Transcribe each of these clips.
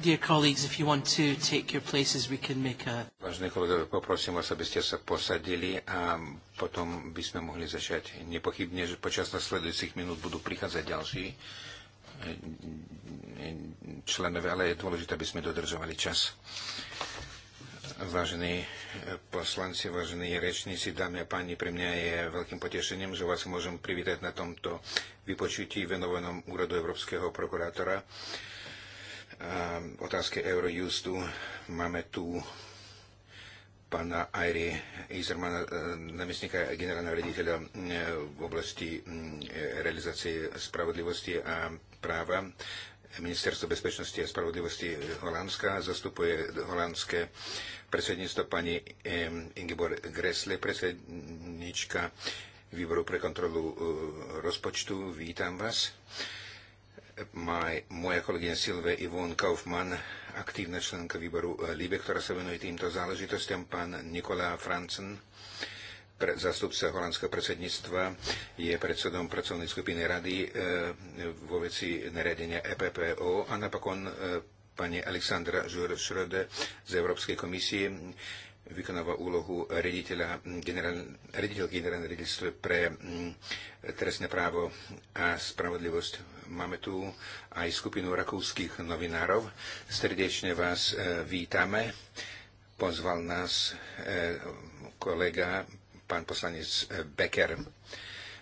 Dear colleagues, if you want to take your places, we can make a... Vážení kolegovia, poprosím vás, aby ste sa posadili a potom by sme mohli začať. Nepochybne, že počas nasledujúcich minút budú prichádzať ďalší eh, členové, ale je dôležité, aby sme dodržovali čas. Vážení eh, poslanci, vážení rečníci, dámy a páni, pre mňa je veľkým potešením, že vás môžem privítať na tomto vypočutí venovanom Úradu Európskeho prokurátora Ehm, otázke Eurojustu. Máme tu pána Airi Izermana, e, namestníka generálneho rediteľa e, v oblasti mm, realizácie spravodlivosti a práva. Ministerstvo bezpečnosti a spravodlivosti Holandska zastupuje holandské predsedníctvo pani ehm, Ingeborg Gressle, predsednička výboru pre kontrolu e, rozpočtu. Vítam vás maj, moja kolegyňa Silve Ivon Kaufmann, aktívna členka výboru eh, LIBE, ktorá sa venuje týmto záležitostiam, pán Nikola Francen, pre, zastupca holandského predsedníctva, je predsedom pracovnej skupiny rady e, vo veci nariadenia EPPO a napokon e, pani Aleksandra Žuršrode z Európskej komisie vykonáva úlohu rediteľa, mm, generál, rediteľ generálne rediteľstve pre mm, trestné právo a spravodlivosť Máme tu aj skupinu rakúskych novinárov. Srdečne vás e, vítame. Pozval nás e, kolega, pán poslanec e, Becker.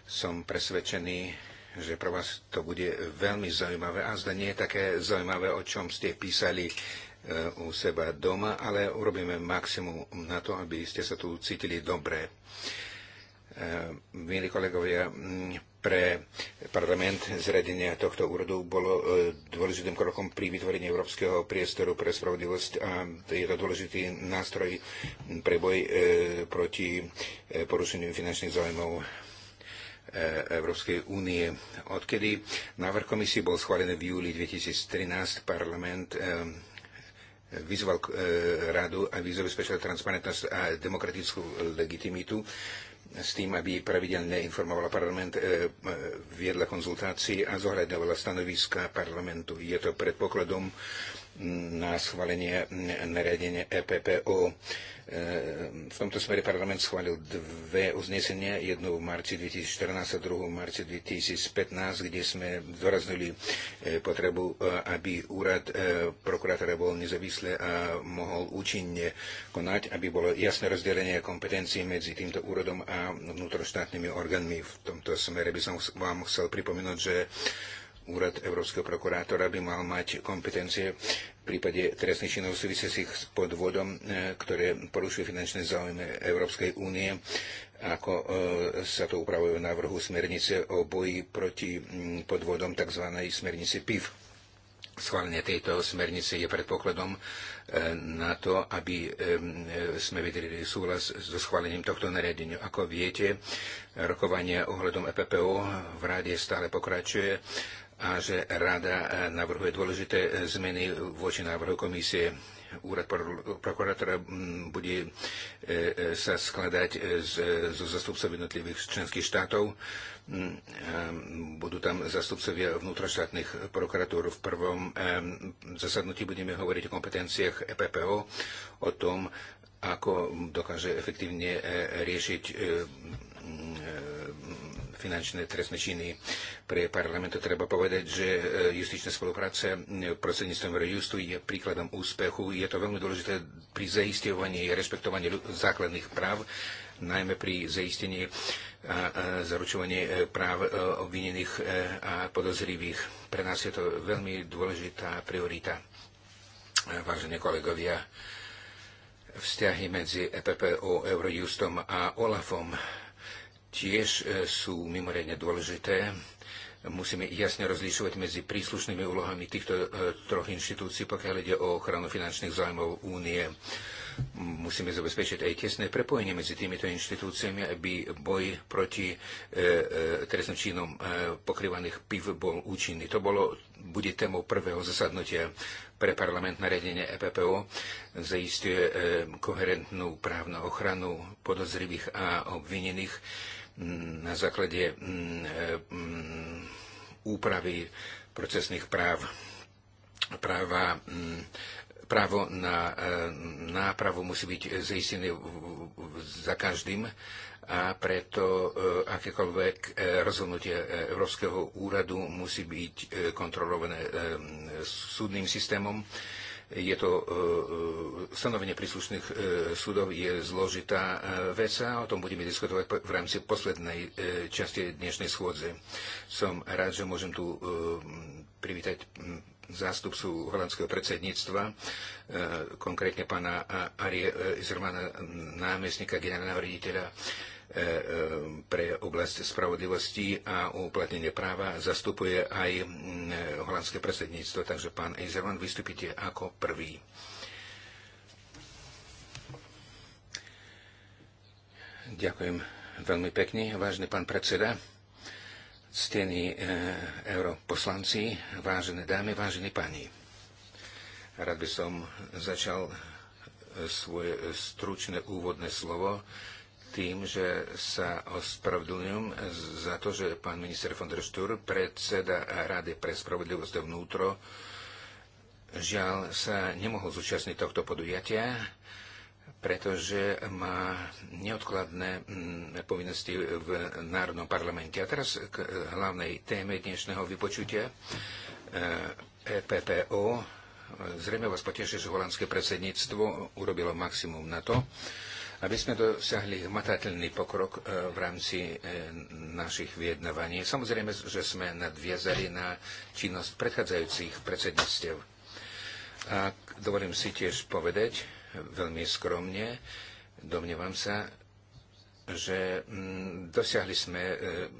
Som presvedčený, že pre vás to bude veľmi zaujímavé. A zda nie je také zaujímavé, o čom ste písali u seba doma, ale urobíme maximum na to, aby ste sa tu cítili dobre. Milí kolegovia, pre parlament zredenia tohto úrodu bolo e, dôležitým krokom pri vytvorení európskeho priestoru pre spravodlivosť a je to dôležitý nástroj pre boj e, proti e, porušeniu finančných záujmov Európskej únie. Odkedy návrh komisie bol schválený v júli 2013, parlament vyzval radu, aby zabezpečila transparentnosť a demokratickú legitimitu s tým, aby pravidelne informovala parlament, e, e, viedla konzultácie a zohľadňovala stanoviska parlamentu. Je to predpokladom na schválenie nariadenia EPPO. E, v tomto smere parlament schválil dve uznesenia, jednu v marci 2014 a druhú v marci 2015, kde sme zdôraznili e, potrebu, e, aby úrad prokurátora bol nezávislý a mohol účinne konať, aby bolo jasné rozdelenie kompetencií medzi týmto úradom a vnútroštátnymi orgánmi. V tomto smere by som vám chcel pripomenúť, že úrad Európskeho prokurátora by mal mať kompetencie v prípade trestných činov súvisiacich s podvodom, e, ktoré porušujú finančné záujmy Európskej únie, ako e, sa to upravuje v návrhu smernice o boji proti podvodom tzv. smernice PIV. Schválenie tejto smernice je predpokladom e, na to, aby sme vydrili súhlas so schválením tohto nariadenia. Ako viete, rokovanie ohľadom EPPO v ráde stále pokračuje a že rada e, navrhuje dôležité e, zmeny voči návrhu komisie. Úrad prokurátora bude e, sa skladať zo zastupcov jednotlivých členských štátov. Budú tam zastupcovia vnútroštátnych prokuratúr. V prvom zasadnutí budeme hovoriť o kompetenciách EPPO, o tom, ako dokáže efektívne riešiť finančné trestné činy. Pre parlamentu treba povedať, že e, justičná spolupráca e, prostredníctvom Eurojustu je príkladom úspechu. Je to veľmi dôležité pri zaistiovaní a rešpektovaní základných práv, najmä pri zaistení e, a zaručovaní práv obvinených a podozrivých. Pre nás je to veľmi dôležitá priorita. Vážení kolegovia, vzťahy medzi EPPO, Eurojustom a OLAFom tiež e, sú mimoriadne dôležité. Musíme jasne rozlišovať medzi príslušnými úlohami týchto e, troch inštitúcií, pokiaľ ide o ochranu finančných zájmov únie. Musíme zabezpečiť aj tesné prepojenie medzi týmito inštitúciami, aby boj proti e, e, trestným činom e, pokrývaných piv bol účinný. To bolo, bude témou prvého zasadnutia pre parlament nariadenie EPPO zaistuje e, koherentnú právnu ochranu podozrivých a obvinených Mm, na základe mm, e, mm, úpravy procesných práv práva právo na e, nápravu musí byť zistené za každým a preto e, akékoľvek rozhodnutie Európskeho úradu musí byť kontrolované súdnym systémom je to e, e, stanovenie príslušných e, súdov je zložitá vec a o tom budeme diskutovať v rámci poslednej časti dnešnej schôdze. Som rád, že môžem tu privítať zástupcu holandského predsedníctva, konkrétne pána Arie Izermana, námestníka generálneho riaditeľa E, e, pre oblasť spravodlivosti a uplatnenie práva zastupuje aj e, holandské predsedníctvo. Takže pán Ejzerman, vystúpite ako prvý. Ďakujem veľmi pekne, vážny pán predseda, ctení e, europoslanci, vážené dámy, vážení páni. Rád by som začal svoje stručné úvodné slovo tým, že sa ospravedlňujem za to, že pán minister von der Stur, predseda Rady pre spravodlivosť a vnútro, žiaľ sa nemohol zúčastniť tohto podujatia, pretože má neodkladné mm, povinnosti v Národnom parlamente. A teraz k hlavnej téme dnešného vypočutia EPPO. E Zrejme vás poteší, že holandské predsedníctvo urobilo maximum na to, aby sme dosiahli hmatateľný pokrok e, v rámci e, našich vyjednávaní. Samozrejme, že sme nadviazali na činnosť predchádzajúcich predsedníctiev. A dovolím si tiež povedať veľmi skromne, domnievam sa, že mm, dosiahli sme e,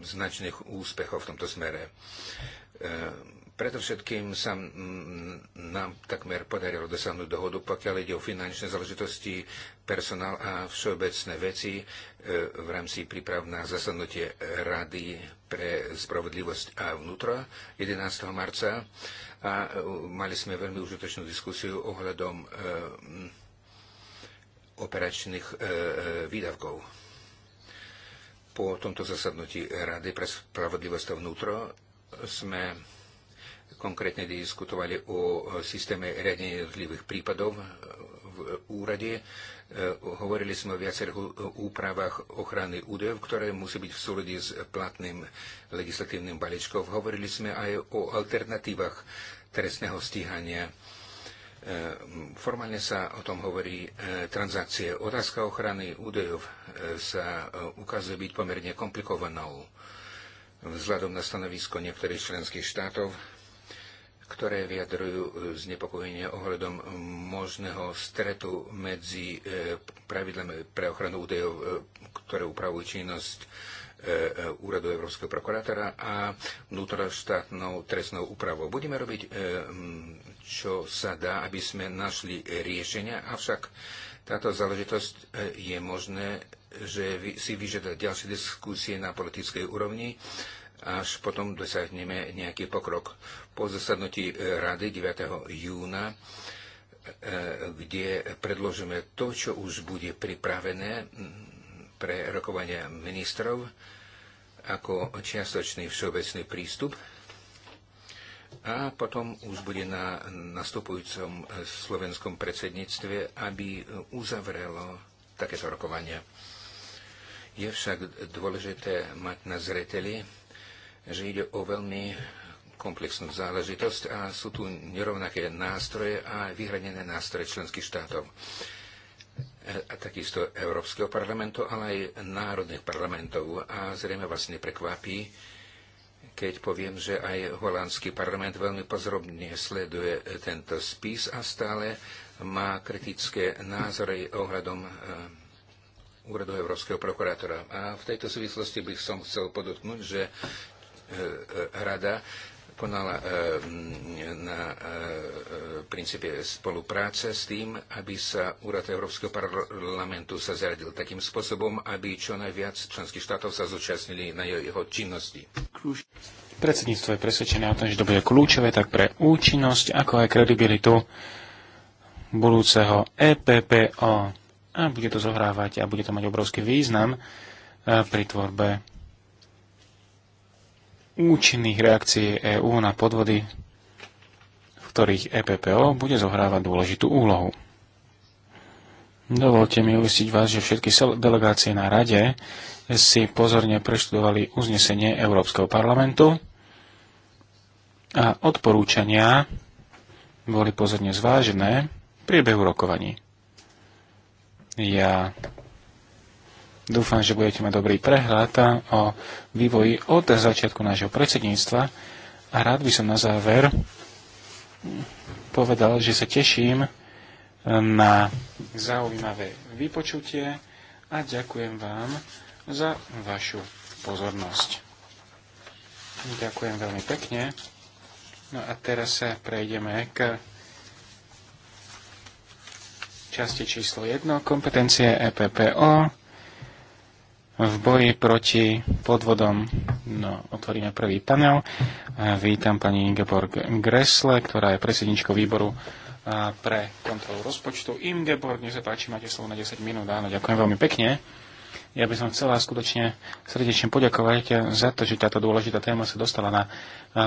značných úspechov v tomto smere preto všetkým sa nám takmer podarilo dosiahnuť dohodu, pokiaľ ide o finančné záležitosti, personál a všeobecné veci e, v rámci príprav na zasadnutie Rady pre spravodlivosť a vnútro 11. marca. A e, mali sme veľmi užitočnú diskusiu ohľadom e, operačných výdavkov. Po tomto zasadnutí Rady pre spravodlivosť a vnútro sme konkrétne diskutovali o systéme riadenia jednotlivých prípadov e, v úrade. E, hovorili sme o viacerých úpravách ochrany údajov, ktoré musí byť v súlade s platným legislatívnym balíčkom. Hovorili sme aj o alternatívach trestného stíhania. E, formálne sa o tom hovorí transakcie. Otázka ochrany údajov sa ukazuje byť pomerne komplikovanou vzhľadom na stanovisko niektorých členských štátov ktoré vyjadrujú e, znepokojenie ohľadom možného stretu medzi e, pravidlami pre ochranu údajov, e, ktoré upravujú činnosť úradu Európskeho prokurátora a vnútroštátnou trestnou úpravou. Budeme robiť, čo sa dá, aby sme našli riešenia, avšak táto záležitosť je možné, že si vyžiada ďalšie diskusie na politickej úrovni až potom dosiahneme nejaký pokrok. Po zasadnutí e, rady 9. júna e, kde predložíme to, čo už bude pripravené pre rokovania ministrov ako čiastočný všeobecný prístup a potom už bude na nastupujúcom e, slovenskom predsedníctve, aby uzavrelo takéto rokovania. Je však dôležité mať na zreteli, že ide o veľmi komplexnú záležitosť a sú tu nerovnaké nástroje a vyhranené nástroje členských štátov e, a takisto Európskeho parlamentu, ale aj národných parlamentov. A zrejme vás neprekvapí, keď poviem, že aj holandský parlament veľmi pozorne sleduje tento spis a stále má kritické názory ohľadom e, úradu Európskeho prokurátora. A v tejto súvislosti by som chcel podotknúť, že E, e, rada konala e, na princípe spolupráce s tým, aby sa úrad Európskeho parlamentu sa zaradil takým spôsobom, aby čo najviac členských štátov sa zúčastnili na jeho činnosti. Predsedníctvo je presvedčené o tom, že to bude kľúčové tak pre účinnosť, ako aj kredibilitu budúceho EPPO. A bude to zohrávať a bude to mať obrovský význam pri tvorbe účinných reakcií EÚ na podvody, v ktorých EPPO bude zohrávať dôležitú úlohu. Dovolte mi uistiť vás, že všetky delegácie na rade si pozorne preštudovali uznesenie Európskeho parlamentu a odporúčania boli pozorne zvážené v priebehu rokovaní. Ja Dúfam, že budete mať dobrý prehľad o vývoji od začiatku nášho predsedníctva a rád by som na záver povedal, že sa teším na zaujímavé vypočutie a ďakujem vám za vašu pozornosť. Ďakujem veľmi pekne. No a teraz sa prejdeme k časti číslo 1, kompetencie EPPO v boji proti podvodom. No, otvoríme prvý panel. Vítam pani Ingeborg Gressle, ktorá je predsedničkou výboru pre kontrolu rozpočtu. Ingeborg, nech sa páči, máte slovo na 10 minút. Áno, ďakujem veľmi pekne. Ja by som chcela skutočne srdečne poďakovať za to, že táto dôležitá téma sa dostala na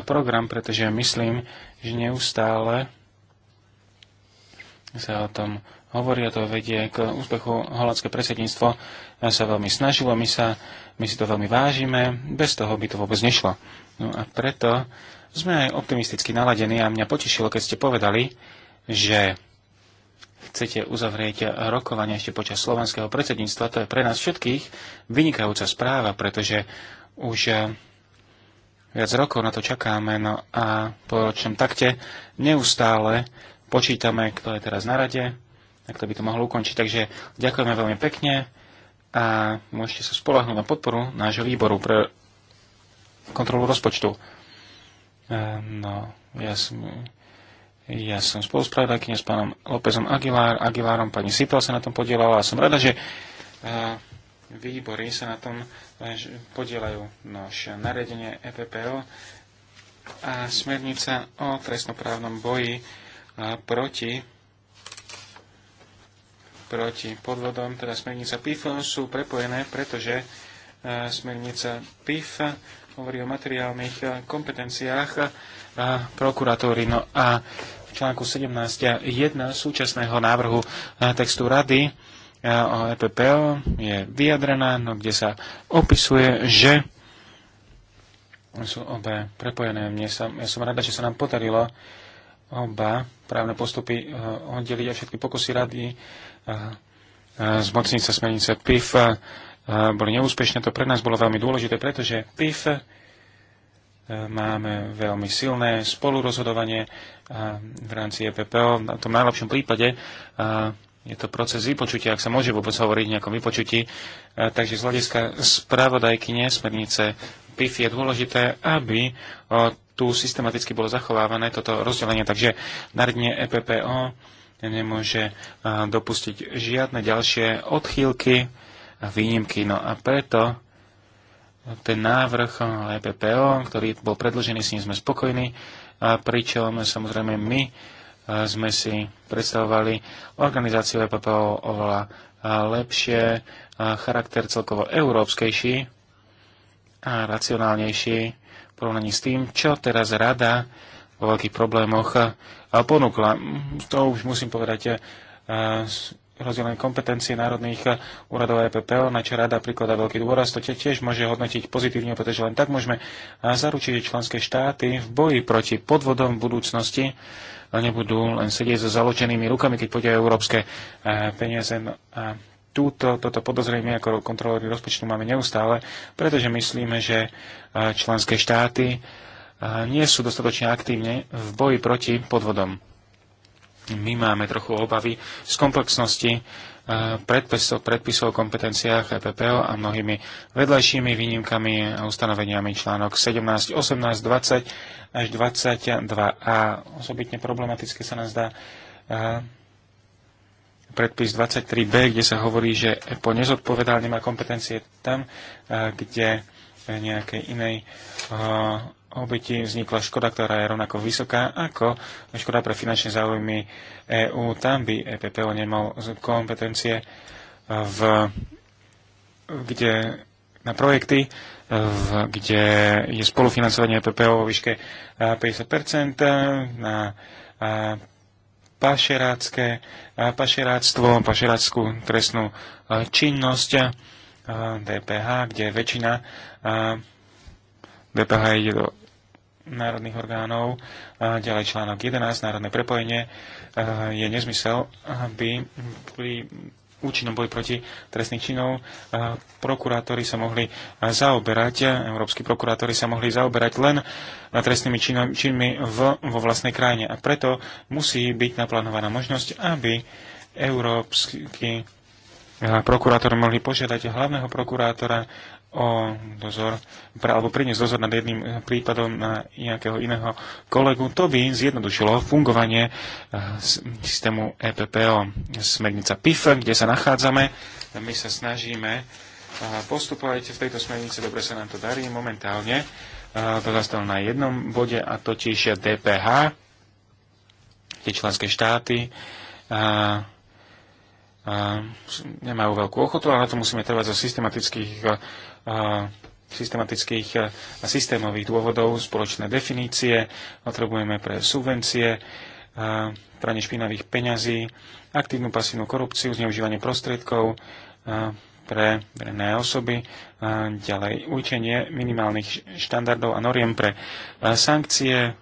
program, pretože myslím, že neustále sa o tom hovorí a to vedie k úspechu holandské predsedníctvo sa veľmi snažilo, my, sa, my si to veľmi vážime, bez toho by to vôbec nešlo. No a preto sme aj optimisticky naladení a mňa potešilo, keď ste povedali, že chcete uzavrieť rokovanie ešte počas slovenského predsedníctva. To je pre nás všetkých vynikajúca správa, pretože už eh, viac rokov na to čakáme no a po ročnom takte neustále počítame, kto je teraz na rade, ak to by to mohlo ukončiť. Takže ďakujeme veľmi pekne a môžete sa spolahnúť na podporu nášho výboru pre kontrolu rozpočtu. Ehm, no, ja som, ja som spoluspravodajkynia s pánom Lópezom Aguilar, Aguilarom, pani Sipel sa na tom podielala a som rada, že ehm, výbory sa na tom eh, podielajú. Nož naredenie EPPO a smernica o trestnoprávnom boji eh, proti proti podvodom, teda smernica PIF, sú prepojené, pretože e, smernica PIF hovorí o materiálnych e, kompetenciách e, prokuratúry. No a v článku 17.1 súčasného návrhu textu rady o EPPO je vyjadrená, no kde sa opisuje, že sú obe prepojené. Mne sa, ja som rada, že sa nám podarilo oba právne postupy oddeliť a všetky pokusy rady z mocnice smernice PIF boli neúspešné. To pre nás bolo veľmi dôležité, pretože PIF máme veľmi silné spolurozhodovanie v rámci EPPO. Na tom najlepšom prípade je to proces vypočutia, ak sa môže vôbec hovoriť o nejakom vypočutí. Takže z hľadiska spravodajky nesmernice PIF je dôležité, aby tu systematicky bolo zachovávané toto rozdelenie. Takže nariadenie EPPO nemôže eh, dopustiť žiadne ďalšie odchýlky a výnimky. No a preto ten návrh EPPO, eh, e ktorý bol predložený, s ním sme spokojní, a pričom samozrejme my eh, sme si predstavovali organizáciu EPPO oveľa lepšie, charakter celkovo európskejší a racionálnejší v porovnaní s tým, čo teraz rada vo veľkých problémoch a ponúkla. To už musím povedať, rozdielne kompetencie národných úradov a e EPPO, na čo rada prikladá veľký dôraz, to tiež môže hodnotiť pozitívne, pretože len tak môžeme zaručiť, že členské štáty v boji proti podvodom v budúcnosti nebudú len sedieť so založenými rukami, keď pôjde európske peniaze. No, a túto, toto podozrenie ako kontrolóri rozpočtu máme neustále, pretože myslíme, že členské štáty nie sú dostatočne aktívne v boji proti podvodom. My máme trochu obavy z komplexnosti e, predpisov, predpisov e o kompetenciách EPPO a mnohými vedľajšími výnimkami a ustanoveniami článok 17, 18, 20 až 22a. Osobitne problematické sa nám zdá e, predpis 23b, kde sa hovorí, že EPO nezodpovedal, nemá kompetencie tam, kde nejakej inej obeti vznikla škoda, ktorá je rovnako vysoká ako škoda pre finančné záujmy EÚ. Tam by EPPO nemal kompetencie e, v, kde, na projekty, e, v, kde je spolufinancovanie EPPO vo výške 50 e, na pašerácké, pašeráctvo, pašeráckú trestnú činnosť, DPH, kde väčšina DPH ide do národných orgánov. Ďalej článok 11, národné prepojenie. Je nezmysel, aby pri účinnom boji proti trestných činov prokurátori sa mohli zaoberať, európsky prokurátori sa mohli zaoberať len trestnými činmi v, vo vlastnej krajine. A preto musí byť naplánovaná možnosť, aby európsky prokurátori mohli požiadať hlavného prokurátora o dozor, pre, alebo priniesť dozor nad jedným prípadom na nejakého iného kolegu, to by zjednodušilo fungovanie eh, systému EPPO. Smernica PIF, kde sa nachádzame, my sa snažíme eh, postupovať v tejto smernici, dobre sa nám to darí momentálne. Eh, to zastalo na jednom bode a totiž DPH, tie členské štáty, Uh, nemajú veľkú ochotu, ale na to musíme trvať zo systematických systematických e, a systémových dôvodov, spoločné definície, potrebujeme pre subvencie, e, pranie špinavých peňazí, aktívnu pasívnu korupciu, zneužívanie prostriedkov e, pre verejné osoby, ďalej určenie minimálnych štandardov a noriem pre sankcie,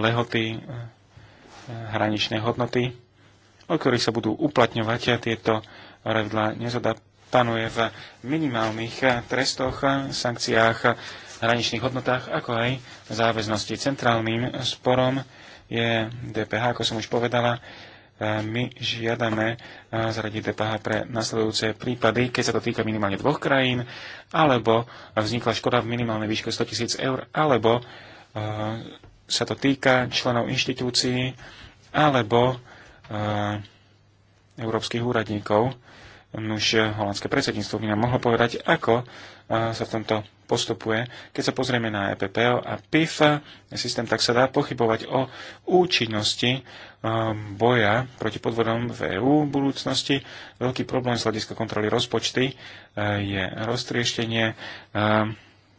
lehoty, hraničné hodnoty, o ktorých sa budú uplatňovať a tieto pravidlá nezodap panuje v minimálnych eh, trestoch, eh, sankciách, eh, hraničných hodnotách, ako aj záväznosti. Centrálnym sporom je DPH, ako som už povedala. My žiadame zradiť DPH pre nasledujúce prípady, keď sa to týka minimálne dvoch krajín, alebo vznikla škoda v minimálnej výške 100 tisíc eur, alebo sa to týka členov inštitúcií, alebo európskych úradníkov. Nuž eh, holandské predsedníctvo by nám mohlo povedať, ako eh, sa v tomto postupuje. Keď sa pozrieme na EPPO a PIF eh, systém, tak sa dá pochybovať o účinnosti boja proti podvodom v EÚ v budúcnosti. Veľký problém z hľadiska kontroly rozpočty je roztrieštenie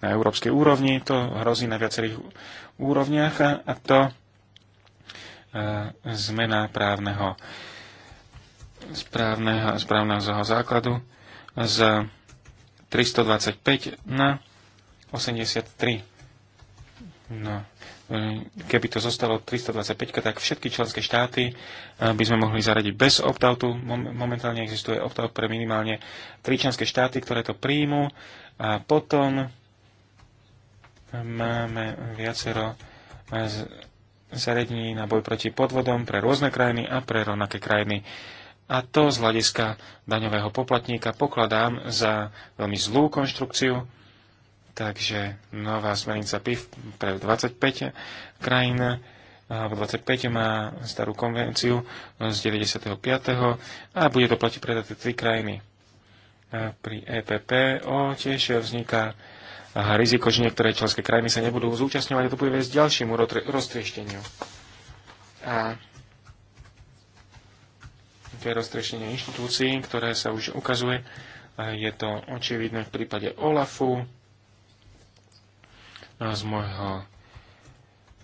na európskej úrovni. To hrozí na viacerých úrovniach a to zmena právneho správneho, správneho základu z 325 na 83. No, e, keby to zostalo 325, tak všetky členské štáty e, by sme mohli zaradiť bez optautu. Momentálne existuje optaut pre minimálne tri členské štáty, ktoré to príjmu. A potom máme viacero e, zariadení na boj proti podvodom pre rôzne krajiny a pre rovnaké krajiny a to z hľadiska daňového poplatníka pokladám za veľmi zlú konštrukciu. Takže nová smernica PIF pre 25 krajín alebo 25 má starú konvenciu z 95. a bude to platiť pre tie 3 krajiny. A pri EPPO tiež vzniká aha, riziko, že niektoré členské krajiny sa nebudú zúčastňovať a to bude viesť ďalšiemu roztriešteniu. A také roztrešenie inštitúcií, ktoré sa už ukazuje. Je to očividné v prípade OLAFu. Z môjho,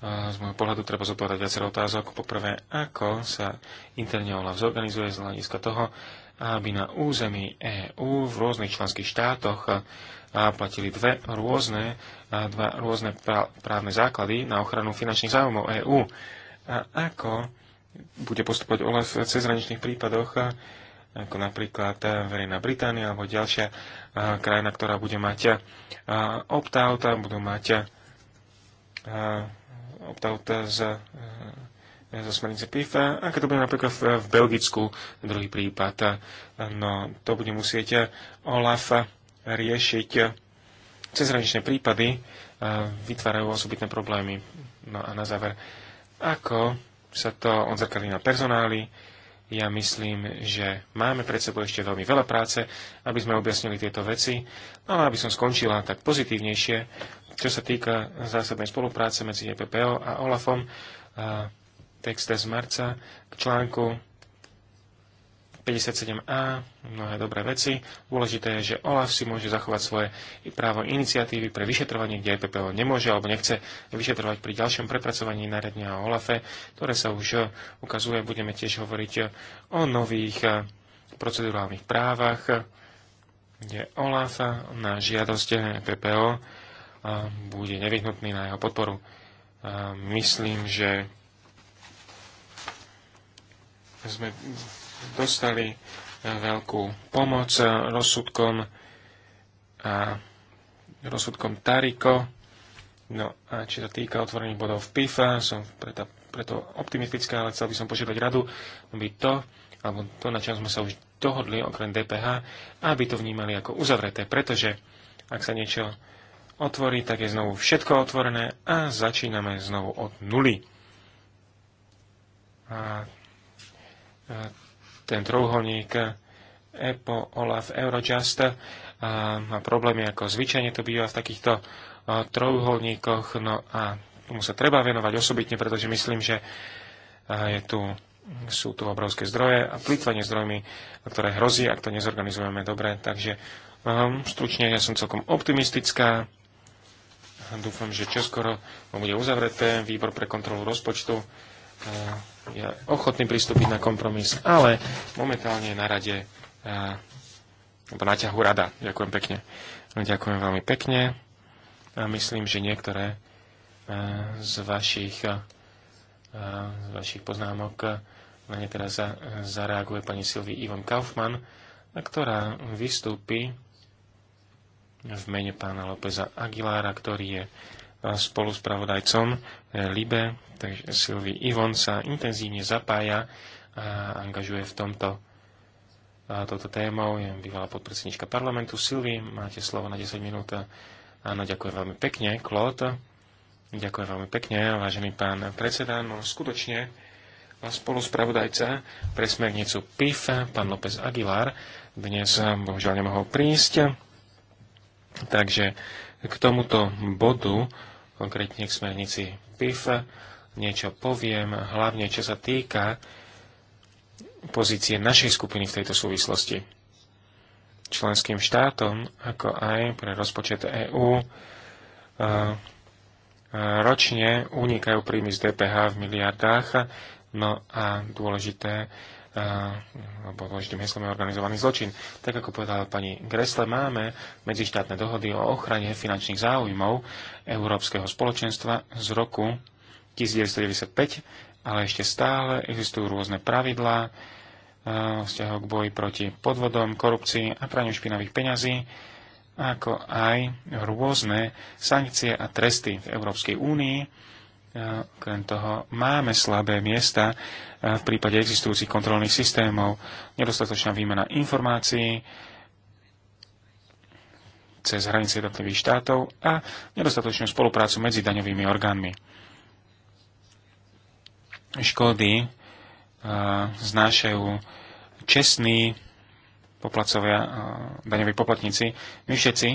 z môjho pohľadu treba zodpovedať viacero otázok. Poprvé, ako sa interne OLAF zorganizuje z hľadiska toho, aby na území EÚ v rôznych členských štátoch platili dve rôzne, dva rôzne právne základy na ochranu finančných záujmov EÚ. A ako bude postupovať OLAF v cezhraničných prípadoch, ako napríklad Verejná Británia alebo ďalšia krajina, ktorá bude mať opt-out, budú mať opt-out z zo smernice PIFA, aké to bude napríklad v, v Belgicku, druhý prípad. No, to bude musieť OLAF riešiť cezhraničné prípady, vytvárajú osobitné problémy. No a na záver, ako sa to odzrkadlí na personáli. Ja myslím, že máme pred sebou ešte veľmi veľa práce, aby sme objasnili tieto veci. No a aby som skončila tak pozitívnejšie, čo sa týka zásadnej spolupráce medzi EPPO a OLAFom, text z marca k článku 57a, mnohé dobré veci. Dôležité je, že OLAF si môže zachovať svoje právo iniciatívy pre vyšetrovanie, kde EPPO nemôže alebo nechce vyšetrovať pri ďalšom prepracovaní nariadenia o OLAFe, ktoré sa už ukazuje. Budeme tiež hovoriť o nových eh, procedurálnych právach, kde OLAF na žiadosť EPPO eh, bude nevyhnutný na jeho podporu. Eh, myslím, že sme dostali eh, veľkú pomoc eh, rozsudkom a rozsudkom Tariko. No a či sa týka otvorených bodov v PIFA, som preto, preto optimistická, ale chcel by som požiadať radu, aby to, alebo to, na čom sme sa už dohodli, okrem DPH, aby to vnímali ako uzavreté, pretože ak sa niečo otvorí, tak je znovu všetko otvorené a začíname znovu od nuly. A, a e, ten trojuholník EPO, OLAF, Eurojust má problémy ako zvyčajne to býva v takýchto trojuholníkoch. No a tomu sa treba venovať osobitne, pretože myslím, že je tu, sú tu obrovské zdroje a plýtvanie zdrojmi, ktoré hrozí, ak to nezorganizujeme dobre. Takže um, stručne, ja som celkom optimistická. Dúfam, že čoskoro bude uzavreté výbor pre kontrolu rozpočtu. Uh, je ochotný pristúpiť na kompromis, ale momentálne je na rade, eh, alebo na ťahu rada. Ďakujem pekne. Ďakujem veľmi pekne a myslím, že niektoré eh, z vašich, eh, z vašich poznámok na ne teraz zareaguje pani Silvi Ivon Kaufmann, ktorá vystúpi v mene pána Lópeza Aguilára, ktorý je spolu s pravodajcom eh, Libe, takže Silvi Ivon sa intenzívne zapája a angažuje v tomto a toto témou. Je bývalá podpredsednička parlamentu. Silvi, máte slovo na 10 minút. Áno, ďakujem veľmi pekne, Klot Ďakujem veľmi pekne, vážený pán predseda. No skutočne, spravodajca pre smernicu PIF, pán López Aguilar, dnes eh, bohužiaľ nemohol prísť. Takže k tomuto bodu konkrétne k smernici PIF, niečo poviem, hlavne čo sa týka pozície našej skupiny v tejto súvislosti. Členským štátom, ako aj pre rozpočet EÚ, eh, ročne unikajú príjmy z DPH v miliardách, no a dôležité alebo dôležitým heslom je organizovaný zločin. Tak ako povedala pani Gresle, máme medzištátne dohody o ochrane finančných záujmov Európskeho spoločenstva z roku 1995, ale ešte stále existujú rôzne pravidlá vzťahu k boji proti podvodom, korupcii a praniu špinavých peňazí, ako aj rôzne sankcie a tresty v Európskej únii Okrem toho máme slabé miesta eh, v prípade existujúcich kontrolných systémov, nedostatočná výmena informácií cez hranice jednotlivých štátov a nedostatočnú spoluprácu medzi daňovými orgánmi. Škody eh, znášajú čestní poplacovia, eh, daňoví poplatníci. My všetci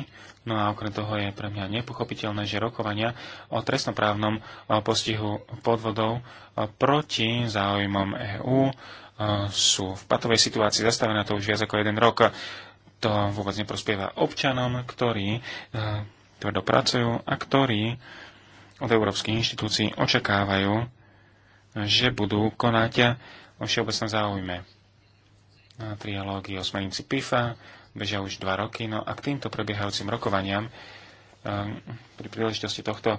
No a okrem toho je pre mňa nepochopiteľné, že rokovania o trestnoprávnom e, postihu podvodov e, proti záujmom EÚ e, sú v patovej situácii zastavené to už viac ako jeden rok. To vôbec neprospieva občanom, ktorí tvrdo pracujú a ktorí od európskych inštitúcií očakávajú, že budú konať o všeobecnom záujme. Na o smernici PIFA bežia už dva roky. No a k týmto prebiehajúcim rokovaniam ehm, pri príležitosti tohto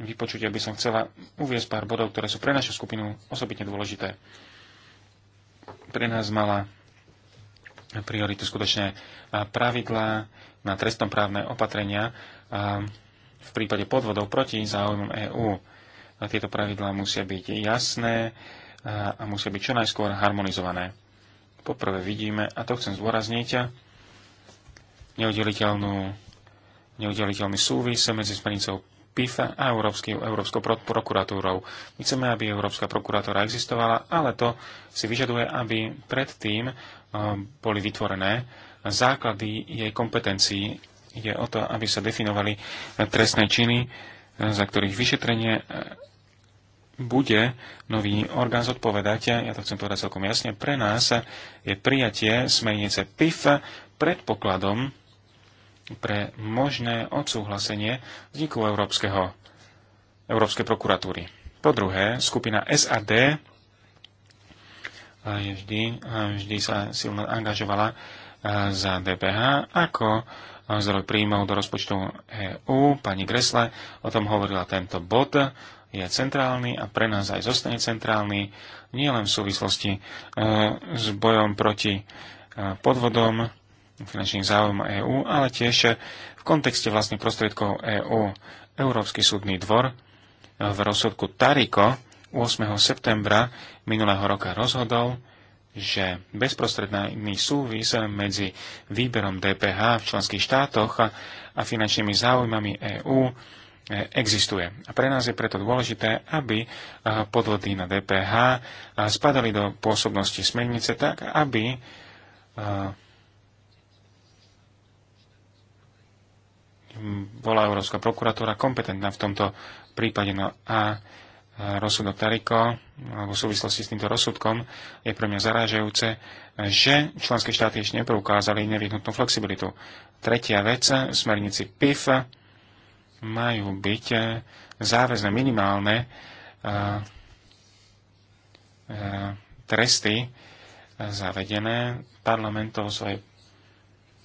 vypočutia by som chcela uviezť pár bodov, ktoré sú pre našu skupinu osobitne dôležité. Pre nás mala prioritu skutočné pravidlá na trestnoprávne opatrenia v prípade podvodov proti záujmom EÚ. Tieto pravidlá musia byť jasné a musia byť čo najskôr harmonizované poprvé vidíme, a to chcem zdôrazniť, neudeliteľnú, neudeliteľný súvis medzi smernicou PIFA a Európskou, Európskou prokuratúrou. My chceme, aby Európska prokuratúra existovala, ale to si vyžaduje, aby predtým eh, boli vytvorené základy jej kompetencií. Ide o to, aby sa definovali trestné činy, eh, za ktorých vyšetrenie eh, bude nový orgán zodpovedať, ja to chcem povedať celkom jasne, pre nás je prijatie smernice PIF predpokladom pre možné odsúhlasenie vzniku Európskeho, Európskej prokuratúry. Po druhé, skupina SAD vždy, vždy sa silno angažovala za DPH ako zdroj príjmov do rozpočtu EÚ. Pani Gresle o tom hovorila tento bod je centrálny a pre nás aj zostane centrálny, nielen v súvislosti e, s bojom proti e, podvodom, finančným záujmom EÚ, ale tiež v kontexte vlastných prostriedkov EÚ. Európsky súdny dvor e, v rozsudku Tariko 8. septembra minulého roka rozhodol, že bezprostredný súvis medzi výberom DPH v členských štátoch a finančnými záujmami EÚ E, existuje. A pre nás je preto dôležité, aby e, podvody na DPH e, spadali do pôsobnosti smernice tak, aby bola Európska prokuratúra kompetentná v tomto prípade. No a rozsudok Tariko, alebo v súvislosti s týmto rozsudkom, je pre mňa zarážajúce, že členské štáty ešte nepreukázali nevyhnutnú flexibilitu. Tretia vec, smernici PIF, majú byť e, záväzne minimálne e, e, tresty zavedené. Parlament to vo svojej,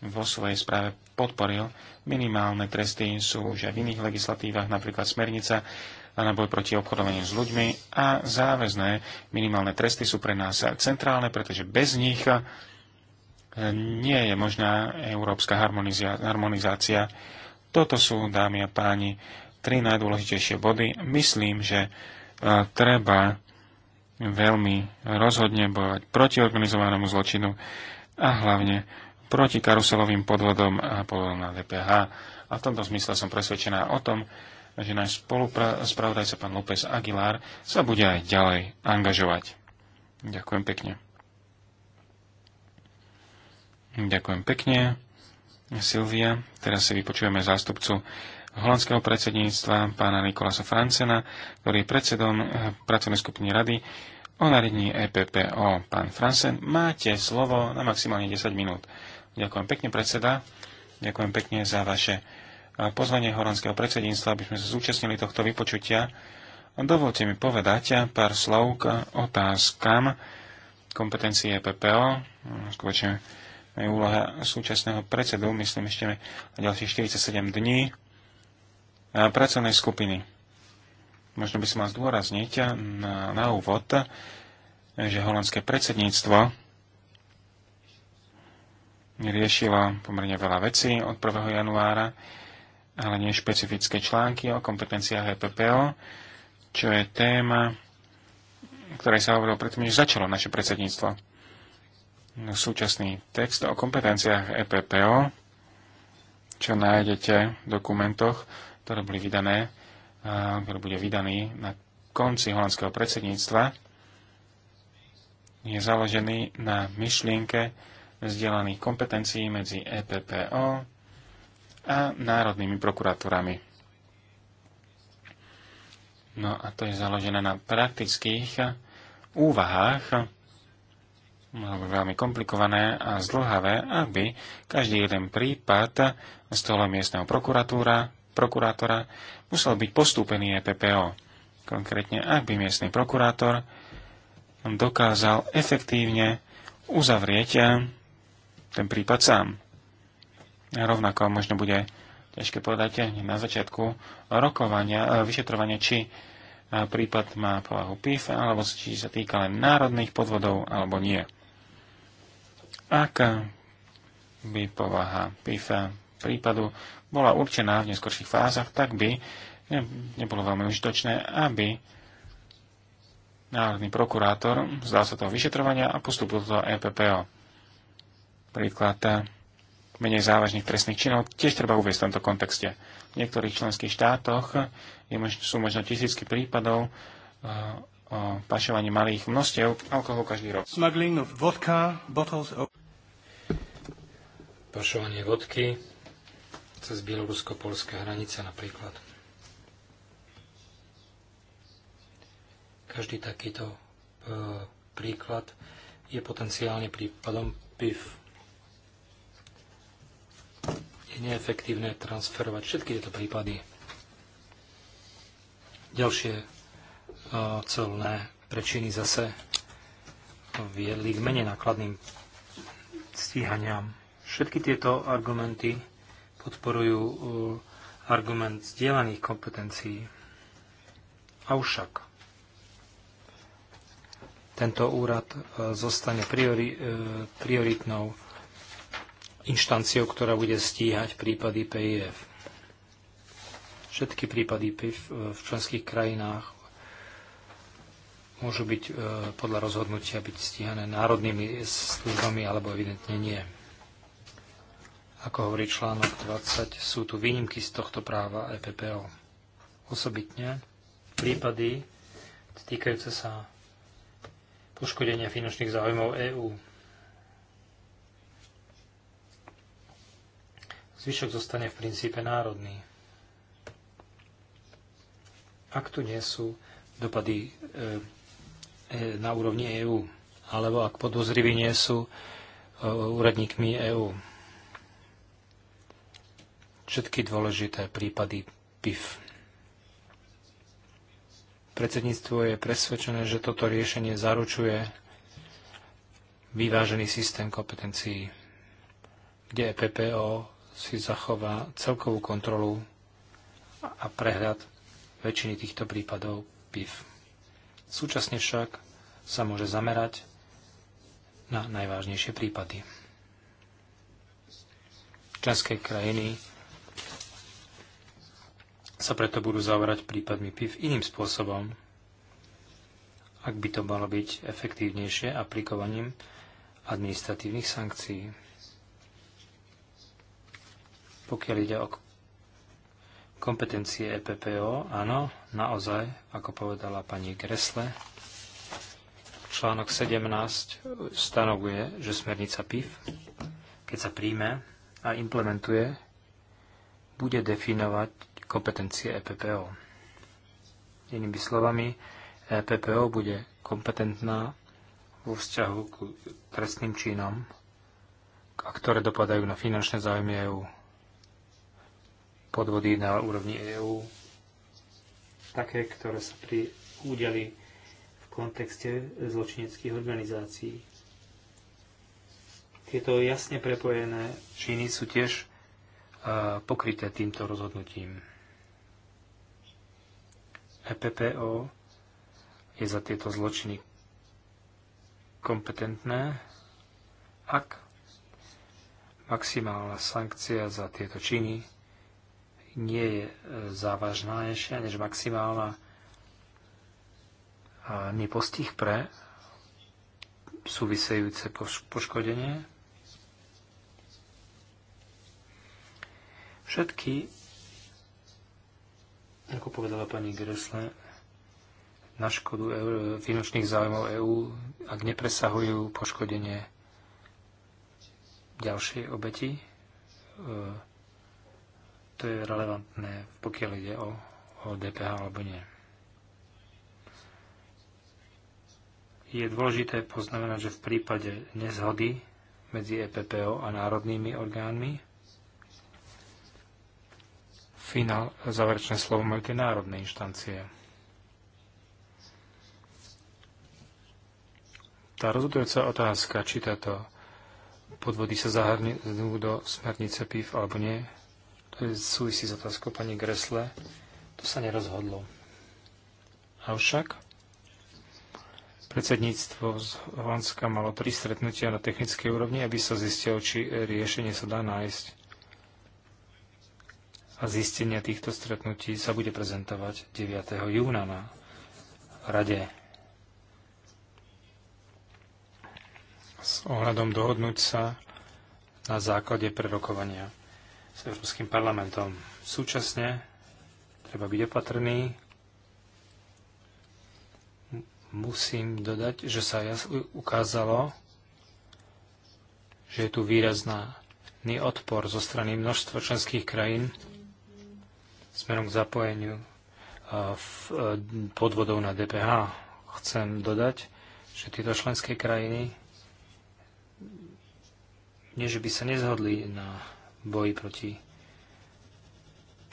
vo svojej správe podporil. Minimálne tresty sú už aj v iných legislatívach, napríklad smernica na boj proti obchodovaniu s ľuďmi a záväzné minimálne tresty sú pre nás centrálne, pretože bez nich nie je možná európska harmonizácia toto sú, dámy a páni, tri najdôležitejšie body. Myslím, že e, treba veľmi rozhodne bojovať proti organizovanému zločinu a hlavne proti karuselovým podvodom a podvodom na DPH. A v tomto zmysle som presvedčená o tom, že náš spolupravodajca pán López Aguilar sa bude aj ďalej angažovať. Ďakujem pekne. Ďakujem pekne. Silvia. Teraz si vypočujeme zástupcu holandského predsedníctva, pána Nikolasa Francena, ktorý je predsedom eh, pracovnej skupiny rady o nariadení EPPO. Pán Francen, máte slovo na maximálne 10 minút. Ďakujem pekne, predseda. Ďakujem pekne za vaše eh, pozvanie holandského predsedníctva, aby sme sa zúčastnili tohto vypočutia. Dovolte mi povedať pár slov k otázkam kompetencie EPPO. Skutočne je úloha súčasného predsedu, myslím ešte na ďalšie 47 dní, pracovnej skupiny. Možno by som mal zdôrazniť na, na úvod, že holandské predsedníctvo riešilo pomerne veľa vecí od 1. januára, ale nie špecifické články o kompetenciách EPPO, čo je téma, ktorej sa hovorilo predtým, než začalo naše predsedníctvo súčasný text o kompetenciách EPPO, čo nájdete v dokumentoch, ktoré boli vydané, ktorý bude vydaný na konci holandského predsedníctva, je založený na myšlienke vzdielaných kompetencií medzi EPPO a národnými prokuratúrami. No a to je založené na praktických úvahách by veľmi komplikované a zdlhavé, aby každý jeden prípad z toho miestneho prokuratúra, prokurátora musel byť postúpený EPPO. Konkrétne, ak by miestny prokurátor dokázal efektívne uzavrieť eh, ten prípad sám. Rovnako možno bude ťažké povedať eh, na začiatku rokovania, eh, vyšetrovania, či prípad má povahu PIF, alebo či sa týka len národných podvodov, alebo nie aká by povaha PIFA prípadu bola určená v neskorších fázach, tak by nebolo veľmi užitočné, aby národný prokurátor zdal sa toho vyšetrovania a postupil do EPPO. Príklad eh, menej závažných trestných činov tiež treba uvieť v tomto kontexte. V niektorých členských štátoch sú možno tisícky prípadov eh, o pašovaní malých množstiev alkoholu každý rok. Smuggling of vodka, bottles of pašovanie vodky cez bielorusko-polské hranice napríklad. Každý takýto e, príklad je potenciálne prípadom PIF. Je neefektívne transferovať všetky tieto prípady. Ďalšie e, celné prečiny zase viedli k menej nákladným stíhaniam Všetky tieto argumenty podporujú uh, argument zdieľaných kompetencií. Avšak tento úrad uh, zostane priori, uh, prioritnou inštanciou, ktorá bude stíhať prípady PIF. Všetky prípady PIF v členských krajinách môžu byť podľa rozhodnutia byť stíhané národnými službami alebo evidentne nie. Ako hovorí článok 20, sú tu výnimky z tohto práva EPPO. Osobitne prípady týkajúce sa poškodenia finančných záujmov EÚ. Zvyšok zostane v princípe národný. Ak tu nie sú dopady e, e, na úrovni EÚ, alebo ak podozriví nie sú e, úradníkmi EÚ všetky dôležité prípady PIF. Predsedníctvo je presvedčené, že toto riešenie zaručuje vyvážený systém kompetencií, kde EPPO si zachová celkovú kontrolu a prehľad väčšiny týchto prípadov PIF. Súčasne však sa môže zamerať na najvážnejšie prípady. Členské krajiny sa preto budú zaoberať prípadmi PIV iným spôsobom, ak by to malo byť efektívnejšie aplikovaním administratívnych sankcií. Pokiaľ ide o kompetencie EPPO, áno, naozaj, ako povedala pani Gresle, článok 17 stanovuje, že smernica PIF, keď sa príjme a implementuje, bude definovať kompetencie EPPO. Inými slovami, EPPO bude kompetentná vo vzťahu k trestným činom, a ktoré dopadajú na finančné záujmy EÚ, podvody na úrovni EÚ, také, ktoré sa pri údeli v kontexte zločineckých organizácií. Tieto jasne prepojené činy sú tiež e, pokryté týmto rozhodnutím. EPPO je za tieto zločiny kompetentné, ak maximálna sankcia za tieto činy nie je e, ešte, než maximálna nepostih pre súvisejúce poškodenie. Všetky ako povedala pani Gresle, na škodu finančných záujmov EÚ, ak nepresahujú poškodenie ďalšej obeti. E, to je relevantné, pokiaľ ide o, o DPH alebo nie. Je dôležité poznamenať, že v prípade nezhody medzi EPPO a národnými orgánmi Finál, záverečné slovo majú tie národné inštancie. Tá rozhodujúca otázka, či táto podvody sa zahrnú do smernice PIF alebo nie, to je súvisí s otázkou pani Gresle, to sa nerozhodlo. Avšak predsedníctvo z Holandska malo tri stretnutia na technickej úrovni, aby sa zistilo, či riešenie sa dá nájsť a zistenia týchto stretnutí sa bude prezentovať 9. júna na rade. S ohľadom dohodnúť sa na základe prerokovania s Európskym parlamentom. Súčasne treba byť opatrný. Musím dodať, že sa ukázalo, že je tu výrazný odpor zo strany množstva členských krajín smerom k zapojeniu e, e, podvodov na DPH. Chcem dodať, že tieto členské krajiny nie, že by sa nezhodli na boji proti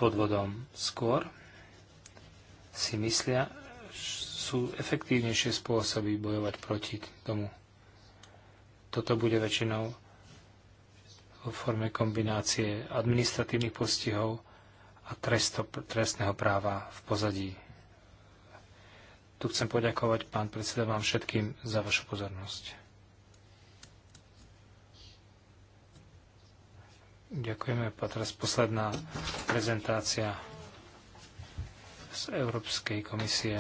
podvodom skôr, si myslia, že sú efektívnejšie spôsoby bojovať proti tomu. Toto bude väčšinou vo forme kombinácie administratívnych postihov a tresto, trestného práva v pozadí. Tu chcem poďakovať, pán predseda, vám všetkým za vašu pozornosť. Ďakujeme. A teraz posledná prezentácia z Európskej komisie.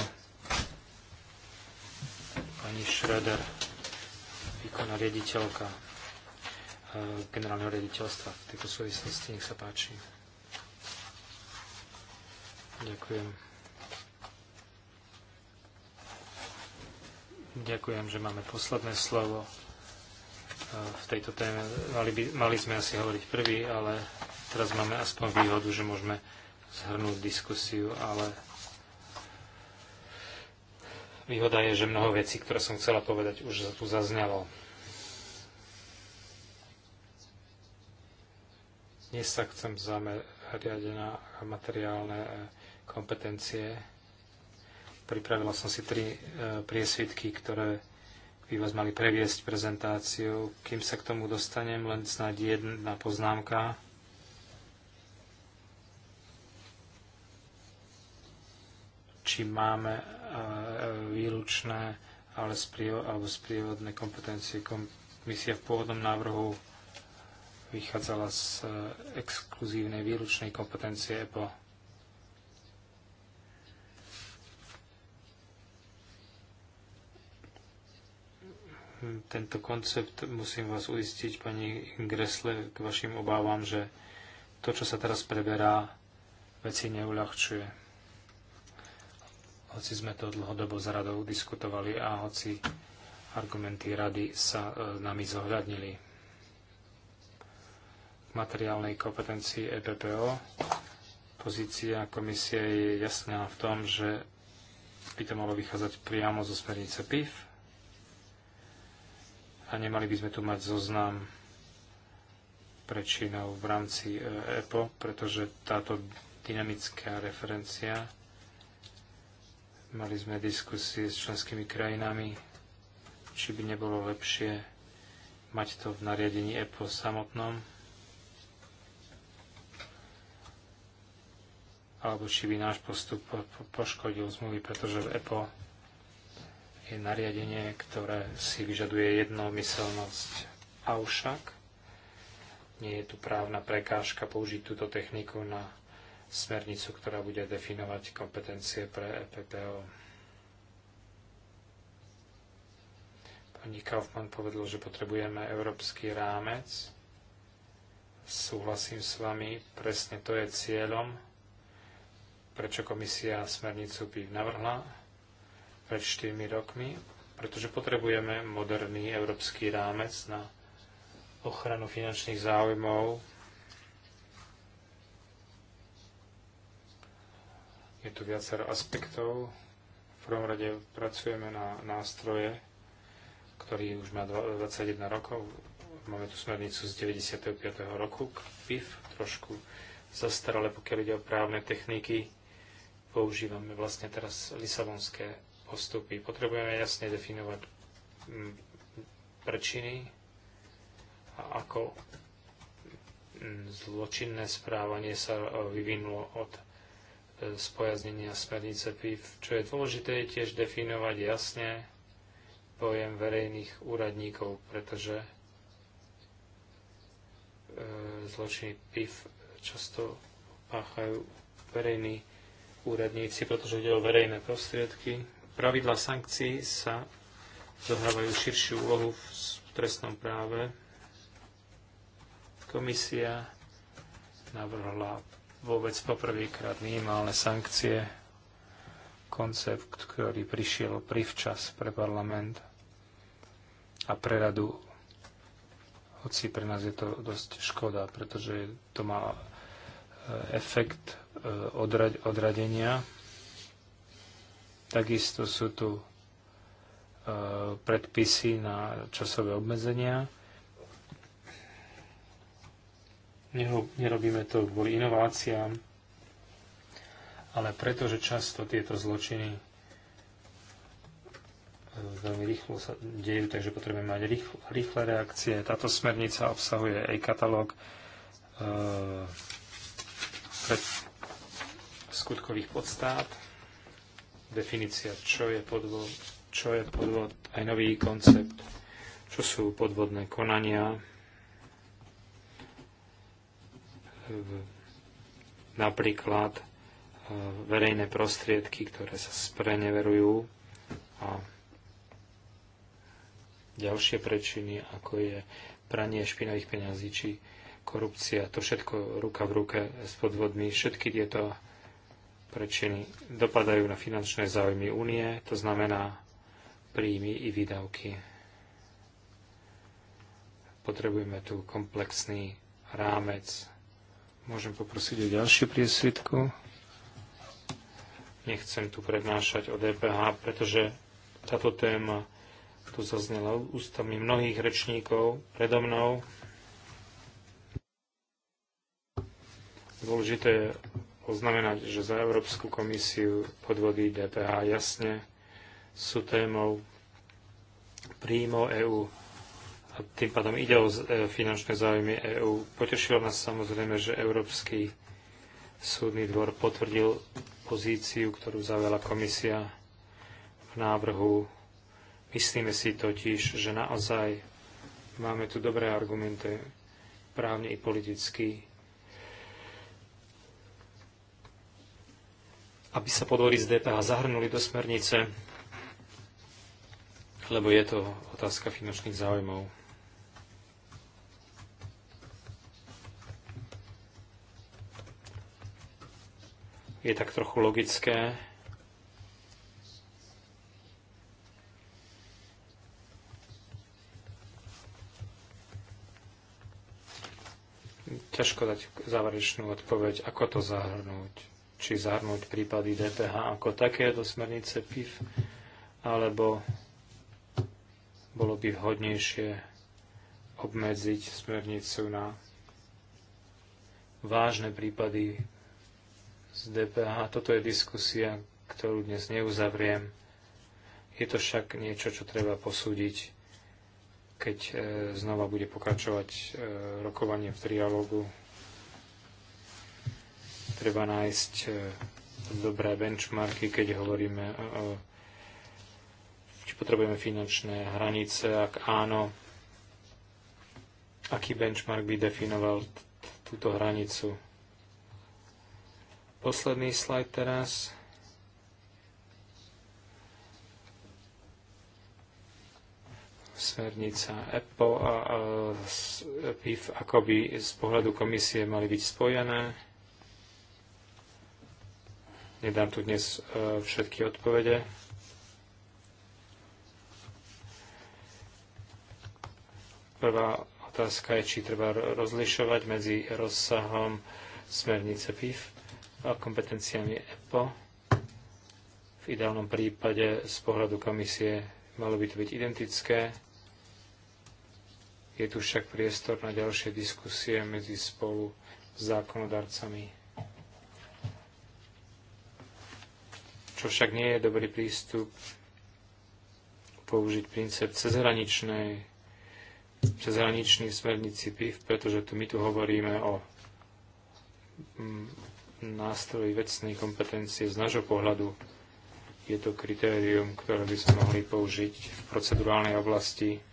Pani Schröder, výkonná riaditeľka eh, generálneho riaditeľstva v tejto súvislosti. Nech sa páči. Ďakujem. Ďakujem, že máme posledné slovo e, v tejto téme. Mali, by, mali sme asi hovoriť prvý, ale teraz máme aspoň výhodu, že môžeme zhrnúť diskusiu, ale výhoda je, že mnoho vecí, ktoré som chcela povedať, už tu zaznelo. Dnes sa chcem zamerať na materiálne kompetencie. Pripravila som si tri e, priesvitky, ktoré by vás mali previesť prezentáciu. Kým sa k tomu dostanem, len snáď jedna poznámka. Či máme e, výlučné ale alebo sprievodné kompetencie. Komisia v pôvodnom návrhu vychádzala z e, exkluzívnej výlučnej kompetencie EPO tento koncept, musím vás uistiť, pani Gresle, k vašim obávam, že to, čo sa teraz preberá, veci neuľahčuje. Hoci sme to dlhodobo s radou diskutovali a hoci argumenty rady sa e, nami zohľadnili. K materiálnej kompetencii EPPO pozícia komisie je jasná v tom, že by to malo vychádzať priamo zo smernice PIF, a nemali by sme tu mať zoznam prečinov v rámci EPO, e pretože táto dynamická referencia, mali sme diskusie s členskými krajinami, či by nebolo lepšie mať to v nariadení EPO samotnom, alebo či by náš postup poškodil zmluvy, pretože v EPO je nariadenie, ktoré si vyžaduje jednomyselnosť. Avšak nie je tu právna prekážka použiť túto techniku na smernicu, ktorá bude definovať kompetencie pre EPPO. Pani Kaufmann povedal, že potrebujeme európsky rámec. Súhlasím s vami, presne to je cieľom, prečo komisia smernicu by navrhla pred 4 rokmi, pretože potrebujeme moderný európsky rámec na ochranu finančných záujmov. Je tu viacero aspektov. V prvom rade pracujeme na nástroje, ktorý už má 21 rokov. Máme tu smernicu z 95. roku PIF, trošku zastaralé, pokiaľ ide o právne techniky. Používame vlastne teraz lisabonské postupy. Potrebujeme jasne definovať mm, prečiny a ako mm, zločinné správanie sa e, vyvinulo od e, spojaznenia smernice PIF. Čo je dôležité, je tiež definovať jasne pojem verejných úradníkov, pretože e, zločiny PIF často páchajú verejní úradníci, pretože ide o verejné prostriedky, Pravidla sankcií sa zohrávajú širšiu úlohu v trestnom práve. Komisia navrhla vôbec poprvýkrát minimálne sankcie, koncept, ktorý prišiel privčas pre parlament a pre radu, hoci pre nás je to dosť škoda, pretože to má e, efekt e, odrad- odradenia Takisto sú tu e, predpisy na časové obmedzenia. Nerobíme to kvôli inováciám, ale preto, že často tieto zločiny e, veľmi rýchlo sa dejú, takže potrebujeme mať rýchle, rýchle reakcie. Táto smernica obsahuje aj katalóg e, pred skutkových podstát definícia, čo je podvod, čo je podvod, aj nový koncept, čo sú podvodné konania, napríklad e, verejné prostriedky, ktoré sa spreneverujú a ďalšie prečiny, ako je pranie špinavých peňazí či korupcia, to všetko ruka v ruke s podvodmi. Všetky tieto prečiny dopadajú na finančné záujmy únie, to znamená príjmy i výdavky. Potrebujeme tu komplexný rámec. Môžem poprosiť o ďalšiu priesvitku. Nechcem tu prednášať o DPH, pretože táto téma tu zaznela ústami mnohých rečníkov predo mnou. Dôležité je poznamenať, že za Európsku komisiu podvody DPH jasne sú témou príjmov EÚ a tým pádom ide o e, finančné záujmy EÚ. Potešilo nás samozrejme, že Európsky súdny dvor potvrdil pozíciu, ktorú zavela komisia v návrhu. Myslíme si totiž, že naozaj máme tu dobré argumenty právne i politicky aby sa podvody z DPH zahrnuli do smernice, lebo je to otázka finančných záujmov. Je tak trochu logické, ťažko dať záverečnú odpoveď, ako to zahrnúť či zahrnúť prípady DPH ako také do smernice PIF, alebo bolo by vhodnejšie obmedziť smernicu na vážne prípady z DPH. Toto je diskusia, ktorú dnes neuzavriem. Je to však niečo, čo treba posúdiť, keď e, znova bude pokračovať e, rokovanie v trialógu Treba nájsť e, dobré benchmarky, keď hovoríme o či potrebujeme finančné hranice, ak áno, aký benchmark by definoval túto hranicu. Posledný slajd teraz. smernica EPO a, a e, e, PIF akoby z pohľadu komisie mali byť spojené. Nedám tu dnes e, všetky odpovede. Prvá otázka je, či treba rozlišovať medzi rozsahom smernice PIF a kompetenciami EPO. V ideálnom prípade z pohľadu komisie malo by to byť identické. Je tu však priestor na ďalšie diskusie medzi spolu zákonodarcami. čo však nie je dobrý prístup, použiť princíp cezhraničnej, cezhraničných smernici PIV, pretože tu my tu hovoríme o mm, nástroji vecnej kompetencie z nášho pohľadu. Je to kritérium, ktoré by sme mohli použiť v procedurálnej oblasti.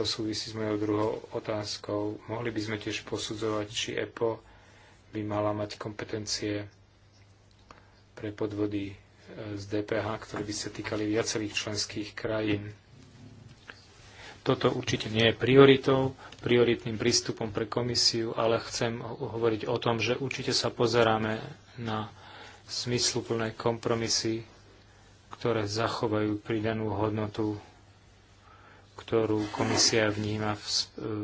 To súvisí s mojou druhou otázkou. Mohli by sme tiež posudzovať, či EPO by mala mať kompetencie pre podvody e, z DPH, ktoré by sa týkali viacerých členských krajín. Toto určite nie je prioritou, prioritným prístupom pre komisiu, ale chcem hovoriť o tom, že určite sa pozeráme na smysluplné kompromisy, ktoré zachovajú pridanú hodnotu, ktorú komisia vníma v, e,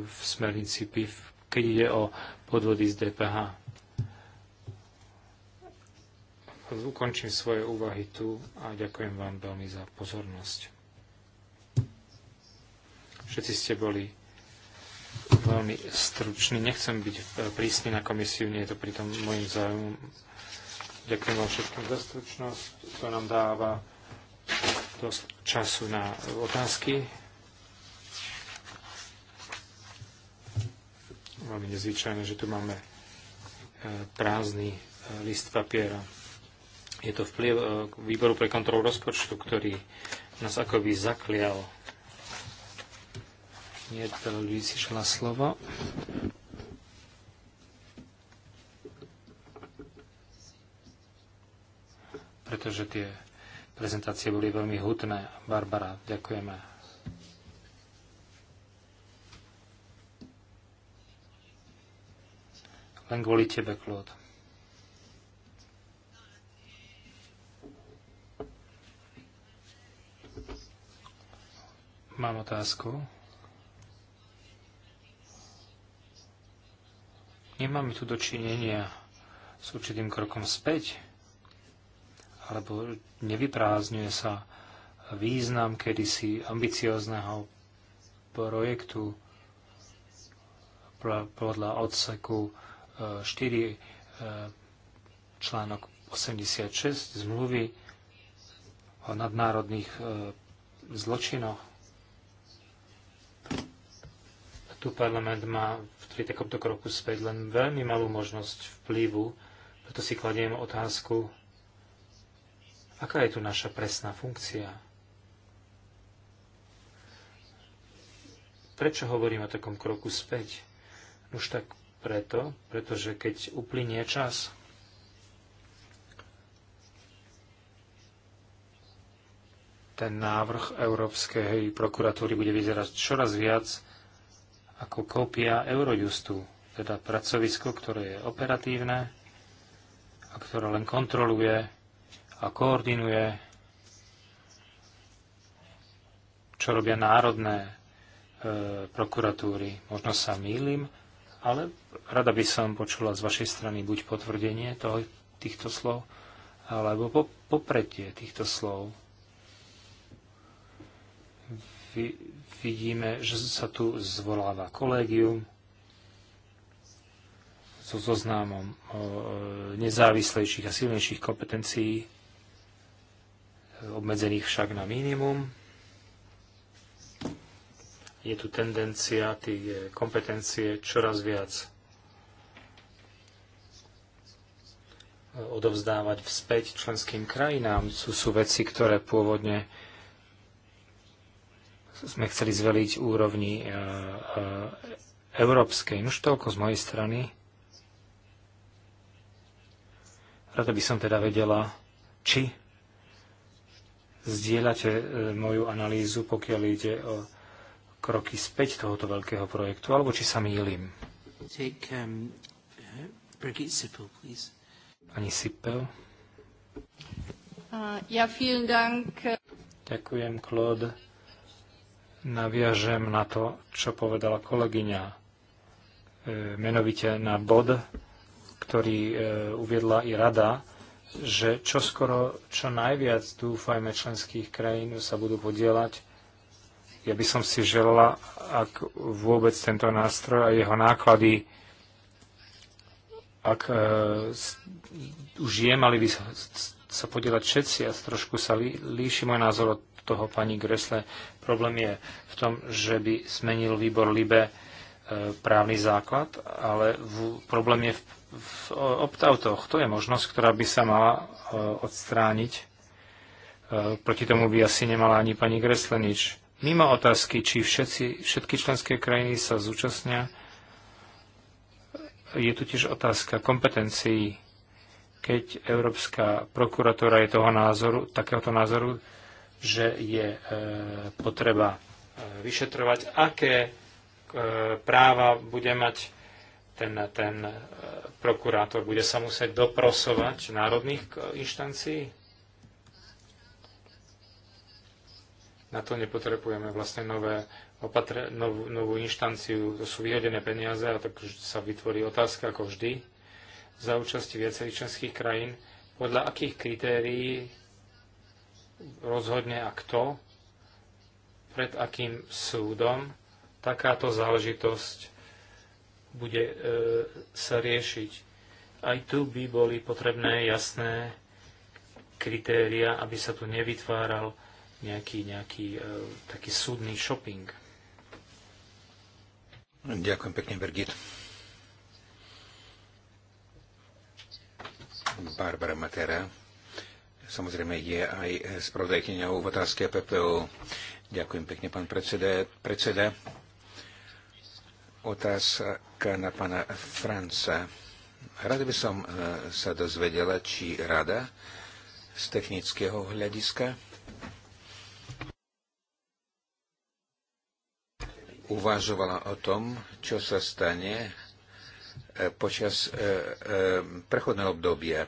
v smernici PIF, keď ide o podvody z DPH ukončím svoje úvahy tu a ďakujem vám veľmi za pozornosť. Všetci ste boli veľmi struční. Nechcem byť e, prísny na komisiu, nie je to pritom môjim záujmom. Ďakujem vám všetkým za stručnosť. To nám dáva dosť času na otázky. Veľmi nezvyčajné, že tu máme e, prázdny e, list papiera. Je to vplyv e, výboru pre kontrolu rozpočtu, ktorý nás akoby zaklial. Nie to ľudí si šla slovo. Pretože tie prezentácie boli veľmi hutné. Barbara, ďakujeme. Len kvôli tebe, Claude. Mám otázku. Nemáme tu dočinenia s určitým krokom späť, alebo nevyprázdňuje sa význam kedysi ambiciozného projektu podľa odseku 4 e, e, článok 86 zmluvy o nadnárodných e, zločinoch tu parlament má pri takomto kroku späť len veľmi malú možnosť vplyvu, preto si kladiem otázku, aká je tu naša presná funkcia. Prečo hovorím o takom kroku späť? Už tak preto, pretože keď uplynie čas, ten návrh Európskej prokuratúry bude vyzerať čoraz viac ako kópia Eurojustu, teda pracovisko, ktoré je operatívne a ktoré len kontroluje a koordinuje, čo robia národné e, prokuratúry. Možno sa mýlim, ale rada by som počula z vašej strany buď potvrdenie toho, týchto slov, alebo po, popretie týchto slov vidíme, že sa tu zvoláva kolégium so zoznámom e, nezávislejších a silnejších kompetencií, obmedzených však na minimum. Je tu tendencia tie kompetencie čoraz viac e, odovzdávať vzpäť členským krajinám. Sú, sú veci, ktoré pôvodne sme chceli zveliť úrovni eh, eh, európskej. Nuž toľko z mojej strany. Rada by som teda vedela, či zdieľate eh, moju analýzu, pokiaľ ide o kroky späť tohoto veľkého projektu, alebo či sa mýlim. Um, Pani Sipel. ja, vielen Dank. Ďakujem, Claude naviažem na to, čo povedala kolegyňa, e, menovite na bod, ktorý e, uviedla i rada, že čo skoro čo najviac dúfajme členských krajín sa budú podielať. Ja by som si želala, ak vôbec tento nástroj a jeho náklady, ak e, s, už je, mali by sa, sa podielať všetci a trošku sa lí, líši môj názor od toho pani Gresle. Problém je v tom, že by zmenil výbor LIBE e, právny základ, ale v, problém je v, v opt To je možnosť, ktorá by sa mala e, odstrániť. E, proti tomu by asi nemala ani pani Gresle nič. Mimo otázky, či všetci, všetky členské krajiny sa zúčastnia, je tu tiež otázka kompetencií. Keď Európska prokuratúra je toho názoru, takéhoto názoru, že je e, potreba e, vyšetrovať, aké e, práva bude mať ten, ten prokurátor. Bude sa musieť doprosovať národných inštancií? Na to nepotrebujeme vlastne nové opatre, novú, novú inštanciu. To sú vyhodené peniaze a tak sa vytvorí otázka ako vždy za účasti viacerých členských krajín, podľa akých kritérií rozhodne a kto, pred akým súdom takáto záležitosť bude e, sa riešiť. Aj tu by boli potrebné jasné kritéria, aby sa tu nevytváral nejaký, nejaký e, taký súdny shopping. Ďakujem pekne, Bergit. Barbara Matera samozrejme je aj spravodajkyňou v otázke PPO. Ďakujem pekne, pán predseda. predseda. Otázka na pána Franca. Rada by som e, sa dozvedela, či rada z technického hľadiska uvažovala o tom, čo sa stane e, počas e, prechodného obdobia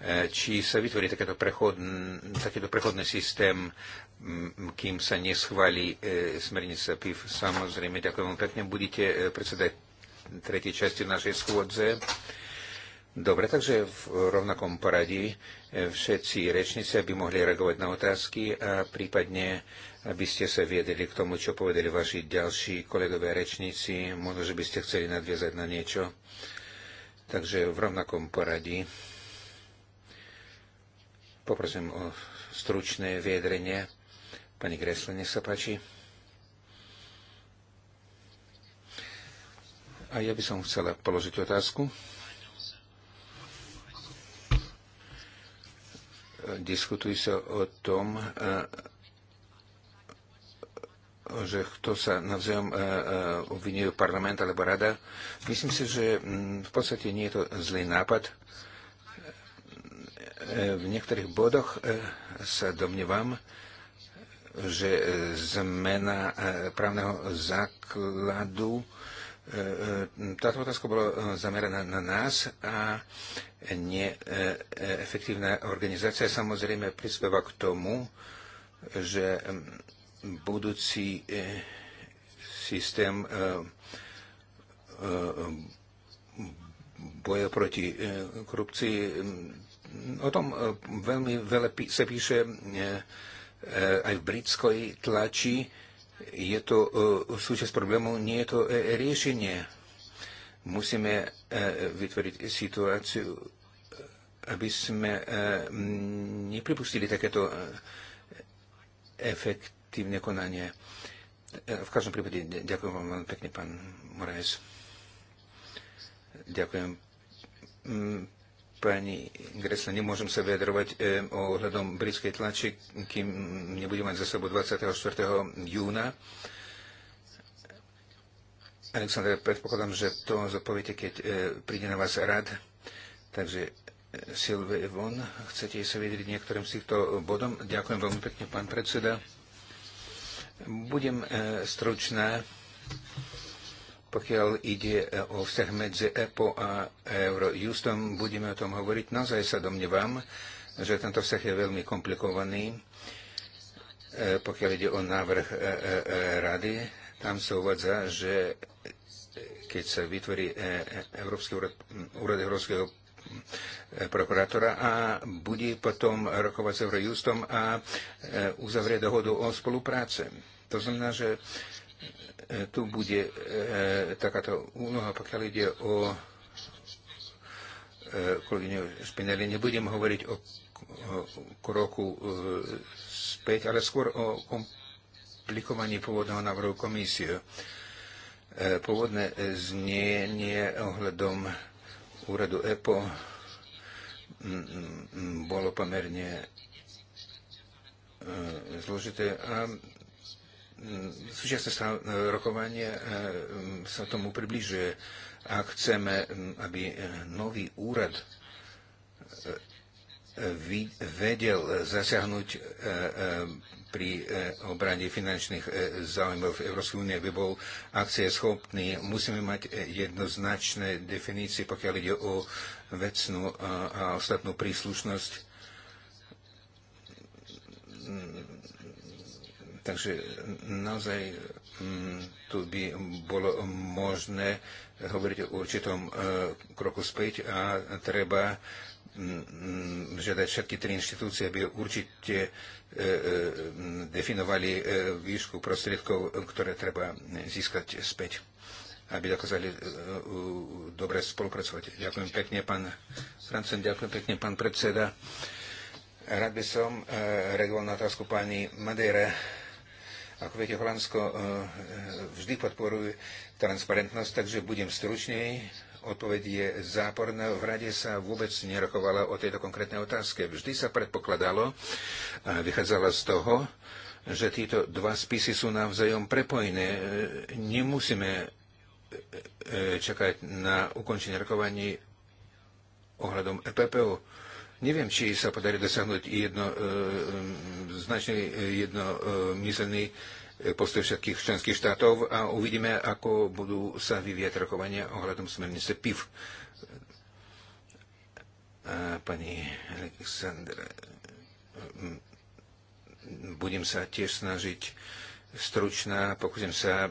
Eh, či sa vytvorí takéto prechodn, takýto prechodný systém, mm, kým sa neschváli eh, smernica PIF. Samozrejme, ďakujem vám pekne, budete eh, predsedať tretej časti našej schôdze. Dobre, takže v rovnakom poradí všetci rečníci, aby mohli reagovať na otázky a prípadne, aby ste sa viedeli k tomu, čo povedali vaši ďalší kolegovia rečníci. Možno, že by ste chceli nadviazať na niečo. Takže v rovnakom poradí. Poprosím o stručné viedrenie. Pani Gresle, nech sa páči. A ja by som chcela položiť otázku. Diskutuj sa o tom, e, že kto sa navzájom e, e, obvinuje parlament alebo rada. Myslím si, že mm, v podstate nie je to zlý nápad E, v niektorých bodoch e, sa domnievam, že e, zmena právneho základu táto otázka bola zameraná na nás a neefektívna organizácia samozrejme prispieva k tomu, že budúci systém boja proti korupcii O tom e, veľmi veľa sa píše e, e, aj v britskoj tlači. Je to súčasť problému, nie je to riešenie. Musíme vytvoriť situáciu, aby sme nepripustili takéto efektívne konanie. V každom prípade ďakujem vám veľmi pekne, pán Moraes. Ďakujem Pani Gresla, nemôžem sa vyjadrovať eh, ohľadom britskej tlači, kým nebudem mať za sebou 24. júna. Aleksandr, predpokladám, že to zodpoviete, keď eh, príde na vás rad. Takže eh, Silve von, chcete sa vyjadriť niektorým z týchto bodom? Ďakujem veľmi pekne, pán predseda. Budem eh, stručná. Pokiaľ ide e, o vzťah medzi EPO a Eurojustom, budeme o tom hovoriť. Naozaj sa domnievam, že tento vzťah je veľmi komplikovaný. E, pokiaľ ide o návrh e, rady, tam sa uvádza, že keď sa vytvorí Európsky úrad, úrad Európskeho prokurátora a bude potom rokovať s Eurojustom a uzavrie dohodu o spolupráce. To znamená, že tu bude e, takáto úloha, pokiaľ ide o e, kolegyňu Spinelli. Nebudem hovoriť o kroku e, späť, ale skôr o komplikovaní pôvodného návrhu komisie. Pôvodné znenie ohľadom úradu EPO bolo pomerne zložité a súčasné e, rokovanie e, sa tomu približuje. Ak chceme, aby e, nový úrad vedel zasiahnuť pri obrane finančných záujmov Európskej únie, by bol akcie schopný. Musíme mať jednoznačné definície, pokiaľ ide o vecnú a ostatnú príslušnosť Takže naozaj mm, tu by bolo možné hovoriť o určitom e, kroku späť a treba mm, mm, žiadať všetky tri inštitúcie, aby určite e, e, definovali výšku prostriedkov, ktoré treba získať späť aby dokázali dobre spolupracovať. Ďakujem pekne, pán Francen, ďakujem pekne, pán predseda. Rád by som reagoval na otázku pani Madeira ako viete, Holandsko e, e, vždy podporuje transparentnosť, takže budem stručnej. Odpoveď je záporná. V rade sa vôbec nerokovalo o tejto konkrétnej otázke. Vždy sa predpokladalo a vychádzala z toho, že títo dva spisy sú navzájom prepojené. E, nemusíme čakať na ukončenie rokovaní ohľadom EPPO Neviem, či sa podarí dosiahnuť jedno, e, e, značne e, jednomyselný postoj všetkých členských štátov a uvidíme, ako budú sa vyvíjať rokovania ohľadom smernice PIV. A pani Aleksandra, budem sa tiež snažiť stručná. Pokúsim sa mm,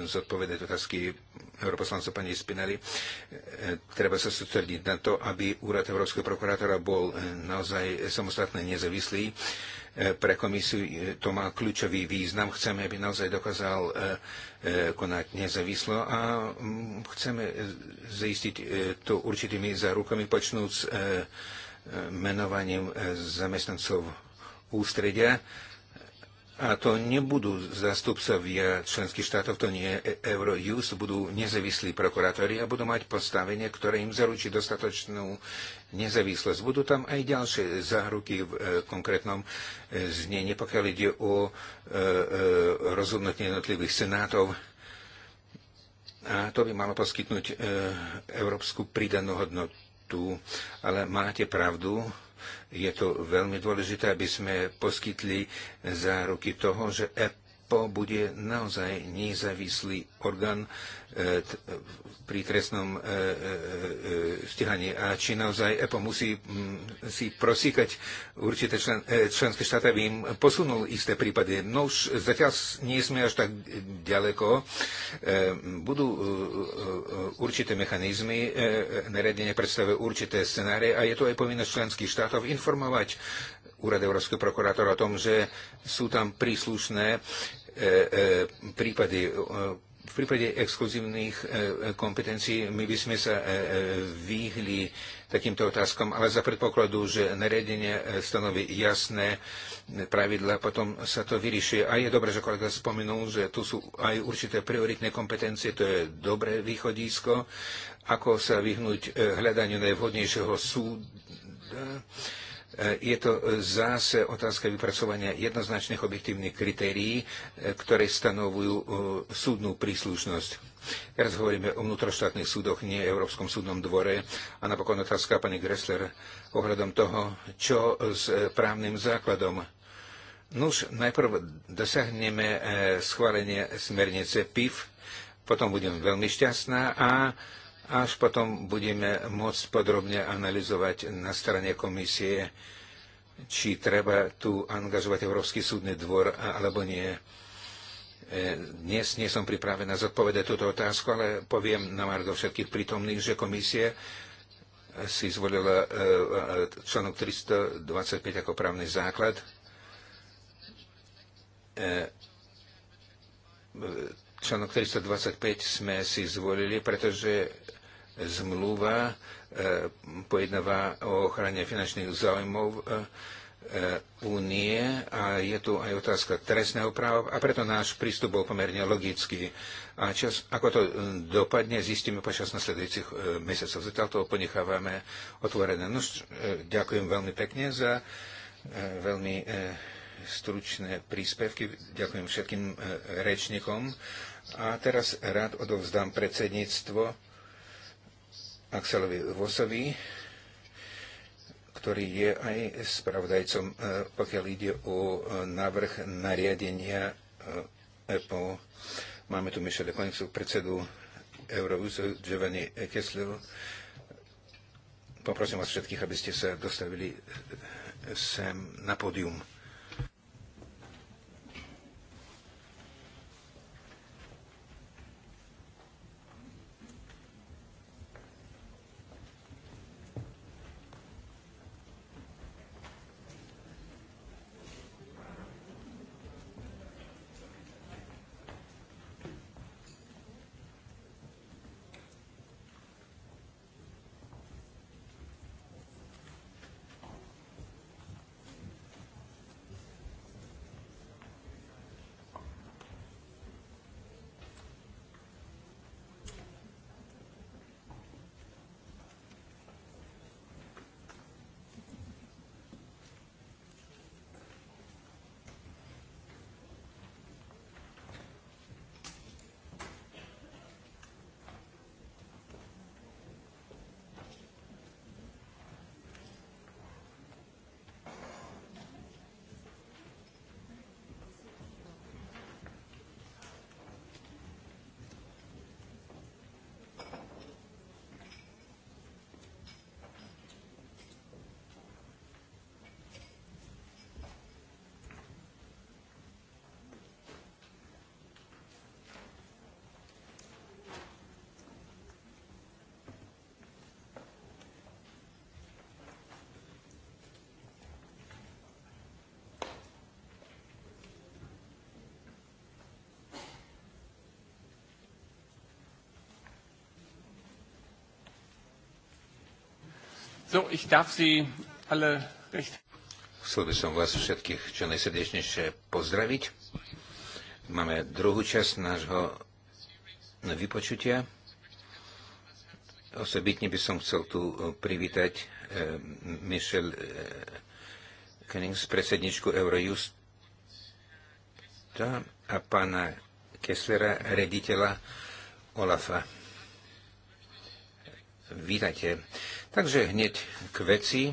e, zodpovedať otázky europoslanca pani Spinelli. E, treba sa sústrediť na to, aby úrad Európskeho prokurátora bol e, naozaj samostatne nezávislý. E, pre komisiu e, to má kľúčový význam. Chceme, aby naozaj dokázal e, e, konať nezávislo a mm, chceme zaistiť to určitými zárukami, počnúc menovaním zamestnancov ústredia a to nebudú zastupcovia členských štátov, to nie je Eurojust, budú nezávislí prokurátori a budú mať postavenie, ktoré im zaručí dostatočnú nezávislosť. Budú tam aj ďalšie záruky v e, konkrétnom e, znení, pokiaľ ide o e, rozhodnutie jednotlivých senátov. A to by malo poskytnúť európsku pridanú hodnotu. Ale máte pravdu, je to veľmi dôležité, aby sme poskytli záruky toho, že EP EPPO bude naozaj nezávislý orgán e, e, pri trestnom e, stíhaní. A či naozaj EPO musí mm, si prosíkať určité člen, členské štáty, aby im posunul isté prípady. No už zatiaľ nie sme až tak ďaleko. Budú určité mechanizmy, naredenie predstavuje určité scenárie a je to aj povinnosť členských štátov informovať úrad Európskeho prokurátora o tom, že sú tam príslušné E, e, prípady. E, v prípade exkluzívnych kompetencií my by sme sa vyhli takýmto otázkom, ale za predpokladu, že nariadenie stanoví jasné pravidla, potom sa to vyrieši. A je dobré, že kolega spomenul, že tu sú aj určité prioritné kompetencie, to je dobré východisko, ako sa vyhnúť hľadaniu najvhodnejšieho súdu. E, je to zase otázka vypracovania jednoznačných objektívnych kritérií, e, ktoré stanovujú e, súdnu príslušnosť. Teraz hovoríme o vnútroštátnych súdoch, nie Európskom súdnom dvore. A napokon otázka pani Gressler ohľadom toho, čo s právnym základom. Nuž, najprv dosiahneme schválenie smernice PIF, potom budem veľmi šťastná a až potom budeme môcť podrobne analyzovať na strane komisie, či treba tu angažovať Európsky súdny dvor alebo nie. E, dnes nie som pripravená zodpovedať túto otázku, ale poviem na margo všetkých prítomných, že komisie si zvolila e, e, článok 325 ako právny základ Článok 325 sme si zvolili, pretože zmluva e, pojednáva o ochrane finančných záujmov e, e, únie a je tu aj otázka trestného práva a preto náš prístup bol pomerne logický. A čas, ako to dopadne, zistíme počas nasledujúcich mesiacov. Zatiaľ to ponechávame otvorené. No, ďakujem veľmi pekne za veľmi stručné príspevky. Ďakujem všetkým rečníkom. A teraz rád odovzdám predsedníctvo Axelovi Vosovi, ktorý je aj spravodajcom, e, pokiaľ ide o e, návrh nariadenia EPO. E Máme tu de Konixu, predsedu Eurovusu, Giovanni Kessler. Poprosím vás všetkých, aby ste sa dostavili sem na pódium. So, ich darf Sie alle recht... Chcel by som vás všetkých čo najsrdečnejšie pozdraviť. Máme druhú časť nášho vypočutia. Osobitne by som chcel tu e, privítať eh, Michel eh, Kennings, predsedničku Eurojust a pána Kesslera, rediteľa Olafa. Vítajte. Takže hneď k veci. E,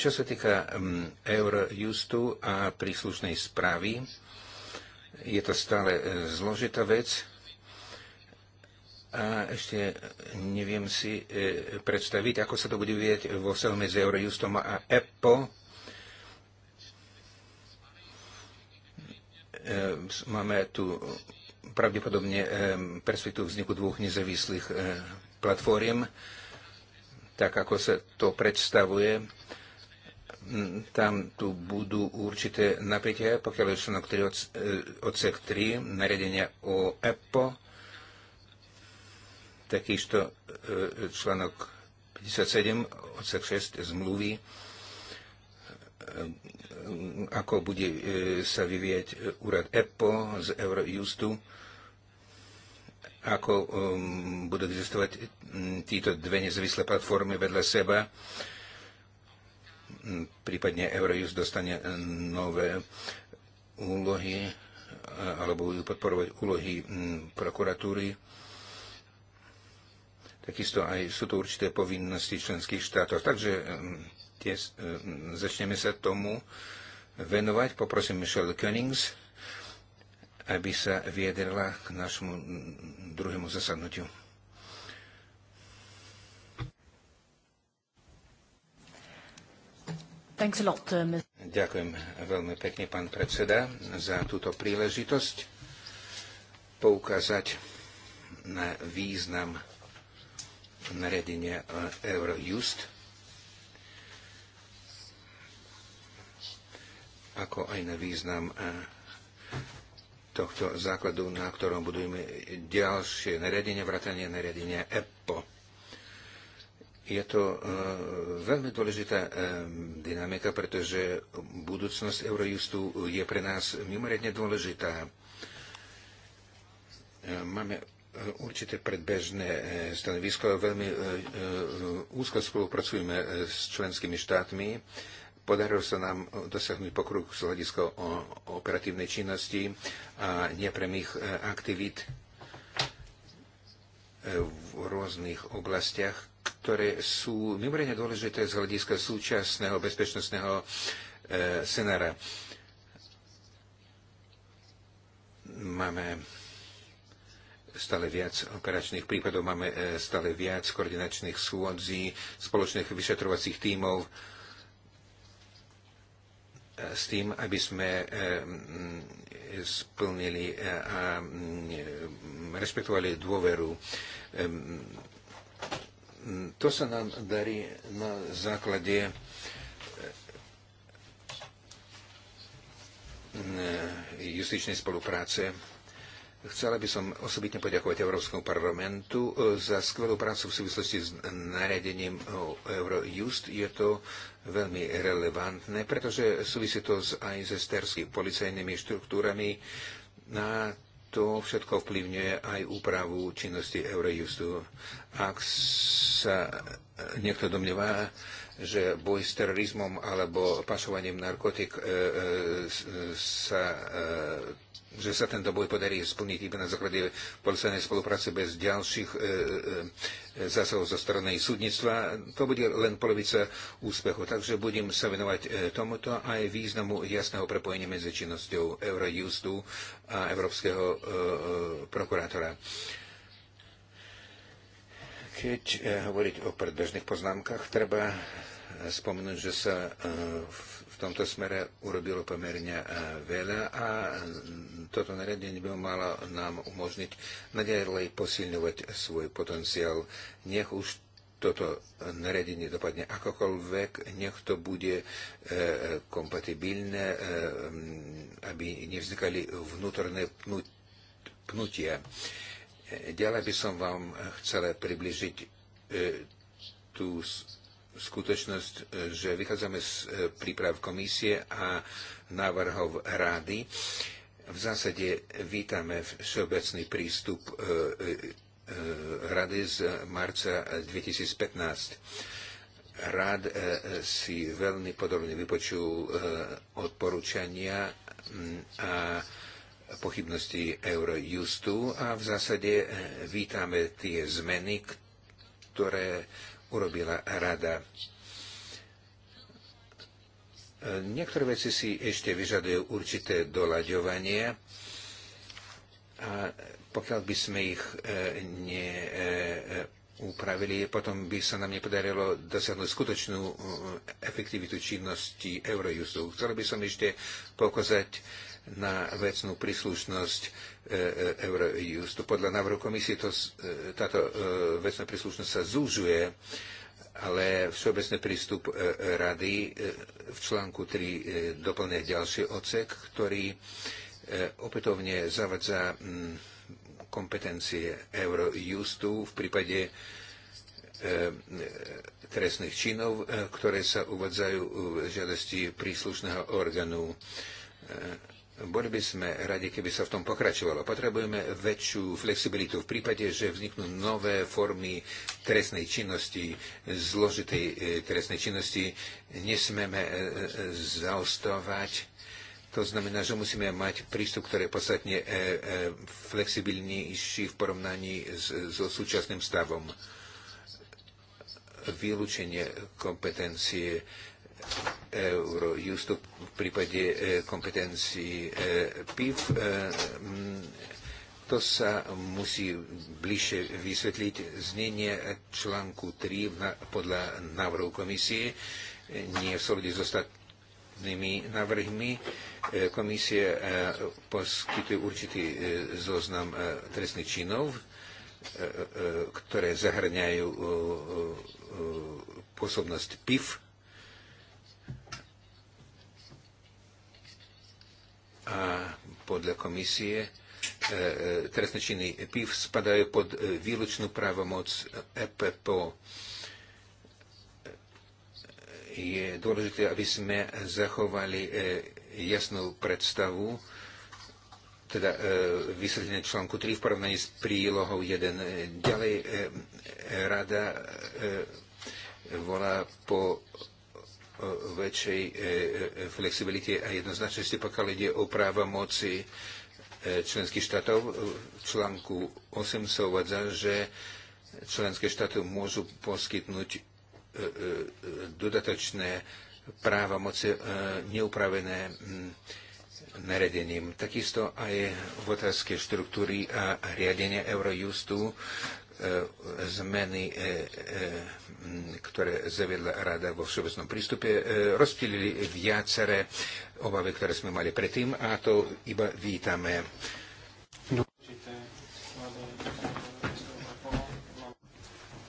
čo sa týka mm, Eurojustu a príslušnej správy, je to stále e, zložitá vec a ešte neviem si e, predstaviť, ako sa to bude vieť vo vzťahu medzi Eurojustom a EPO. Máme tu pravdepodobne perspektívu vzniku dvoch nezávislých platform, tak ako sa to predstavuje, tam tu budú určité napätia, pokiaľ je článok 3 e, odsek 3 naredenia o EPO, takisto e, článok 57 odsek 6 zmluvy, e, ako bude sa vyvieť úrad EPO z Eurojustu ako um, budú existovať um, títo dve nezávislé platformy vedľa seba. Um, prípadne Eurojust dostane nové úlohy uh, alebo budú podporovať úlohy prokuratúry. Takisto aj sú to určité povinnosti členských štátov. Takže tie, začneme sa tomu venovať. Poprosím Michelle Königs aby sa vyjadrila k našemu druhému zasadnutiu. Lot, uh, Ďakujem veľmi pekne, pán predseda, za túto príležitosť poukázať na význam naredenia uh, Eurojust. ako aj na význam uh, tohto základu, na ktorom budujeme ďalšie nariadenie, vrátanie nariadenia EPO. Je to e, veľmi dôležitá e, dynamika, pretože budúcnosť Eurojustu je pre nás mimoriadne dôležitá. E, máme určité predbežné stanovisko, veľmi úzko spolupracujeme s členskými štátmi Podarilo sa nám e, dosiahnuť pokruk z hľadiska e, operatívnej činnosti a nepremých e, aktivít v rôznych oblastiach, ktoré sú mimoriadne dôležité z hľadiska súčasného bezpečnostného scenára. Máme stále viac operačných prípadov, máme stále viac koordinačných schôdzí, spoločných vyšetrovacích tímov, s tým, aby sme eh, mm, splnili eh, a mm, respektovali dôveru. Eh, mm, to sa nám darí na základe justičnej spolupráce Chcela by som osobitne poďakovať Európskemu parlamentu e, za skvelú prácu v súvislosti s nariadením Eurojust. Je to veľmi relevantné, pretože súvisí to aj s esterskými policajnými štruktúrami. Na to všetko vplyvňuje aj úpravu činnosti Eurojustu. Ak sa e, niekto domnieva, že boj s terorizmom alebo pašovaním narkotik e, e, sa e, že sa tento boj podarí splniť iba na základe policajnej spolupráce bez ďalších e, e, e, zásahov zo strany súdnictva. To bude len polovica úspechu. Takže budem sa venovať e, tomuto aj významu jasného prepojenia medzi činnosťou Eurojustu a Európskeho e, e, prokurátora. Keď e, hovoriť o predbežných poznámkach, treba e, spomenúť, že sa e, v v tomto smere urobilo pomerne e, veľa a e, toto naredenie by malo nám umožniť nadalej posilňovať svoj potenciál. Nech už toto naredenie dopadne akokoľvek, nech to bude e, e kompatibilné, e, aby nevznikali vnútorné pnutia. Ďalej by som vám chcela približiť e, tú skutočnosť, e, že vychádzame z e, príprav komisie a návrhov rády. V zásade vítame všeobecný prístup e, rady z marca 2015. Rád si veľmi podobne vypočul odporúčania a pochybnosti Eurojustu a v zásade vítame tie zmeny, ktoré urobila rada. Niektoré veci si ešte vyžadujú určité doľaďovanie a pokiaľ by sme ich e, neupravili, potom by sa nám nepodarilo dosiahnuť skutočnú e, efektivitu činnosti Eurojustu. Chcel by som ešte pokazať na vecnú príslušnosť e, e, Eurojustu. Podľa návrhu komisie to, e, táto vecná príslušnosť sa zúžuje, ale všeobecný prístup rady v článku 3 doplňuje ďalší odsek, ktorý opätovne zavadza kompetencie Eurojustu v prípade trestných činov, ktoré sa uvádzajú v žiadosti príslušného orgánu boli by sme radi, keby sa v tom pokračovalo. Potrebujeme väčšiu flexibilitu v prípade, že vzniknú nové formy trestnej činnosti, zložitej e, trestnej činnosti. Nesmeme e, e, zaostovať. To znamená, že musíme mať prístup, ktorý je podstatne flexibilnejší v porovnaní so súčasným stavom. Vylúčenie kompetencie Eurojustu v prípade e, kompetencií e, PIV. E, mm, to sa musí bližšie vysvetliť. Znenie článku 3 podľa návrhu komisie nie v súlade s ostatnými návrhmi. Komisie poskytuje určitý zoznam trestných činov, ktoré zahrňajú pôsobnosť PIF a podľa komisie e, e, trestné činy e PIV spadajú pod výlučnú právomoc EPPO. Je dôležité, aby sme zachovali jasnú predstavu, teda vysvetlenie článku 3 v porovnaní s prílohou 1. Ďalej rada volá po väčšej e, e, flexibilite a jednoznačnosti, pokiaľ ide o práva moci e, členských štátov. V článku 8 sa uvádza, že členské štáty môžu poskytnúť dodatočné práva moci neupravené naredením. Takisto aj v otázke štruktúry a riadenia Eurojustu E, e, zmeny, e, ktoré zaviedla Rada vo všeobecnom prístupe, rozptýlili viaceré obavy, ktoré sme mali predtým a to iba vítame. No.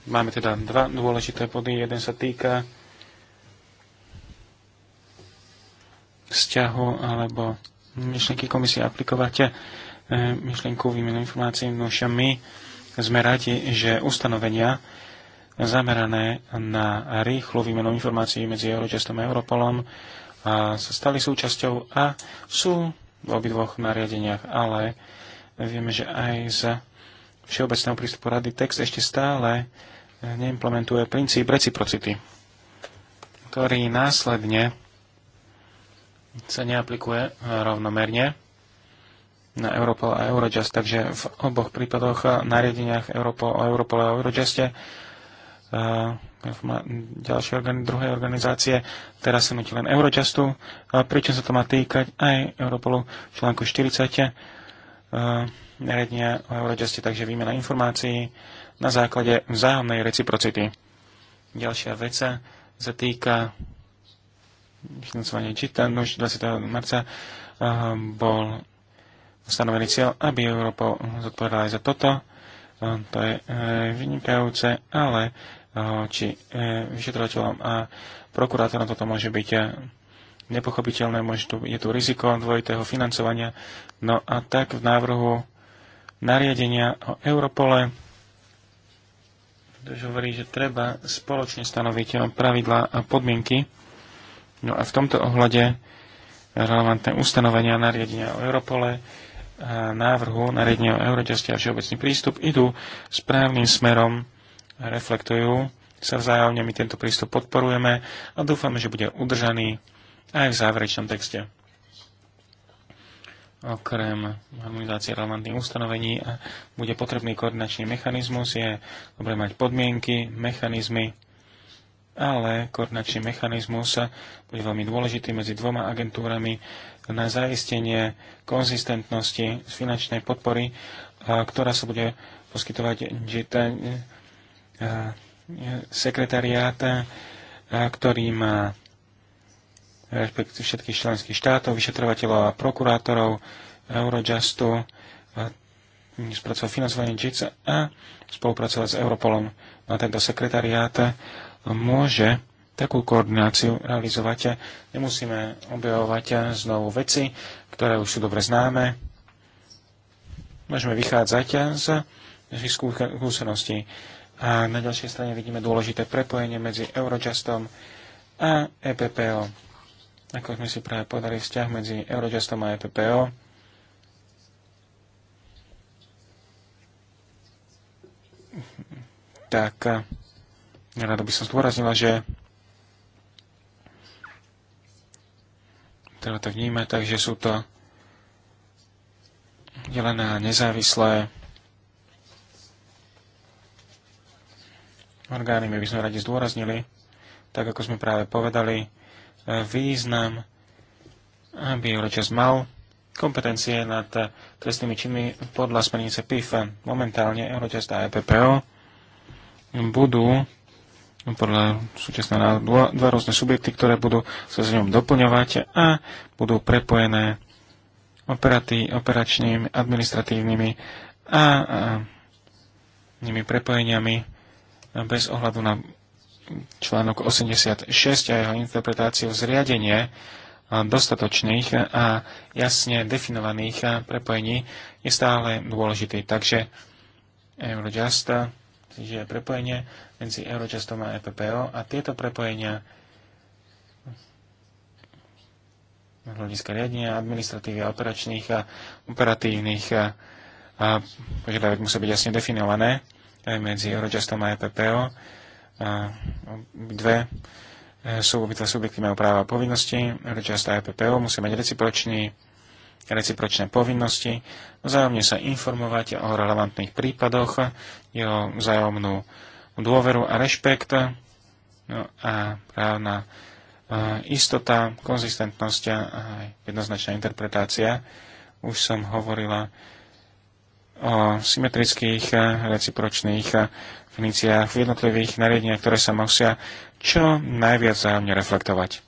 Máme teda dva dôležité body. Jeden sa týka vzťahu alebo myšlenky komisie aplikovať myšlenku výmenu informácií. No my sme radi, že ustanovenia zamerané na rýchlu výmenu informácií medzi Eurojustom a Europolom a sa stali súčasťou a sú v obidvoch nariadeniach, ale vieme, že aj z všeobecného prístupu rady text ešte stále neimplementuje princíp reciprocity, ktorý následne sa neaplikuje rovnomerne na Europol a Eurojust. Takže v oboch prípadoch eh, nariadeniach Europol o Europol a Eurojuste eh, ďalšie organi- druhé organizácie. Teraz sa nutí len Eurojustu, pričom sa to má týkať aj Europolu v článku 40 eh, nariadenia o Eurojuste, takže výmena informácií na základe vzájomnej reciprocity. Ďalšia vec sa týka financovania Čita, 20. marca bol stanovený cieľ, aby Európa zodpovedala aj za toto. Hm, to je e, vynikajúce, ale e, či e, vyšetrovateľom a prokurátorom toto môže byť nepochopiteľné, môže tu, je tu riziko dvojitého financovania. No a tak v návrhu nariadenia o Europole ktorý hovorí, že treba spoločne stanoviť pravidlá a podmienky. No a v tomto ohľade relevantné ustanovenia nariadenia o Europole návrhu na nariadenia o a všeobecný prístup idú správnym smerom, reflektujú sa vzájomne, my tento prístup podporujeme a dúfame, že bude udržaný aj v záverečnom texte. Okrem harmonizácie relevantných ustanovení a bude potrebný koordinačný mechanizmus, je dobre mať podmienky, mechanizmy, ale koordinačný mechanizmus bude veľmi dôležitý medzi dvoma agentúrami na zaistenie konzistentnosti z finančnej podpory, ktorá sa bude poskytovať e, e, sekretariát, ktorý má respektíve všetkých členských štátov, vyšetrovateľov a prokurátorov, Eurojustu, spracovať financovanie JITS a spolupracovať s Europolom. No a tento sekretariát môže takú koordináciu realizovať. Nemusíme objavovať znovu veci, ktoré už sú dobre známe. Môžeme vychádzať z našich skúseností. A na ďalšej strane vidíme dôležité prepojenie medzi Eurojustom a EPPO. Ako sme si práve podali vzťah medzi Eurojustom a EPPO, tak eh, rado by som zdôraznila, že treba to vnímať, takže sú to delené a nezávislé orgány. My by sme radi zdôraznili, tak ako sme práve povedali, e, význam, aby Eurojust mal kompetencie nad trestnými činmi podľa smernice PIF. Momentálne Eurojust a EPPO budú No, podľa súčasného dva, dva rôzne subjekty, ktoré budú sa s ňom doplňovať a budú prepojené operatí, operačnými, administratívnymi a, a nimi prepojeniami bez ohľadu na článok 86 a jeho interpretáciu zriadenie dostatočných a jasne definovaných prepojení je stále dôležitý. Takže Eurojust Čiže prepojenie medzi Eurojustom a EPPO a tieto prepojenia hľadiska riadenia, administratívy a operačných a operatívnych a, a požiadavek musia byť jasne definované aj medzi Eurojustom a EPPO. A, dve e, sú obytva subjekty majú práva a povinnosti, Eurojust a EPPO musia mať recipročný recipročné povinnosti, vzájomne sa informovať o relevantných prípadoch, jeho vzájomnú dôveru a rešpekt no a právna e, istota, konzistentnosť a jednoznačná interpretácia. Už som hovorila o symetrických e, recipročných definíciách v jednotlivých nariadeniach, ktoré sa musia čo najviac vzájomne reflektovať.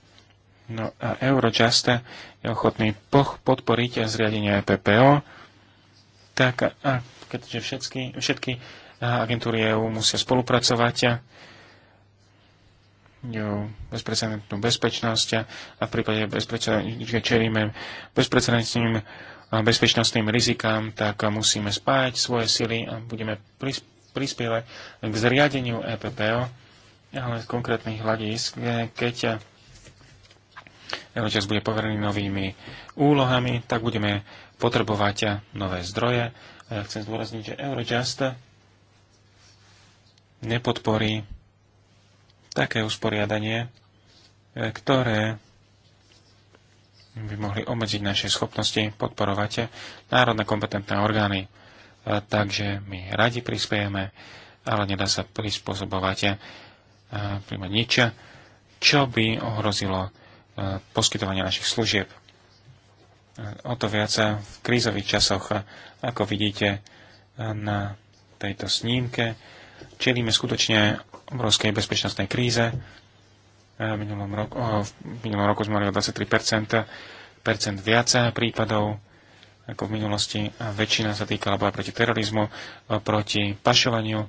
No a Eurojust je ochotný podporiť zriadenie e PPO, tak a keďže všetky, všetky agentúry EU musia spolupracovať, bezprecedentnú bezpečnosť a v prípade, že čelíme bezprecedentným bezpečnostným rizikám, tak musíme spájať svoje sily a budeme prispievať k zriadeniu EPPO, ale z konkrétnych hľadisk, keď Eurochest bude poverený novými úlohami, tak budeme potrebovať nové zdroje. A ja chcem zdôrazniť, že Eurojust nepodporí také usporiadanie, ktoré by mohli obmedziť naše schopnosti podporovať národné kompetentné orgány. Takže my radi prispiejeme, ale nedá sa prispôsobovať príjmať nič, čo by ohrozilo poskytovania našich služieb. O to viac v krízových časoch, ako vidíte na tejto snímke, čelíme skutočne obrovskej bezpečnostnej kríze. V minulom roku, oh, v minulom roku sme mali o 23% percent viac prípadov ako v minulosti. A väčšina sa týkala boja proti terorizmu, proti pašovaniu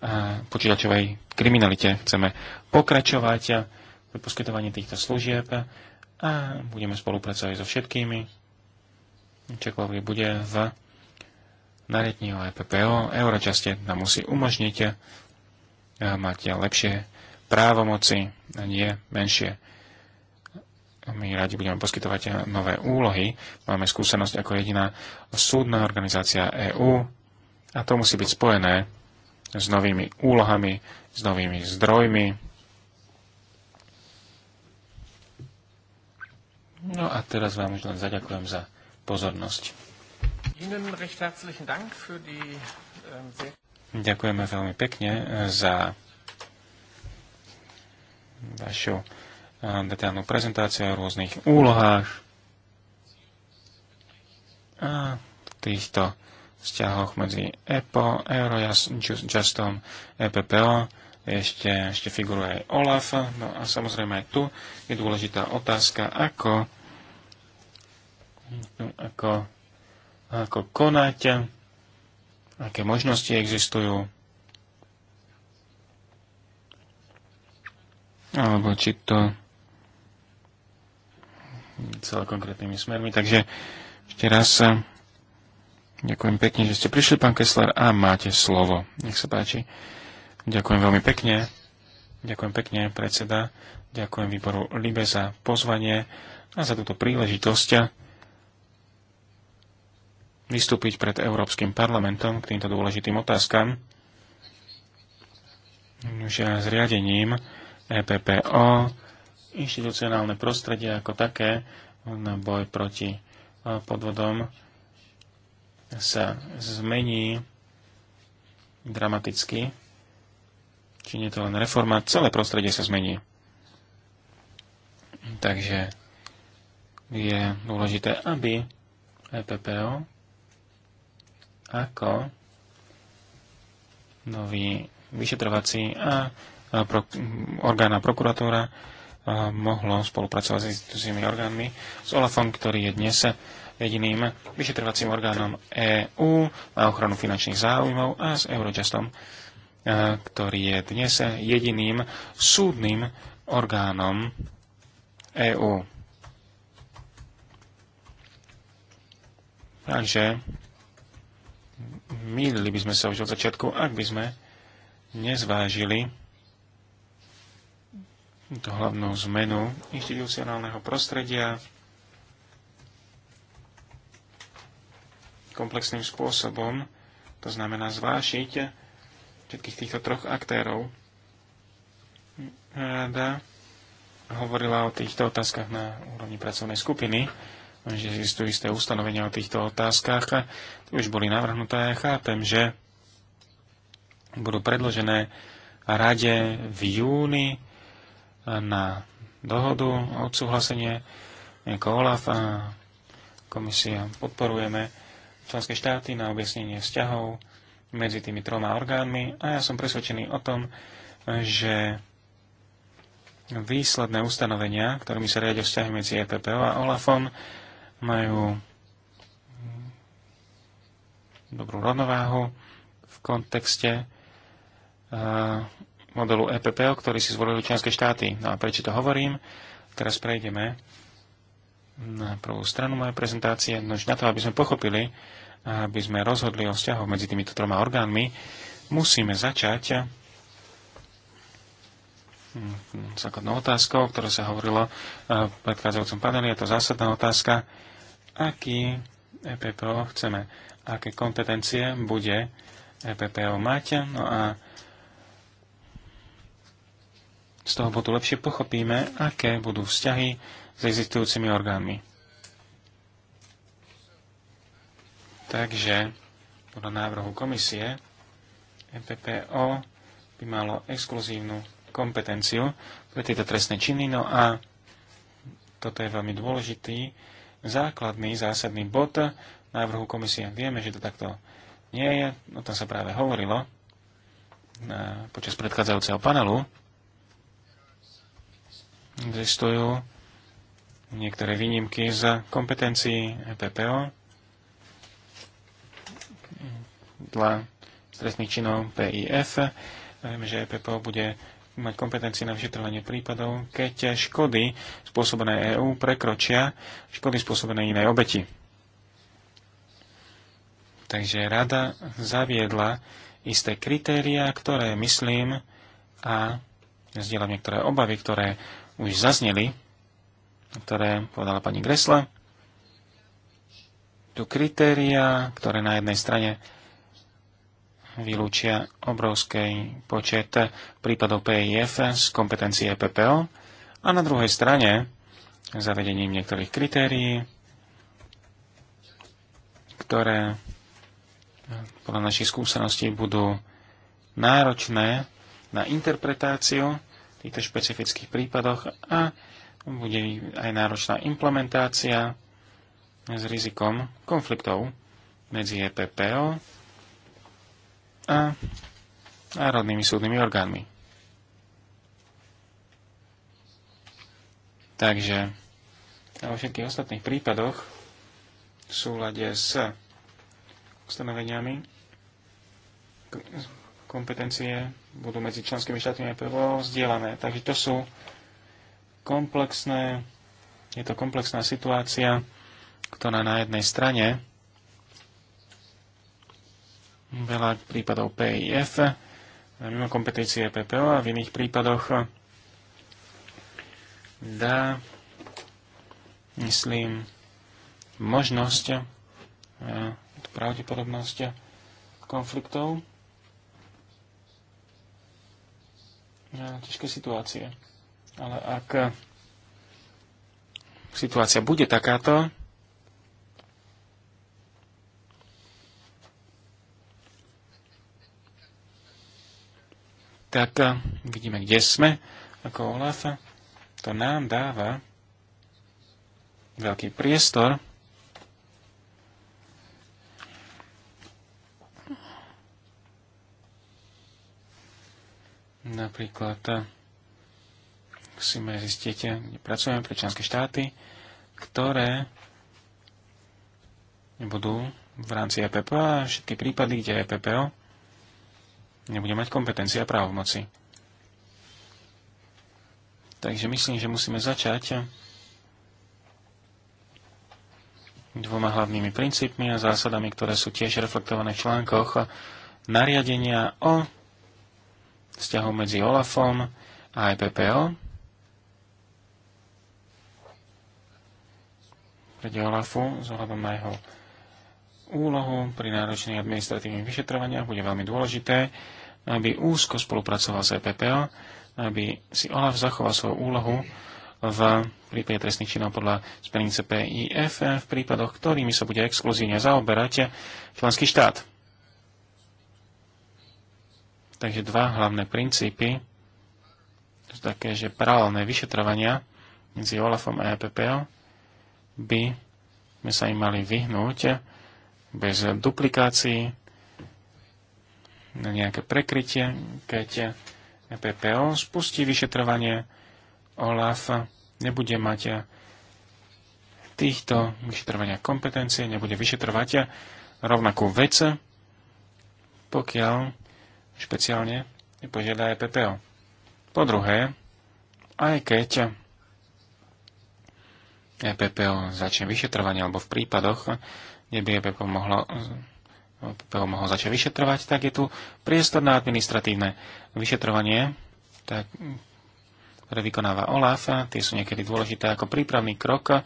a počítačovej kriminalite. Chceme pokračovať pri poskytovaní týchto služieb a budeme spolupracovať so všetkými. Čeklovi bude v nariadení EPPO. Euročaste nám musí umožniť eh, mať lepšie právomoci a nie menšie. My radi budeme poskytovať nové úlohy. Máme skúsenosť ako jediná súdna organizácia EÚ a to musí byť spojené s novými úlohami, s novými zdrojmi, No a teraz vám už len zaďakujem za pozornosť. Ähm, Ďakujeme veľmi pekne äh, za vašu äh, detailnú prezentáciu o rôznych úlohách a týchto vzťahoch medzi EPO, Eurojustom, EPPO ešte, ešte figuruje aj OLAF. No a samozrejme aj tu je dôležitá otázka, ako, ako, ako konať, aké možnosti existujú, alebo či to celé konkrétnymi smermi. Takže ešte raz ďakujem pekne, že ste prišli, pán Kessler, a máte slovo. Nech sa páči. Ďakujem veľmi pekne. Ďakujem pekne, predseda. Ďakujem výboru Libe za pozvanie a za túto príležitosť vystúpiť pred Európskym parlamentom k týmto dôležitým otázkam. Už zriadením EPPO inštitucionálne prostredie ako také na boj proti e, podvodom sa zmení dramaticky či nie je to len reforma, celé prostredie sa zmení. Takže je dôležité, aby EPPO ako nový vyšetrovací a, pro, orgán a prokuratúra mohlo spolupracovať s institúciami orgánmi, s OLAFom, ktorý je dnes jediným vyšetrovacím orgánom EÚ na ochranu finančných záujmov a s Eurojustom. E, ktorý je dnes jediným súdnym orgánom EÚ. Takže mýlili by sme sa už od začiatku, ak by sme nezvážili tú hlavnú zmenu inštitucionálneho prostredia komplexným spôsobom, to znamená zvážiť všetkých týchto troch aktérov. Rada hovorila o týchto otázkach na úrovni pracovnej skupiny, že existujú isté ustanovenia o týchto otázkach. Už boli navrhnuté, chápem, že budú predložené rade v júni na dohodu o odsúhlasenie ako OLAF a komisia podporujeme členské štáty na objasnenie vzťahov medzi tými troma orgánmi a ja som presvedčený o tom, že výsledné ustanovenia, ktorými sa riadia vzťahy medzi EPPO a OLAFom, majú dobrú rovnováhu v kontexte e, modelu EPPO, ktorý si zvolili členské štáty. No a prečo to hovorím? Teraz prejdeme na prvú stranu mojej prezentácie, nož na to, aby sme pochopili, aby sme rozhodli o vzťahoch medzi týmito troma orgánmi, musíme začať hm, základnou otázkou, o ktorej sa hovorilo eh, v predchádzajúcom paneli, je to zásadná otázka, aký EPPO chceme, aké kompetencie bude EPPO mať, no a z toho bodu lepšie pochopíme, aké budú vzťahy s existujúcimi orgánmi. Takže podľa návrhu komisie MPPO e by malo exkluzívnu kompetenciu pre tieto trestné činy. No a toto je veľmi dôležitý základný, zásadný bod návrhu komisie. Vieme, že to takto nie je, o tom sa práve hovorilo na, počas predchádzajúceho panelu. Existujú niektoré výnimky z kompetencií EPPO dla stresných činov PIF. Vieme, že EPPO bude mať kompetencie na vyšetrovanie prípadov, keď škody spôsobené EÚ prekročia škody spôsobené inej obeti. Takže rada zaviedla isté kritéria, ktoré myslím a zdieľam niektoré obavy, ktoré už zazneli, ktoré povedala pani Gresla. Tu kritéria, ktoré na jednej strane vylúčia obrovský počet prípadov PIF z kompetencie PPO a na druhej strane zavedením niektorých kritérií, ktoré podľa našich skúseností budú náročné na interpretáciu v týchto špecifických prípadoch a bude aj náročná implementácia s rizikom konfliktov medzi EPPO a národnými súdnymi orgánmi. Takže vo všetkých ostatných prípadoch v súlade s ustanoveniami kompetencie budú medzi členskými štátmi aj PVO vzdielané. Takže to sú komplexné, je to komplexná situácia, ktorá na jednej strane veľa prípadov PIF, mimo kompetencie PPO a v iných prípadoch dá, myslím, možnosť, e, pravdepodobnosť konfliktov na ťažké situácie. Ale ak situácia bude takáto, tak e, vidíme, kde sme, ako Olaf. To nám dáva veľký priestor napríklad e, musíme zistiť, kde pracujeme pre členské štáty, ktoré budú v rámci EPPO a všetky prípady, kde EPPO nebude mať kompetencie a právomoci. Takže myslím, že musíme začať dvoma hlavnými princípmi a zásadami, ktoré sú tiež reflektované v článkoch nariadenia o vzťahu medzi OLAFom a EPPO. Prede OLAFu zohľadom na jeho úlohu pri náročných administratívnych vyšetrovaniach bude veľmi dôležité, aby úzko spolupracoval s EPPO, aby si OLAF zachoval svoju úlohu v prípade trestných činov podľa smernice PIF v prípadoch, ktorými sa bude exkluzívne zaoberať členský štát. Takže dva hlavné princípy sú také, že paralelné vyšetrovania medzi OLAFom a EPPO by sme sa im mali vyhnúť, bez duplikácií, na nejaké prekrytie, keď PPO spustí vyšetrovanie, OLAF nebude mať týchto vyšetrovania kompetencie, nebude vyšetrovať rovnakú vec, pokiaľ špeciálne nepožiada PPO. Po druhé, aj keď EPPO začne vyšetrovanie alebo v prípadoch, kde by EPP mohlo, EPPO mohol začať vyšetrovať, tak je tu priestor na administratívne vyšetrovanie, tak, ktoré vykonáva OLAF. A tie sú niekedy dôležité ako prípravný krok eh,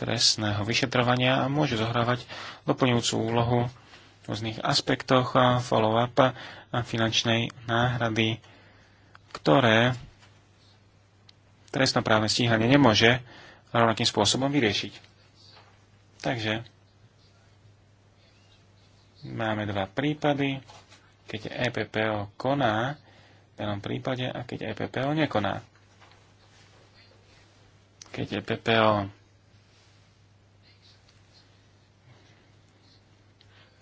trestného vyšetrovania a môže zohrávať doplňujúcu úlohu v rôznych aspektoch eh, follow-up a finančnej náhrady, ktoré trestnoprávne stíhanie nemôže rovnakým spôsobom vyriešiť. Takže máme dva prípady, keď EPPO koná v danom prípade a keď EPPO nekoná. Keď EPPO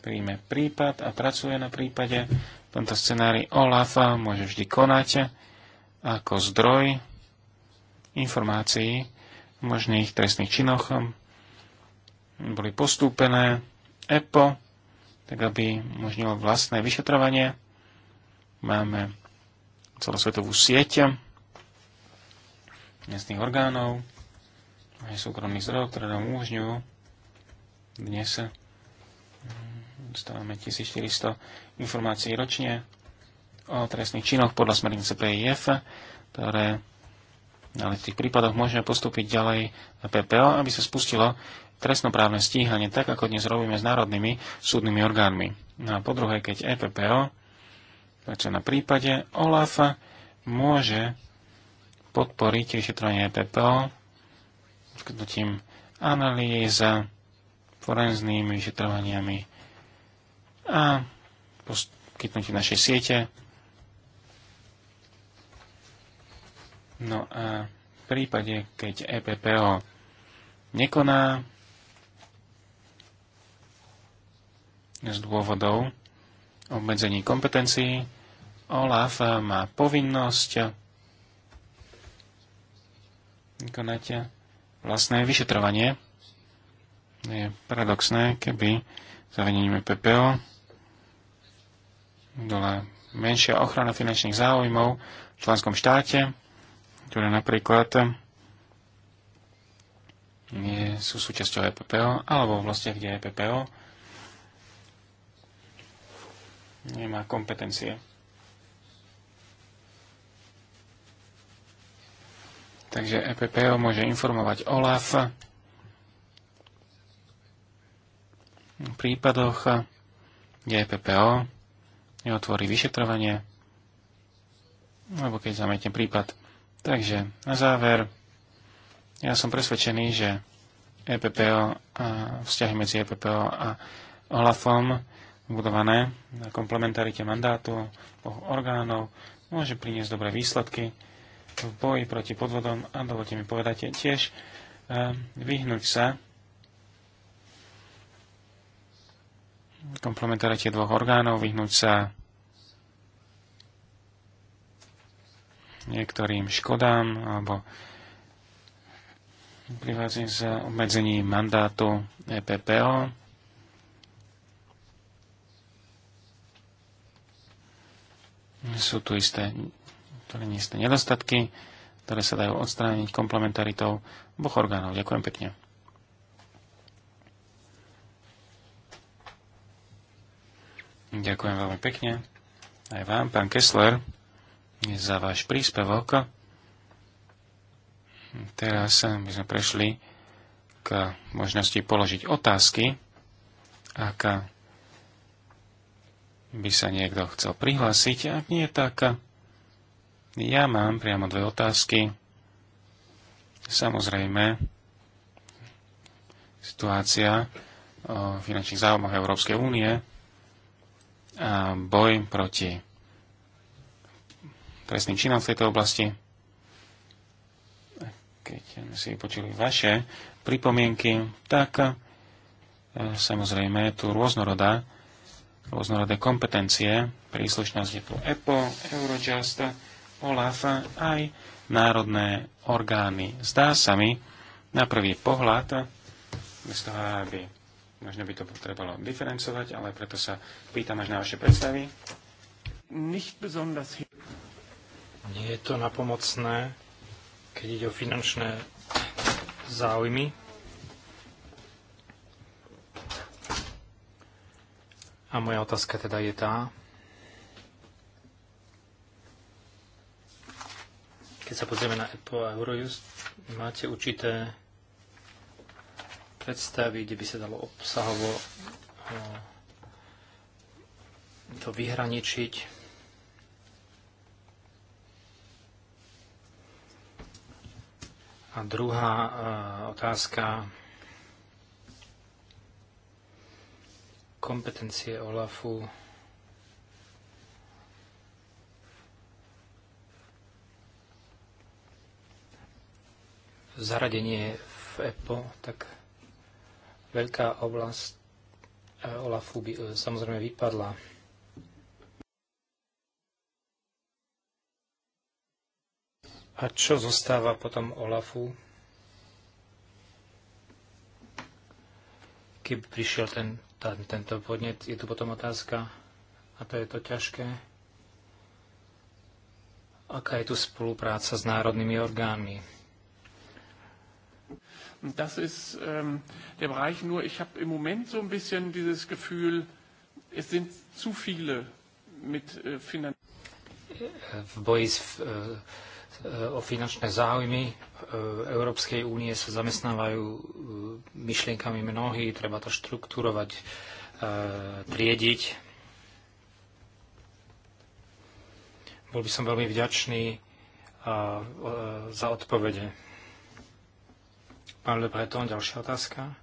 príjme prípad a pracuje na prípade, v tomto scenári OLAFA môže vždy konať ako zdroj informácií o možných trestných činoch boli postúpené EPO, tak aby umožnilo vlastné vyšetrovanie. Máme celosvetovú sieť miestných orgánov a súkromných zdrojov, ktoré nám umožňujú dnes hm, dostávame 1400 informácií ročne o trestných činoch podľa smernice PIF, ktoré ale v tých prípadoch môžeme postúpiť ďalej na PPO, aby sa spustilo trestnoprávne stíhanie, tak ako dnes robíme s národnými súdnymi orgánmi. No a po druhé, keď EPPO, takže na prípade OLAFA, môže podporiť vyšetrovanie EPPO poskytnutím analýza, forenznými vyšetrovaniami a poskytnutím našej siete. No a v prípade, keď EPPO nekoná, z dôvodov obmedzení kompetencií OLAF má povinnosť vykonať vlastné vyšetrovanie. Je paradoxné, keby zavedením e PPO dole menšia ochrana finančných záujmov v členskom štáte, ktoré napríklad nie sú súčasťou EPPO, alebo v vlastiach, kde EPPO nemá kompetencie. Takže EPPO môže informovať OLAF v prípadoch, kde EPPO neotvorí vyšetrovanie alebo keď zametne prípad. Takže na záver, ja som presvedčený, že EPPO a vzťahy medzi EPPO a OLAFom budované na komplementarite mandátu oboch orgánov môže priniesť dobré výsledky v boji proti podvodom a dovolte mi povedať tiež eh, vyhnúť sa komplementarite dvoch orgánov, vyhnúť sa niektorým škodám alebo privázim sa obmedzením mandátu EPPO sú tu isté, to nie isté nedostatky, ktoré sa dajú odstrániť komplementaritou oboch orgánov. Ďakujem pekne. Ďakujem veľmi pekne aj vám, pán Kessler, za váš príspevok. Teraz by sme prešli k možnosti položiť otázky a by sa niekto chcel prihlásiť. Ak nie, tak ja mám priamo dve otázky. Samozrejme, situácia o finančných záujmoch Európskej únie a boj proti trestným činom v tejto oblasti. Keď si počuli vaše pripomienky, tak e, samozrejme tu rôznorodá rôznorodé kompetencie. Príslušnosť je tu EPO, Eurojust, OLAF, aj národné orgány. Zdá sa mi na prvý pohľad, bez toho, aby možno by to potrebalo diferencovať, ale preto sa pýtam až na vaše predstavy. Nie je to napomocné, keď ide o finančné záujmy A moja otázka teda je tá, keď sa pozrieme na EPO a Eurojust, máte určité predstavy, kde by sa dalo obsahovo eh, to vyhraničiť, A druhá eh, otázka, kompetencie OLAFu zaradenie v EPO, tak veľká oblasť e, OLAFu by e, samozrejme vypadla. A čo zostáva potom OLAFu? Keby prišiel ten tento podnet. Je tu potom otázka, a to je to ťažké, aká je tu spolupráca s národnými orgánmi. Das ist ähm, der Bereich nur, ich habe im Moment so ein bisschen dieses Gefühl, es sind zu viele mit äh, Finanzierung. äh, o finančné záujmy e, Európskej únie sa zamestnávajú e, myšlienkami mnohí, treba to štruktúrovať, e, triediť. Bol by som veľmi vďačný za odpovede. Pán Le Breton, ďalšia otázka.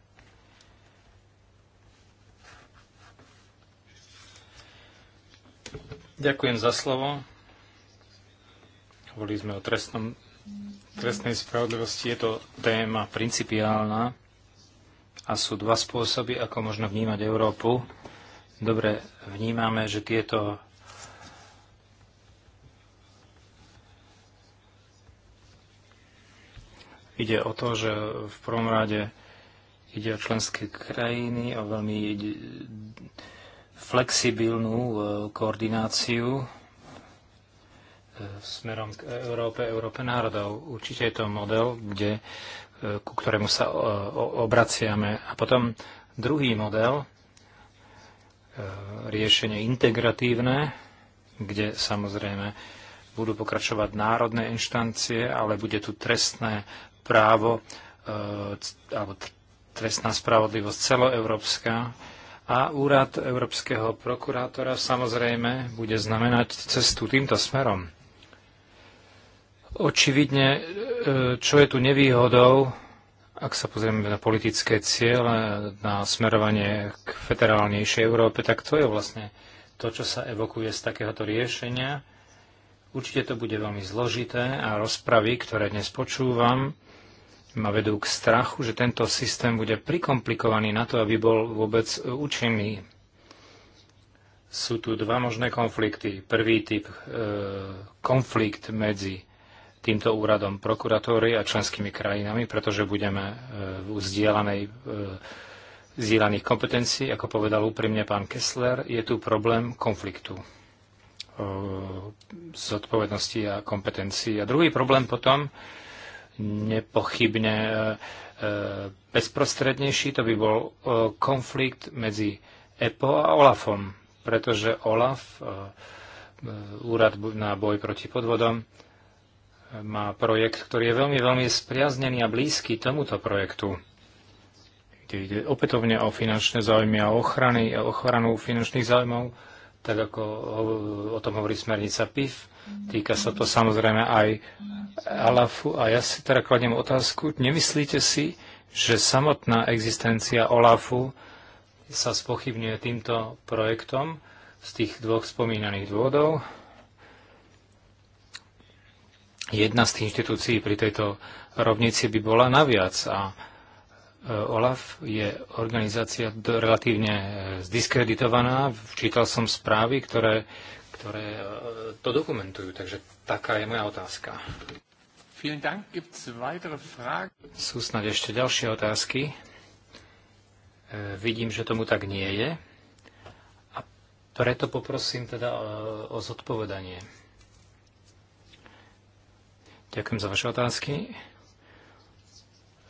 Ďakujem za slovo. Hovorili sme o trestnom, trestnej spravodlivosti. Je to téma principiálna a sú dva spôsoby, ako možno vnímať Európu. Dobre vnímame, že tieto ide o to, že v prvom rade ide o členské krajiny, o veľmi flexibilnú e, koordináciu E, smerom k Európe, Európe národov. Určite je to model, kde, e, ku ktorému sa e, obraciame. A potom druhý model, riešenie integratívne, kde samozrejme budú pokračovať národné inštancie, ale bude tu trestné právo alebo trestná spravodlivosť celoeurópska a úrad Európskeho prokurátora samozrejme bude znamenať cestu týmto smerom. Očividne, e, čo je tu nevýhodou, ak sa pozrieme na politické ciele, na smerovanie k federálnejšej Európe, tak to je vlastne to, čo sa evokuje z takéhoto riešenia. Určite to bude veľmi zložité a rozpravy, ktoré dnes počúvam, ma vedú k strachu, že tento systém bude prikomplikovaný na to, aby bol vôbec účinný. Sú tu dva možné konflikty. Prvý typ, e, konflikt medzi týmto úradom prokuratóry a členskými krajinami, pretože budeme e, v vzdielanej e, zdieľaných kompetencií, ako povedal úprimne pán Kessler, je tu problém konfliktu e, odpovednosti a kompetencií. A druhý problém potom, nepochybne bezprostrednejší, to by bol konflikt medzi EPO a OLAFom, pretože OLAF, úrad na boj proti podvodom, má projekt, ktorý je veľmi, veľmi spriaznený a blízky tomuto projektu. Kde ide opätovne o finančné záujmy a ochrany, a ochranu finančných záujmov, tak ako o tom hovorí smernica PIF. Týka sa to samozrejme aj ALAFu. A ja si teda kladiem otázku, nemyslíte si, že samotná existencia OLAFu sa spochybňuje týmto projektom z tých dvoch spomínaných dôvodov? jedna z tých inštitúcií pri tejto rovnici by bola naviac. A e, OLAF je organizácia relatívne e, zdiskreditovaná. Včítal som správy, ktoré, ktoré e, to dokumentujú. Takže taká je moja otázka. Sú snad ešte ďalšie otázky? vidím, že tomu tak nie je. A preto poprosím teda o zodpovedanie. Ďakujem za vaše otázky.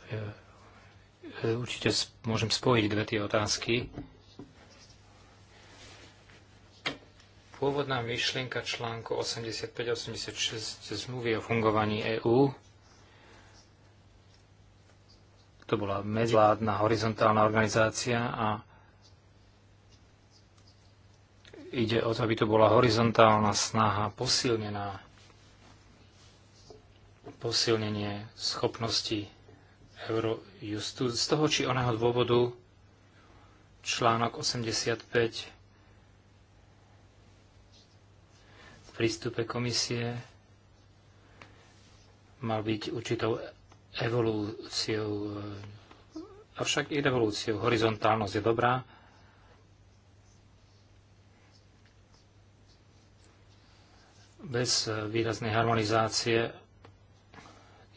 E, e, určite môžem spojiť dve tie otázky. Pôvodná myšlienka článku 85-86 zmluvy o fungovaní EÚ to bola medzivládna horizontálna organizácia a ide o to, aby to bola horizontálna snaha posilnená posilnenie schopnosti Eurojustu. Z toho či oného dôvodu článok 85 v prístupe komisie mal byť určitou evolúciou. Avšak i revolúciou. Horizontálnosť je dobrá. Bez výraznej harmonizácie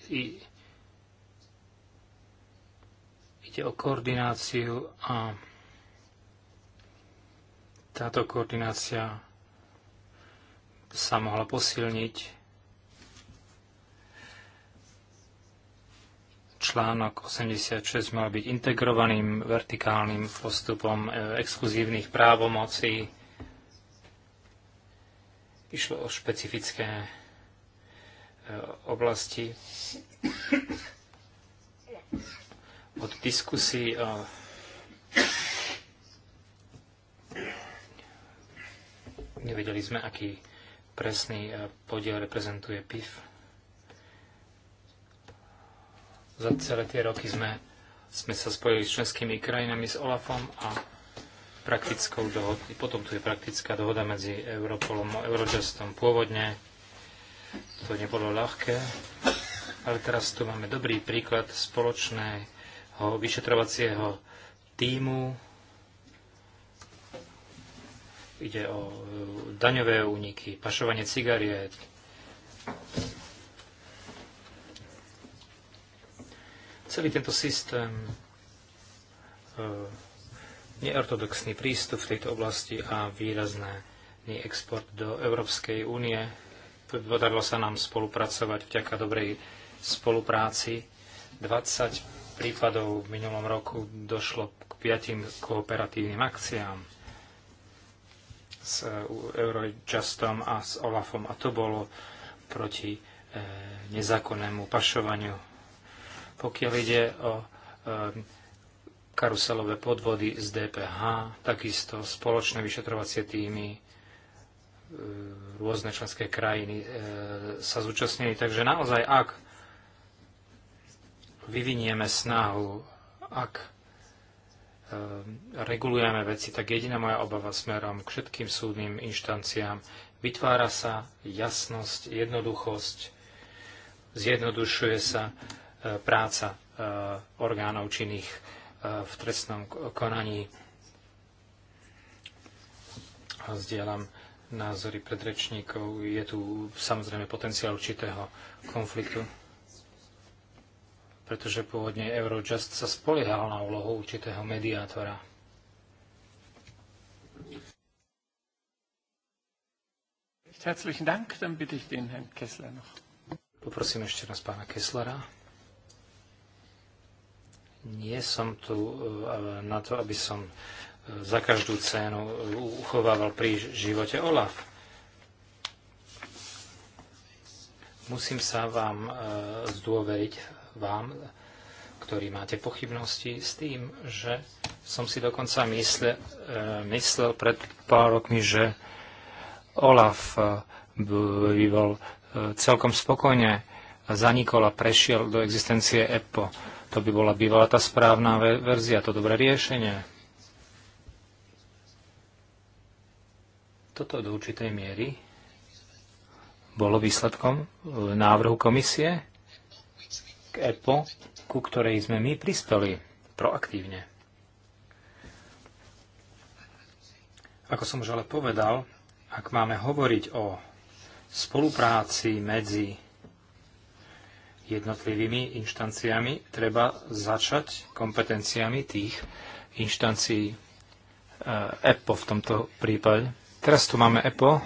i, ide o koordináciu a táto koordinácia sa mohla posilniť článok 86 mal byť integrovaným vertikálnym postupom e, exkluzívnych právomocí. Išlo o špecifické oblasti od diskusí o eh, Nevedeli sme, aký presný eh, podiel reprezentuje PIF. Za celé tie roky sme, sme sa spojili s členskými krajinami, s OLAFom a praktickou dohod- potom tu je praktická dohoda medzi Europolom a Eurojustom. Pôvodne to nebolo ľahké, ale teraz tu máme dobrý príklad spoločného vyšetrovacieho týmu. Ide o e, daňové úniky, pašovanie cigariét. Celý tento systém e, neortodoxný prístup v tejto oblasti a výrazné export do Európskej únie Podarilo sa nám spolupracovať vďaka dobrej spolupráci. 20 prípadov v minulom roku došlo k piatim kooperatívnym akciám s Eurojustom a s Olafom. A to bolo proti e, nezákonnému pašovaniu. Pokiaľ ide o e, karuselové podvody z DPH, takisto spoločné vyšetrovacie týmy E, rôzne členské krajiny e, sa zúčastnili. Takže naozaj, ak vyvinieme snahu, ak e, regulujeme veci, tak jediná moja obava smerom k všetkým súdnym inštanciám vytvára sa jasnosť, jednoduchosť, zjednodušuje sa práca orgánov činných v trestnom konaní. Zdieľam názory predrečníkov. Je tu samozrejme potenciál určitého konfliktu, pretože pôvodne Eurojust sa spoliehal na úlohu určitého mediátora. Herzlichen Dank, dann bitte ich den Herrn Kessler noch. Poprosím ešte raz pána Kesslera. Nie som tu eh, na to, aby som za každú cenu uchovával pri živote Olaf. Musím sa vám e, zdôveriť, vám, ktorí máte pochybnosti, s tým, že som si dokonca mysle, e, myslel pred pár rokmi, že Olaf e, by bol celkom spokojne zanikol a prešiel do existencie EPO. To by bola bývala tá správna verzia, to dobré riešenie. Toto do určitej miery bolo výsledkom e, návrhu komisie k EPO, ku ktorej sme my prispeli proaktívne. Ako som už ale povedal, ak máme hovoriť o spolupráci medzi jednotlivými inštanciami, treba začať kompetenciami tých inštancií e, EPO v tomto prípade Teraz tu máme EPO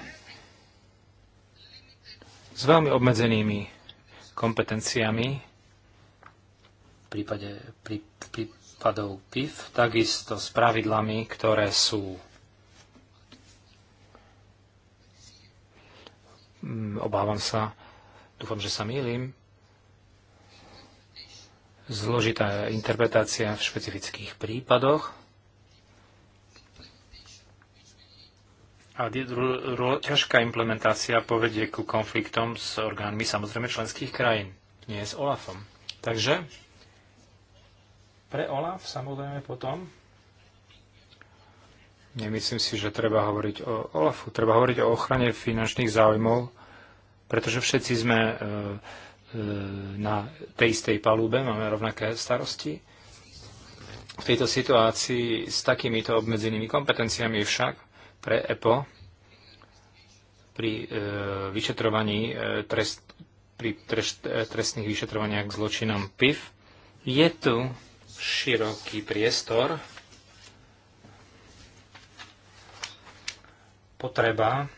s veľmi obmedzenými kompetenciami v prípade pri, prípadov PIF, takisto s pravidlami, ktoré sú mm, obávam sa, dúfam, že sa mýlim, zložitá interpretácia v špecifických prípadoch. a ťažká implementácia povedie ku konfliktom s orgánmi samozrejme členských krajín, nie s OLAFom. Takže pre OLAF samozrejme potom nemyslím si, že treba hovoriť o OLAFu, treba hovoriť o ochrane finančných záujmov, pretože všetci sme e, e, na tej istej palúbe, máme rovnaké starosti. V tejto situácii s takýmito obmedzenými kompetenciami však pre EPO pri e, vyšetrovaní e, trest, pri trest, e, trestných vyšetrovaniach k zločinom PIF je tu široký priestor potreba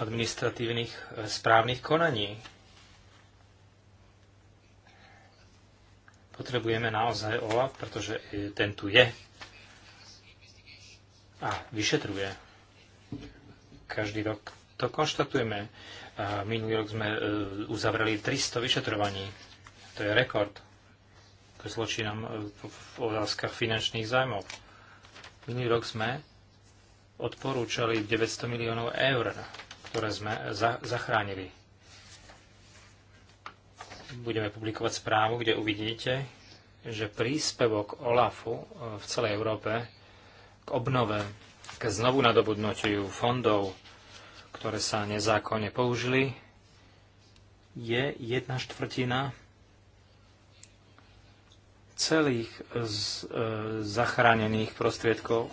administratívnych e, správnych konaní. Potrebujeme naozaj OLAF, pretože e, ten tu je a vyšetruje. Každý rok to konštatujeme. E, minulý rok sme e, uzavreli 300 vyšetrovaní. To je rekord k zločinom v otázkach finančných zájmov. Minulý rok sme odporúčali 900 miliónov eur, ktoré sme zachránili budeme publikovať správu, kde uvidíte, že príspevok OLAFu e, v celej Európe k obnove, k znovu nadobudnutiu fondov, ktoré sa nezákonne použili, je jedna štvrtina celých e, z, e, zachránených prostriedkov e,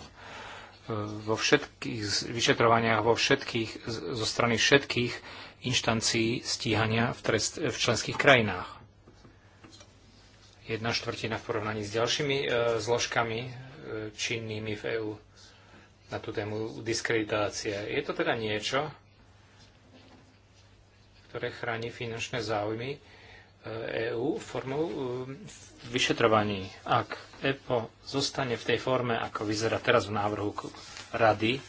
vo všetkých vyšetrovaniach, vo všetkých, zo strany všetkých inštancií stíhania v, trest, v členských krajinách. Jedna štvrtina v porovnaní s ďalšími e, zložkami e, činnými v EÚ na tú tému diskreditácie. Je to teda niečo, ktoré chráni finančné záujmy EÚ e formou e, vyšetrovaní. Ak EPO zostane v tej forme, ako vyzerá teraz v návrhu rady,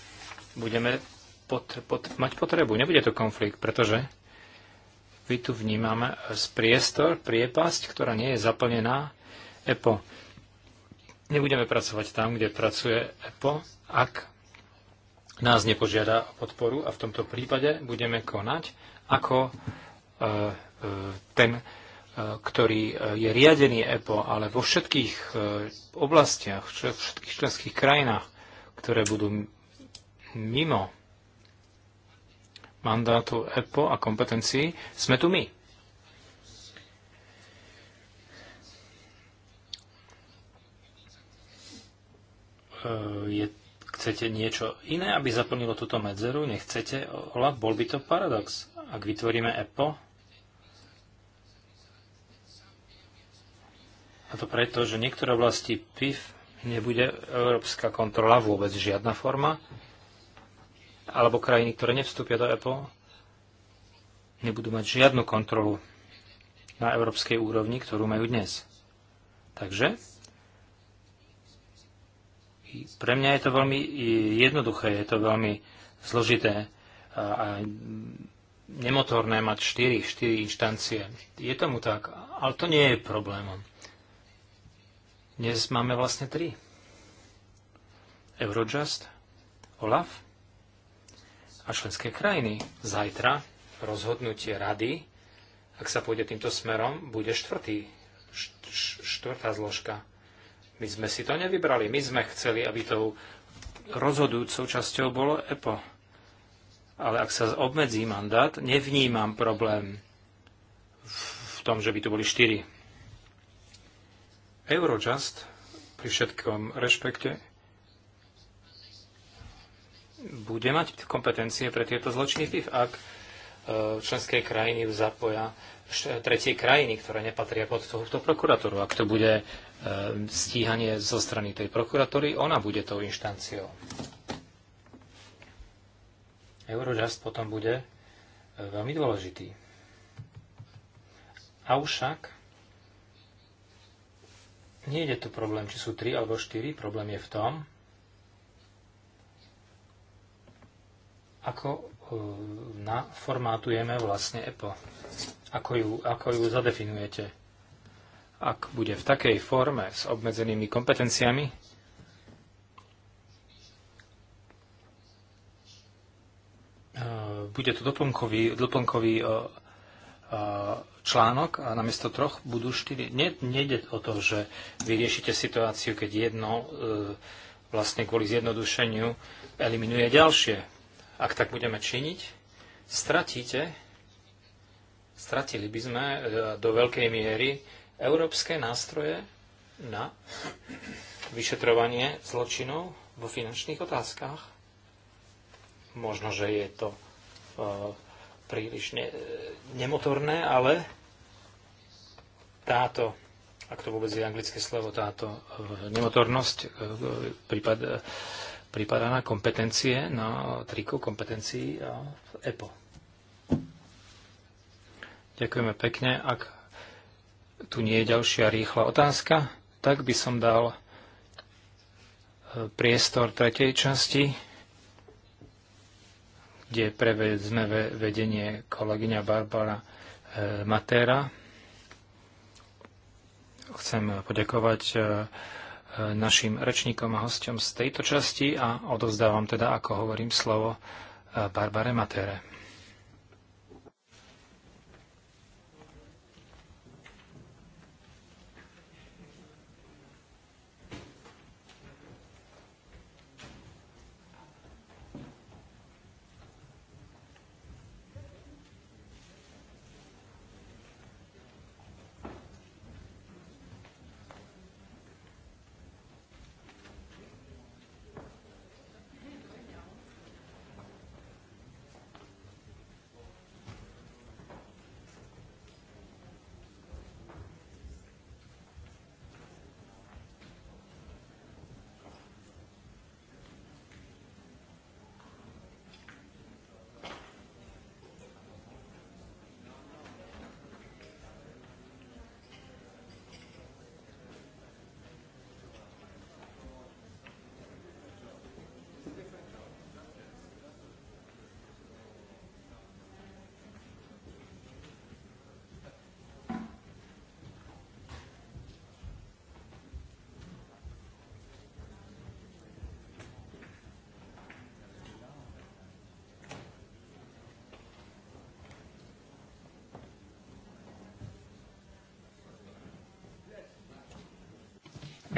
budeme pot, pot, mať potrebu. Nebude to konflikt, pretože my tu vnímame z priestor, priepasť, ktorá nie je zaplnená EPO. Nebudeme pracovať tam, kde pracuje EPO, ak nás nepožiada o podporu a v tomto prípade budeme konať ako e, e, ten, e, ktorý je riadený EPO, ale vo všetkých oblastiach, vo všetkých členských krajinách, ktoré budú mimo mandátu EPO a kompetencií, sme tu my. E, je, chcete niečo iné, aby zaplnilo túto medzeru? Nechcete? Olaf, bol by to paradox. Ak vytvoríme EPO, a to preto, že niektoré oblasti PIF nebude európska kontrola vôbec žiadna forma, alebo krajiny, ktoré nevstúpia do EPO, nebudú mať žiadnu kontrolu na európskej úrovni, ktorú majú dnes. Takže pre mňa je to veľmi jednoduché, je to veľmi zložité a nemotorné mať 4, 4 inštancie. Je tomu tak, ale to nie je problémom. Dnes máme vlastne 3. Eurojust, OLAF, a členské krajiny. Zajtra rozhodnutie rady, ak sa pôjde týmto smerom, bude štvrtý, štvrtá zložka. My sme si to nevybrali. My sme chceli, aby tou rozhodujúcou časťou bolo EPO. Ale ak sa obmedzí mandát, nevnímam problém v tom, že by tu boli štyri. Eurojust pri všetkom rešpekte bude mať kompetencie pre tieto zločiny FIF, ak e, členské krajiny zapoja tretie krajiny, ktoré nepatria pod tohto prokuratúru. Ak to bude e, stíhanie zo strany tej prokuratúry, ona bude tou inštanciou. Eurojust potom bude e, veľmi dôležitý. A však nie je tu problém, či sú tri alebo štyri. Problém je v tom, ako e, naformátujeme vlastne EPO? Ako ju, ako ju zadefinujete? Ak bude v takej forme s obmedzenými kompetenciami, e, bude to doplnkový, doplnkový e, článok a namiesto troch budú štyri. Ne, nejde o to, že vyriešite situáciu, keď jedno vlastne kvôli zjednodušeniu eliminuje ďalšie ak tak budeme činiť, stratíte, stratili by sme e, do veľkej miery európske nástroje na vyšetrovanie zločinov vo finančných otázkach. Možno, že je to e, príliš ne, nemotorné, ale táto, ak to vôbec je anglické slovo, táto e, nemotornosť prípad, pripadá na kompetencie, na triku kompetencií eh, v EPO. Ďakujeme pekne. Ak tu nie je ďalšia rýchla otázka, tak by som dal eh, priestor tretej časti, kde prevedzme vedenie kolegyňa Barbara eh, Matera. Chcem poďakovať našim rečníkom a hostom z tejto časti a odovzdávam teda, ako hovorím, slovo e, Barbare Matere.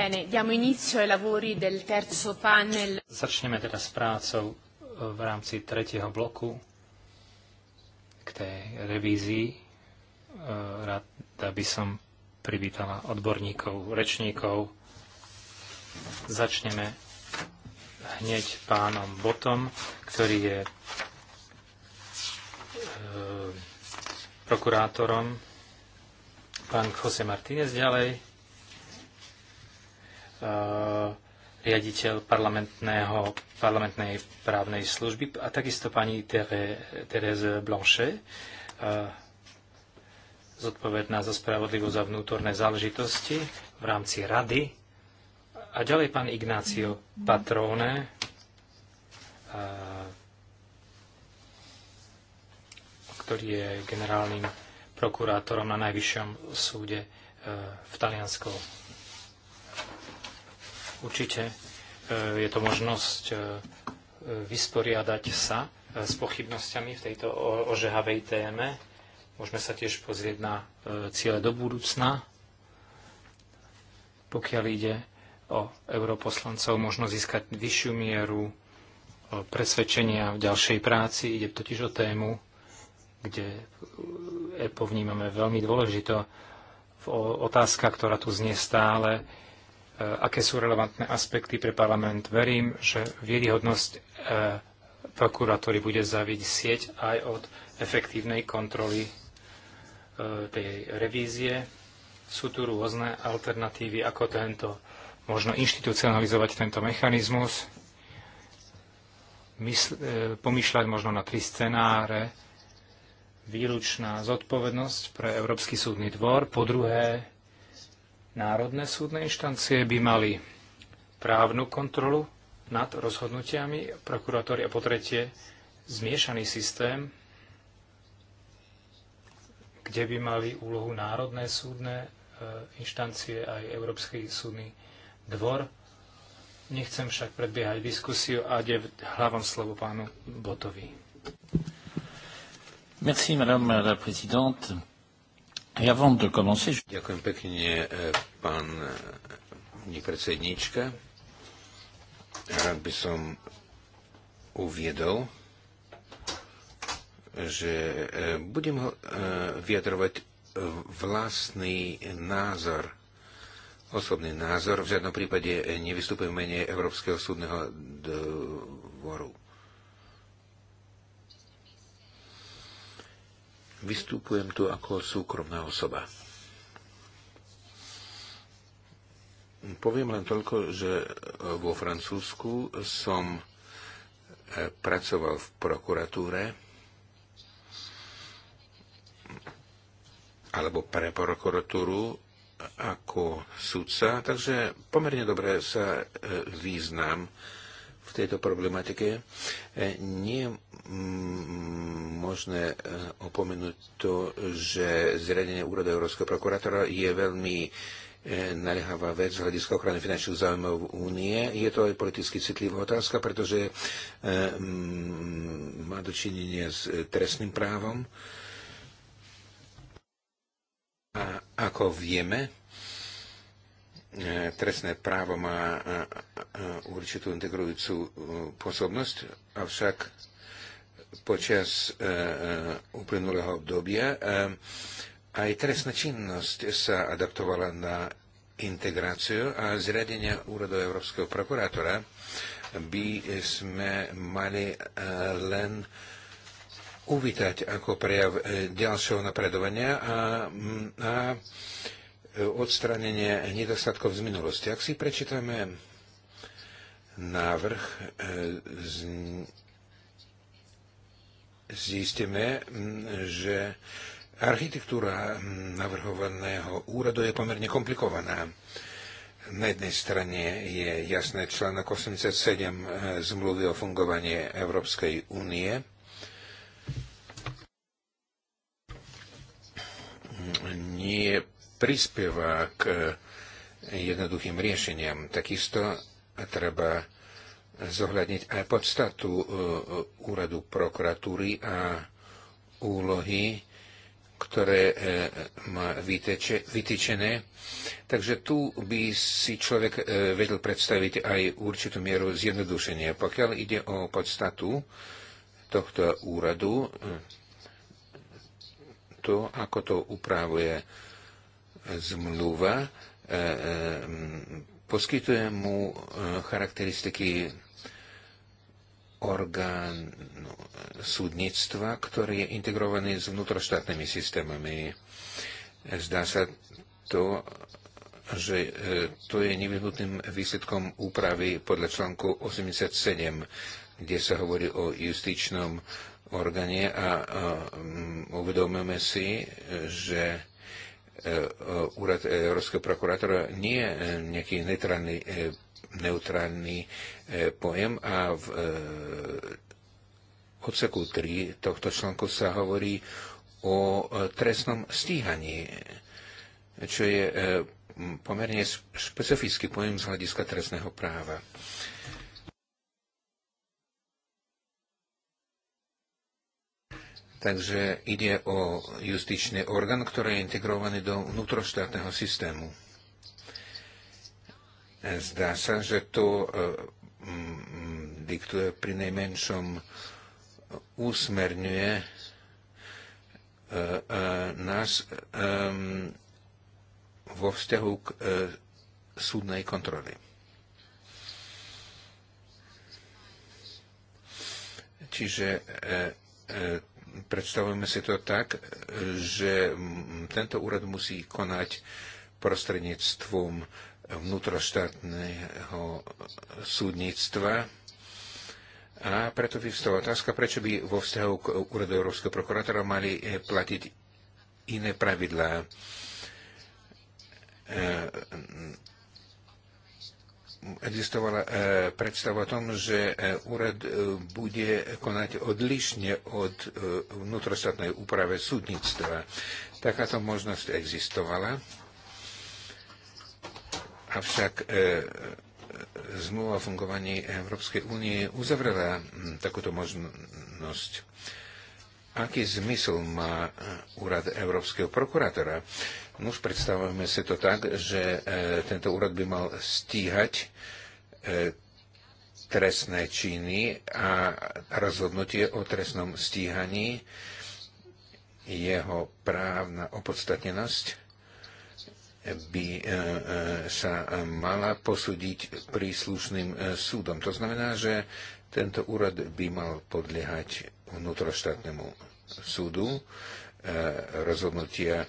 Bene, diamo inizio ai lavori del terzo panel. Začneme teda s prácou eh, v rámci tretieho bloku k tej revízii. Eh, rada by som privítala odborníkov, rečníkov. Začneme hneď pánom Botom, ktorý je eh, prokurátorom. Pán Jose Martínez ďalej, Eh, riaditeľ parlamentnej právnej služby a takisto pani Thérèse Blanchet, eh, zodpovedná za spravodlivosť a vnútorné záležitosti v rámci rady. A ďalej pán Ignácio Patrone, eh, ktorý je generálnym prokurátorom na Najvyššom súde v Taliansku. Určite e, je to možnosť e, e, vysporiadať sa s pochybnosťami v tejto ožehavej téme. Môžeme sa tiež pozrieť na ciele do budúcna. Pokiaľ ide o europoslancov, možno získať vyššiu mieru presvedčenia v ďalšej práci. Ide totiž o tému, kde EPO vnímame veľmi dôležito. Otázka, ktorá tu znie stále, Eh, aké sú relevantné aspekty pre parlament. Verím, že vieryhodnosť eh, prokuratúry bude závisieť aj od efektívnej kontroly eh, tej revízie. Sú tu rôzne alternatívy, ako tento, možno inštitucionalizovať tento mechanizmus, mysl, pomýšľať možno na tri scenáre, výlučná zodpovednosť pre Európsky súdny dvor, po druhé Národné súdne inštancie by mali právnu kontrolu nad rozhodnutiami prokurátory a po tretie zmiešaný systém, kde by mali úlohu národné súdne e, inštancie aj Európsky súdny dvor. Nechcem však predbiehať diskusiu a de hlavom slovo pánu Botovi. Merci, madame la présidente. Ďakujem pekne, e, pán e, nepredsedníčka. Rád by som uviedol, že e, budem vyjadrovať vlastný názor, osobný názor. V žiadnom prípade nevystupujem v mene Európskeho súdneho dvoru. Vystupujem tu ako súkromná osoba. Poviem len toľko, že e, vo Francúzsku som e, pracoval v prokuratúre alebo pre prokuratúru ako sudca, takže pomerne dobre sa e, význam v tejto problematike. E, nie možné e, opomenúť to, že zriadenie úradu Európskeho prokurátora je veľmi e, naliehavá vec z hľadiska ochrany finančných záujmov únie. Je to aj politicky citlivá otázka, pretože má dočinenie s trestným právom. A ako vieme, E, trestné právo má e, e, určitú integrujúcu pôsobnosť, avšak počas uplynulého obdobia aj trestná činnosť sa adaptovala na integráciu a zriadenia úradu Európskeho prokurátora by sme mali len uvítať ako prejav ďalšieho napredovania a, a odstranenie nedostatkov z minulosti. Ak si prečítame návrh, e, zistíme, že architektúra navrhovaného úradu je pomerne komplikovaná. Na jednej strane je jasné článok 87 e, zmluvy o fungovanie Európskej únie, nie prispieva k eh, jednoduchým riešeniam. Takisto treba zohľadniť aj podstatu eh, úradu prokuratúry a úlohy, ktoré eh, má vytýčené. Takže tu by si človek vedel predstaviť aj určitú mieru zjednodušenia. Pokiaľ ide o podstatu tohto úradu, to, ako to upravuje zmluva e, e, poskytuje mu e, charakteristiky orgánu súdnictva, ktorý je integrovaný s vnútroštátnymi systémami. Zdá sa to, že to je nevyhnutným výsledkom úpravy podľa článku 87, kde sa hovorí o justičnom orgáne a, a uvedomujeme si, že E, e, úrad e, Európskeho prokurátora nie je nejaký neutrálny, neutrálny pojem a v odseku 3 tohto článku sa hovorí o trestnom stíhaní, čo je pomerne špecifický pojem z hľadiska trestného práva. Takže ide o justičný orgán, ktorý je integrovaný do vnútroštátneho systému. Zdá sa, že to e, mm, diktuje pri najmenšom úsmerňuje e, e, nás mm, vo vzťahu k súdnej kontroly. Čiže predstavujeme si to tak, že tento úrad musí konať prostredníctvom vnútroštátneho súdnictva. A preto vyvstala otázka, prečo by vo vzťahu k úradu Európskeho prokurátora mali eh, platiť iné pravidlá eh, existovala e, predstava o tom, že e, úrad e, bude konať odlišne od vnútrostatnej úprave súdnictva. Takáto možnosť existovala, avšak zmluva o fungovaní Európskej únie uzavrela takúto možnosť. Aký zmysel má úrad Európskeho prokurátora? Nuž predstavujeme si to tak, že e, tento úrad by mal stíhať e, trestné činy a rozhodnutie o trestnom stíhaní, jeho právna opodstatnenosť by e, sa mala posúdiť príslušným súdom. To znamená, že tento úrad by mal podliehať vnútroštátnemu súdu rozhodnutia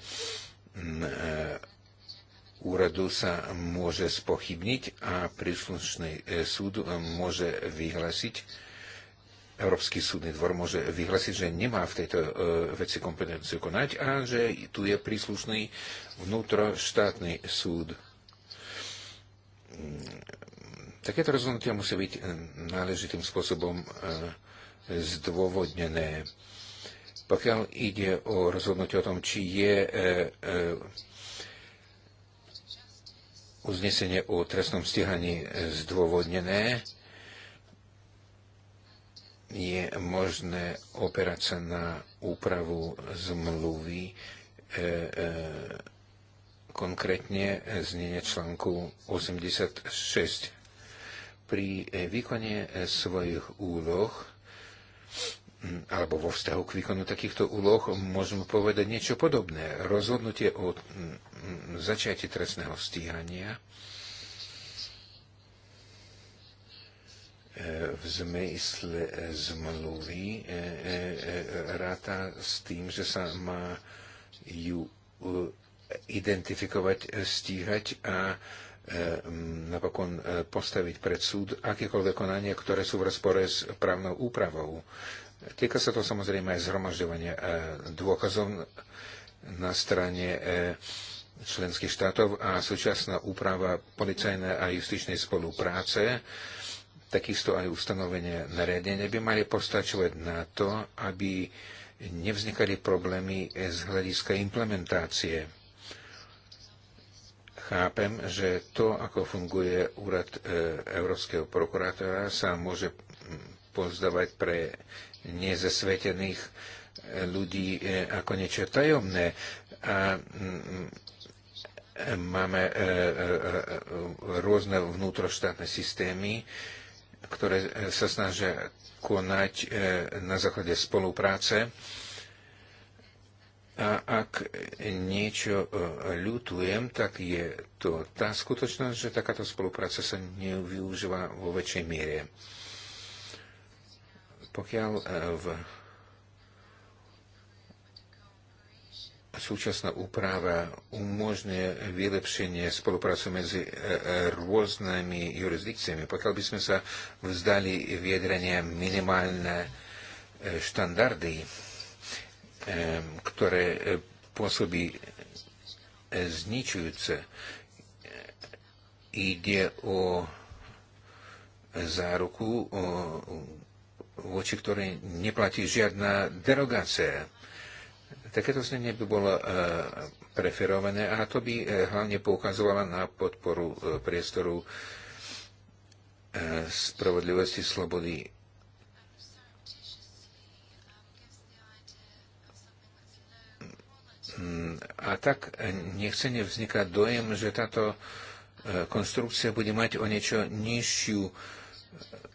Mm, e, úradu sa môže spochybniť a príslušný e, súd e, môže vyhlásiť, Európsky súdny dvor môže vyhlásiť, že nemá v tejto veci kompetenciu konať a že tu je príslušný vnútroštátny súd. Mm, takéto rozhodnutia musí byť náležitým spôsobom zdôvodnené. Pokiaľ ide o rozhodnutie o tom, či je e, e, uznesenie o trestnom stíhaní zdôvodnené, je možné operať sa na úpravu zmluvy, e, e, konkrétne znenie článku 86. Pri e, výkone svojich úloh alebo vo vzťahu k výkonu takýchto úloh môžeme povedať niečo podobné. Rozhodnutie o mm, mm, začiatí trestného stíhania e, v zmysle e, zmluvy e, ráta s tým, že sa má ju identifikovať, stíhať a napokon postaviť pred súd akékoľvek konania, ktoré sú v rozpore s právnou úpravou. Týka sa to samozrejme aj zhromažďovania e, dôkazov na strane e, členských štátov a súčasná úprava policajnej a justičnej spolupráce, takisto aj ustanovenie nariadenia by mali postačovať na to, aby nevznikali problémy z hľadiska implementácie. Chápem, že to, ako funguje úrad e, Európskeho prokurátora, sa môže pozdávať pre nezasvetených eh, ľudí eh, ako niečo tajomné. A mm, máme eh, rôzne vnútroštátne systémy, ktoré sa snažia konať na základe spolupráce. A ak niečo ľutujem, tak je to tá skutočnosť, že takáto spolupráca sa nevyužíva vo väčšej miere. Pokiaľ e, v súčasná úprava umožňuje vylepšenie spolupráce medzi e, e, rôznymi jurisdikciami. Pokiaľ by sme sa vzdali vyjadrenia minimálne štandardy, ktoré pôsobí zničujúce, ide o záruku, o voči ktorej neplatí žiadna derogácia. Takéto znenie by bolo e, preferované a to by e, hlavne poukazovalo na podporu e, priestoru spravodlivosti, slobody A tak nechcene vzniká dojem, že táto konstrukcia bude mať o niečo nižšiu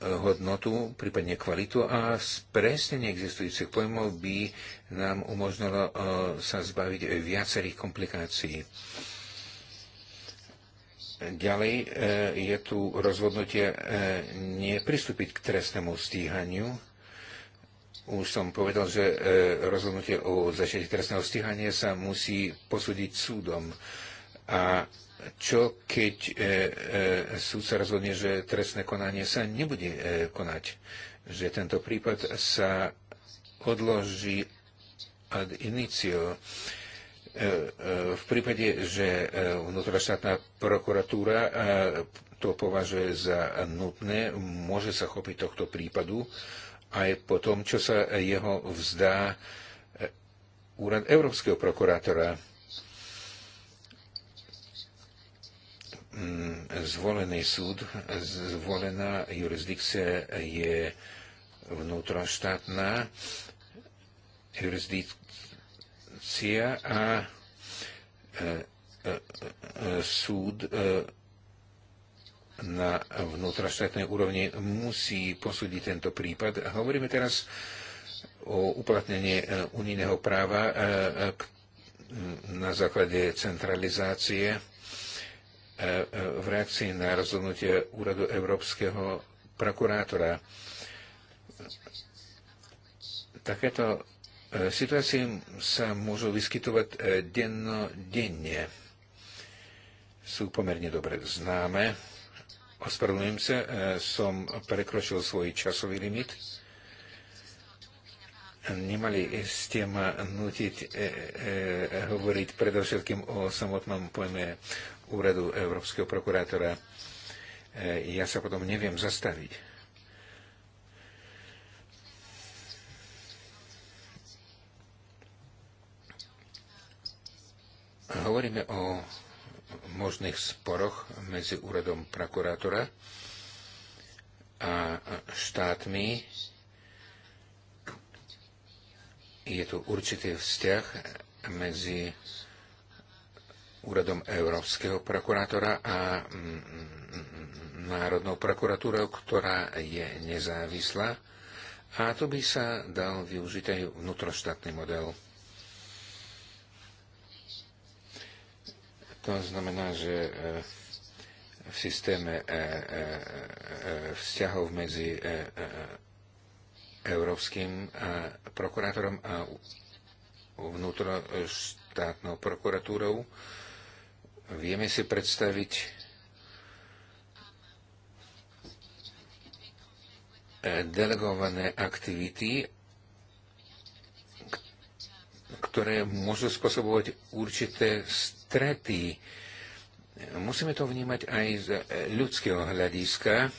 hodnotu, prípadne kvalitu a spresnenie existujúcich pojmov by nám umožnilo e, sa zbaviť viacerých komplikácií. Ďalej e, je tu rozhodnutie e, nepristúpiť k trestnému stíhaniu. Už som povedal, že rozhodnutie o začiatí trestného stíhania sa musí posúdiť súdom a čo keď e, e, súd sa rozhodne, že trestné konanie sa nebude e, konať, že tento prípad sa odloží ad inicio. E, e, v prípade, že e, vnútroštátna prokuratúra e, to považuje za nutné, môže sa chopiť tohto prípadu aj po tom, čo sa jeho vzdá e, úrad Európskeho prokurátora Mm, zvolený súd, zvolená jurisdikcia je vnútroštátna jurisdikcia a e, e, e, súd na vnútroštátnej úrovni musí posúdiť tento prípad. Hovoríme teraz o uplatnení unijného práva na základe centralizácie E, e, v reakcii na rozhodnutie Úradu Európskeho prokurátora. Takéto e, situácie sa môžu vyskytovať dennodenne. Sú pomerne dobre známe. Ospravedlňujem sa, som prekročil svoj časový limit. Nemali ste ma nutiť e, e, hovoriť predovšetkým o samotnom pojme úradu Európskeho prokurátora. E, ja sa potom neviem zastaviť. Hovoríme o možných sporoch medzi úradom prokurátora a štátmi. Je tu určitý vzťah medzi úradom Európskeho prokurátora a mm, mm, mm, Národnou prokuratúrou, ktorá je nezávislá. A tu by sa dal využiť aj vnútroštátny model. To znamená, že e, v systéme e, e, vzťahov medzi európskym prokurátorom a vnútroštátnou prokuratúrou Vieme si predstaviť e, delegované aktivity, ktoré môžu spôsobovať určité strety. Musíme to vnímať aj z e, ľudského hľadiska.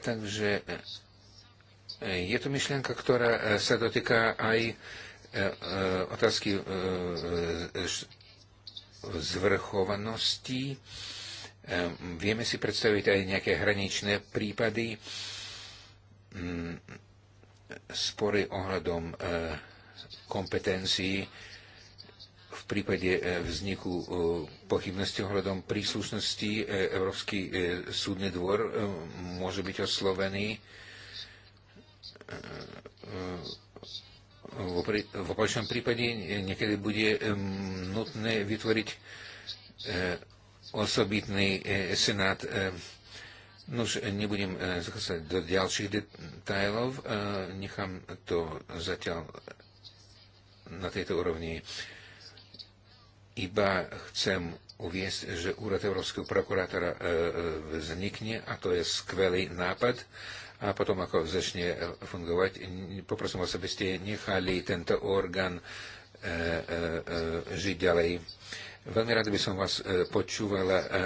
Takže e, je to myšlienka, ktorá sa dotýka aj E, e, otázky e, zvrchovanosti. Vieme si predstaviť aj nejaké hraničné prípady, mm, spory ohľadom kompetencií v prípade vzniku pochybnosti ohľadom príslušnosti Európsky súdny dvor môže byť oslovený v opačnom prípade niekedy bude nutné vytvoriť e, osobitný e, senát. E, no už nebudem zachádzať do ďalších detajlov, nechám to zatiaľ na tejto úrovni. Iba chcem uviesť, že úrad Európskeho prokurátora vznikne a to je skvelý nápad a potom ako začne fungovať. Poprosím vás, aby ste nechali tento orgán e, e, e, žiť ďalej. Veľmi rád by som vás e, počúvala e, e,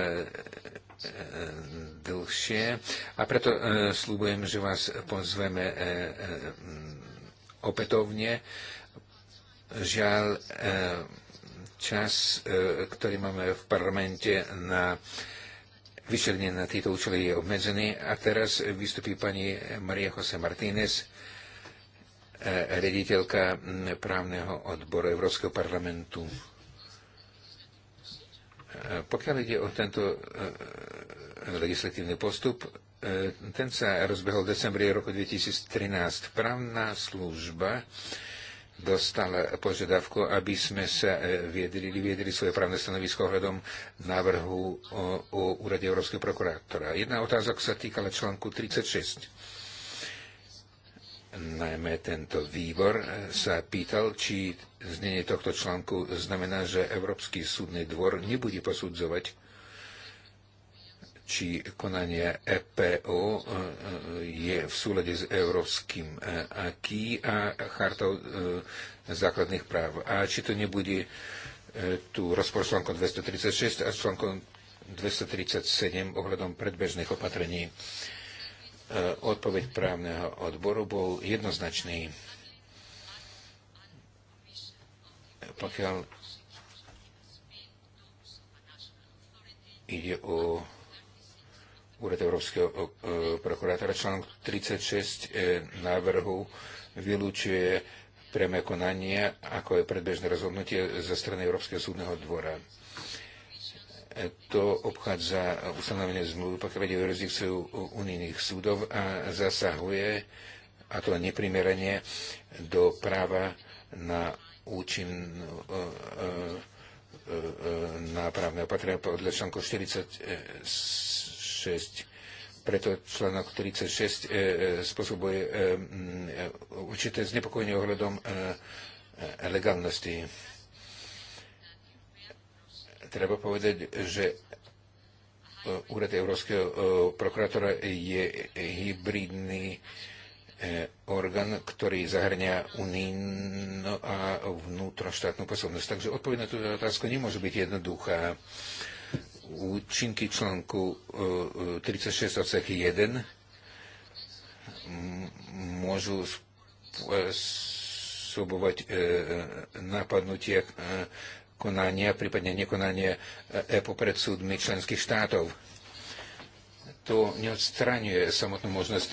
dlhšie a preto slúbujem, že vás pozveme opätovne. Žiaľ, čas, ktorý máme v parlamente na Vyčlenie na tieto účely je obmedzený. A teraz vystupí pani Maria Jose Martínez, eh, rediteľka mm, právneho odboru Európskeho parlamentu. Eh, pokiaľ ide o tento eh, legislatívny postup, ten sa rozbehol v decembri roku 2013. Právna služba dostala požiadavku, aby sme sa e, viedli, viedli svoje právne stanovisko ohľadom návrhu o, o úrade Európskeho prokurátora. Jedna otázka sa týkala článku 36 najmä tento výbor e, sa pýtal, či znenie tohto článku znamená, že Európsky súdny dvor nebude posudzovať či konanie EPO eh, je v súlade s európskym eh, aký a chartou eh, základných práv. A či to nebude tu rozpor s článkom 236 a článkom 237 ohľadom predbežných opatrení. Odpoveď právneho odboru bol jednoznačný. Pokiaľ ide o Úrad Európskeho e, prokurátora. Článok 36 e, návrhu vylúčuje priame konanie, ako je predbežné rozhodnutie ze strany Európskeho súdneho dvora. E, to obchádza ustanovenie zmluvy, pokiaľ ide jurisdikciu unijných súdov a zasahuje, a to neprimerenie, do práva na účin na právne opatrenia podľa článku 40 36. Preto článok 36 e, e, spôsobuje e, určité znepokojenie ohľadom legálnosti. Treba povedať, že úrad Európskeho prokurátora je hybridný orgán, ktorý zahrňa unijnú no a vnútroštátnu posobnosť. Takže odpoveď na túto otázku nemôže byť jednoduchá účinky článku 36 e, e, odsek 1 môžu spôsobovať e, napadnutie konania, prípadne nekonanie EPO pred súdmi členských štátov. To neodstraňuje samotnú možnosť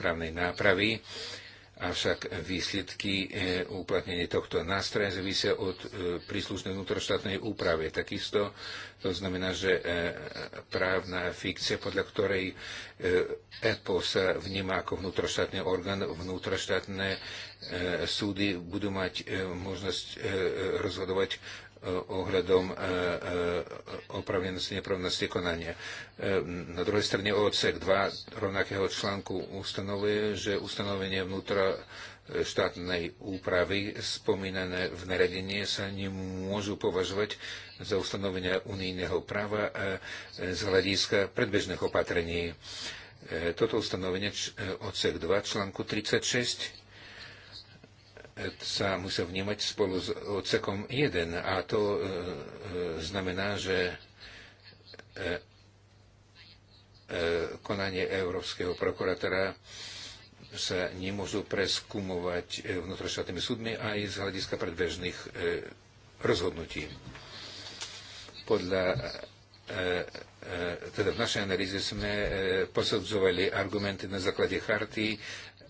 právnej nápravy Avšak výsledky e, uplatnenia tohto nástroja závisia od e, príslušnej vnútroštátnej úpravy. Takisto to znamená, že e, právna fikcia, podľa ktorej EPO sa vníma ako vnútroštátny orgán, vnútroštátne súdy budú mať možnosť rozhodovať ohľadom e, e, opravnenosti, nepravnosti konania. E, na druhej strane odsek 2 rovnakého článku ustanovuje, že ustanovenie vnútra štátnej úpravy spomínané v naredení sa nemôžu považovať za ustanovenia unijného práva z hľadiska predbežných opatrení. Toto ustanovenie odsek 2 článku 36 sa musia vnímať spolu s odsekom 1 a to e, e, znamená, že e, konanie Európskeho prokurátora sa nemôžu preskúmovať vnútroštátnymi súdmi aj z hľadiska predbežných rozhodnutí. Podľa teda v našej analýze sme posudzovali argumenty na základe charty,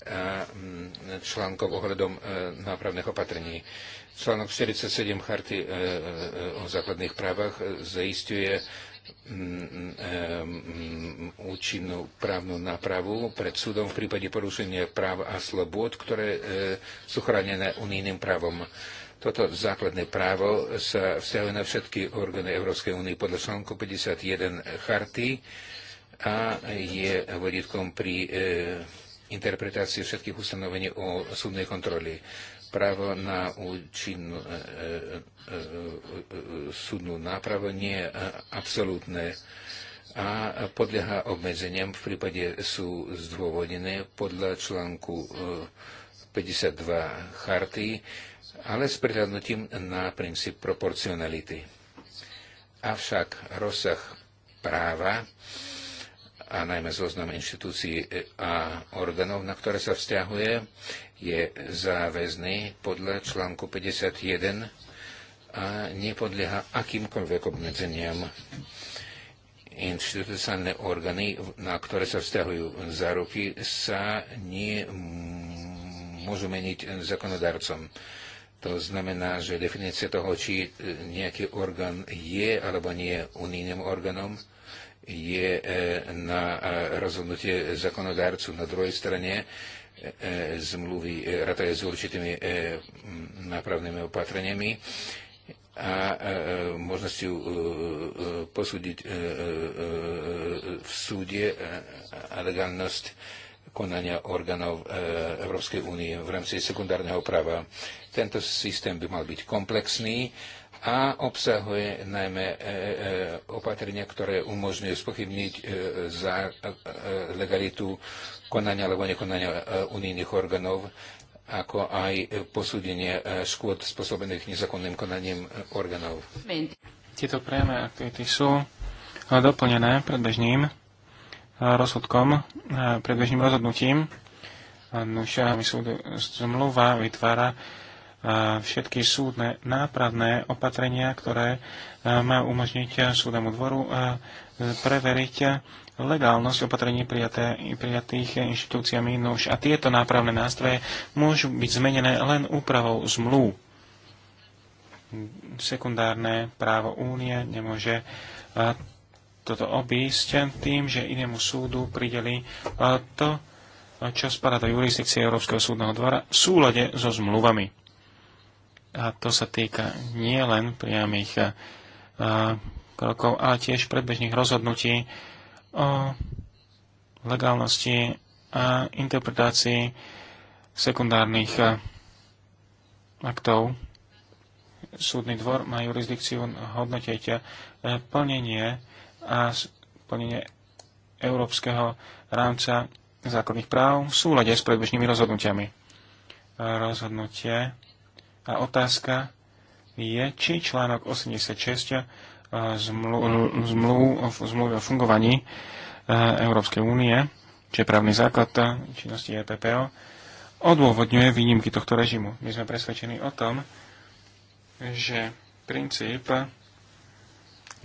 a mm, článkov ohľadom e, nápravných opatrení. Článok 47 Charty e, e, o základných právach zaistuje mm, mm, účinnú právnu nápravu pred súdom v prípade porušenia práv a slobod, ktoré sú chránené unijným právom. Toto základné právo sa vzťahuje na všetky orgány Európskej únie podľa článku 51 Charty a je vodítkom pri interpretácie všetkých ustanovení o súdnej kontroli Právo na účinnú e, e, e, súdnu nápravu nie je e, absolútne a podľaha obmedzeniam v prípade sú zdôvodené podľa článku 52 e, charty, ale s prihľadnutím na princíp proporcionality. Avšak rozsah práva a najmä zoznam inštitúcií a orgánov, na ktoré sa vzťahuje, je záväzný podľa článku 51 a nepodlieha akýmkoľvek obmedzeniam. Inštitucionálne orgány, na ktoré sa vzťahujú záruky, sa nie meniť zákonodarcom. To znamená, že definícia toho, či nejaký orgán je alebo nie je unijným orgánom, je e, na e, rozhodnutie zakonodárcu. Na druhej strane e, zmluvy rataje s určitými nápravnými opatreniami a možnosťou posúdiť v súde legálnosť konania orgánov Európskej únie v rámci sekundárneho práva. Tento systém by mal byť komplexný a obsahuje najmä e, e, e, opatrenia, ktoré umožňuje spochybniť e, za e, legalitu konania alebo nekonania e, unijných orgánov, ako aj posúdenie e, škôd spôsobených nezakonným konaním e, orgánov. Tieto priame aktivity sú doplnené predbežným rozhodkom, predbežným rozhodnutím. Nuša myslím, že zmluva vytvára všetky súdne nápravné opatrenia, ktoré e, majú umožniť súdnemu dvoru e, preveriť legálnosť opatrení prijaté, prijatých inštitúciami nuž. A tieto nápravné nástroje môžu byť zmenené len úpravou zmluv. Sekundárne právo únie nemôže e, toto obísť tým, že inému súdu prideli to, čo spada do jurisdikcie Európskeho súdneho dvora v súlade so zmluvami. A to sa týka nielen priamých eh, krokov, ale tiež predbežných rozhodnutí o legálnosti a interpretácii sekundárnych eh, aktov. Súdny dvor má jurisdikciu hodnotiť eh, plnenie a plnenie európskeho rámca základných práv v súlade s predbežnými rozhodnutiami. Rozhodnutie a otázka je, či článok 86 eh, zmluv, zmluvy o fungovaní eh, Európskej únie, či je právny základ eh, činnosti EPPO, odôvodňuje výnimky tohto režimu. My sme presvedčení o tom, že princíp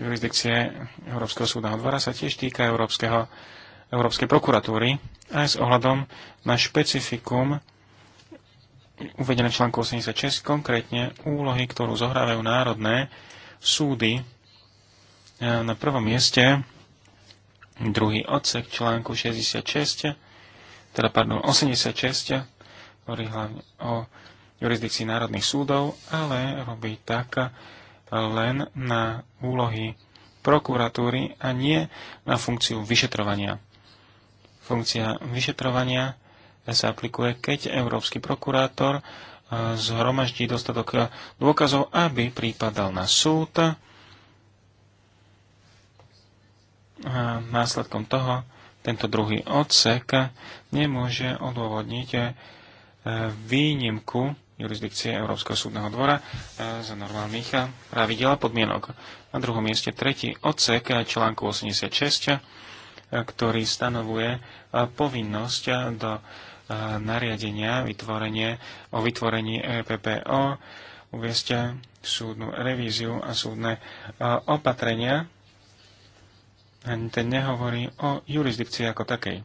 jurisdikcie Európskeho súdneho dvora sa tiež týka Európskeho, Európskej prokuratúry aj s ohľadom na špecifikum uvedené v článku 86, konkrétne úlohy, ktorú zohrávajú národné súdy e, na prvom mieste druhý odsek článku 66, teda pardon, 86, hovorí hlavne o jurisdikcii národných súdov, ale robí tak len na úlohy prokuratúry a nie na funkciu vyšetrovania. Funkcia vyšetrovania sa aplikuje, keď európsky prokurátor e, zhromaždí dostatok e, dôkazov, aby prípadal na súd. A e, následkom toho tento druhý odsek nemôže odôvodniť výnimku jurisdikcie Európskeho súdneho dvora za normálnych pravidel a podmienok. Na druhom mieste tretí odsek článku 86, ktorý stanovuje povinnosť do nariadenia vytvorenie, o vytvorení EPPO, uviesť súdnu revíziu a súdne e, opatrenia. Ani ten nehovorí o jurisdikcii ako takej.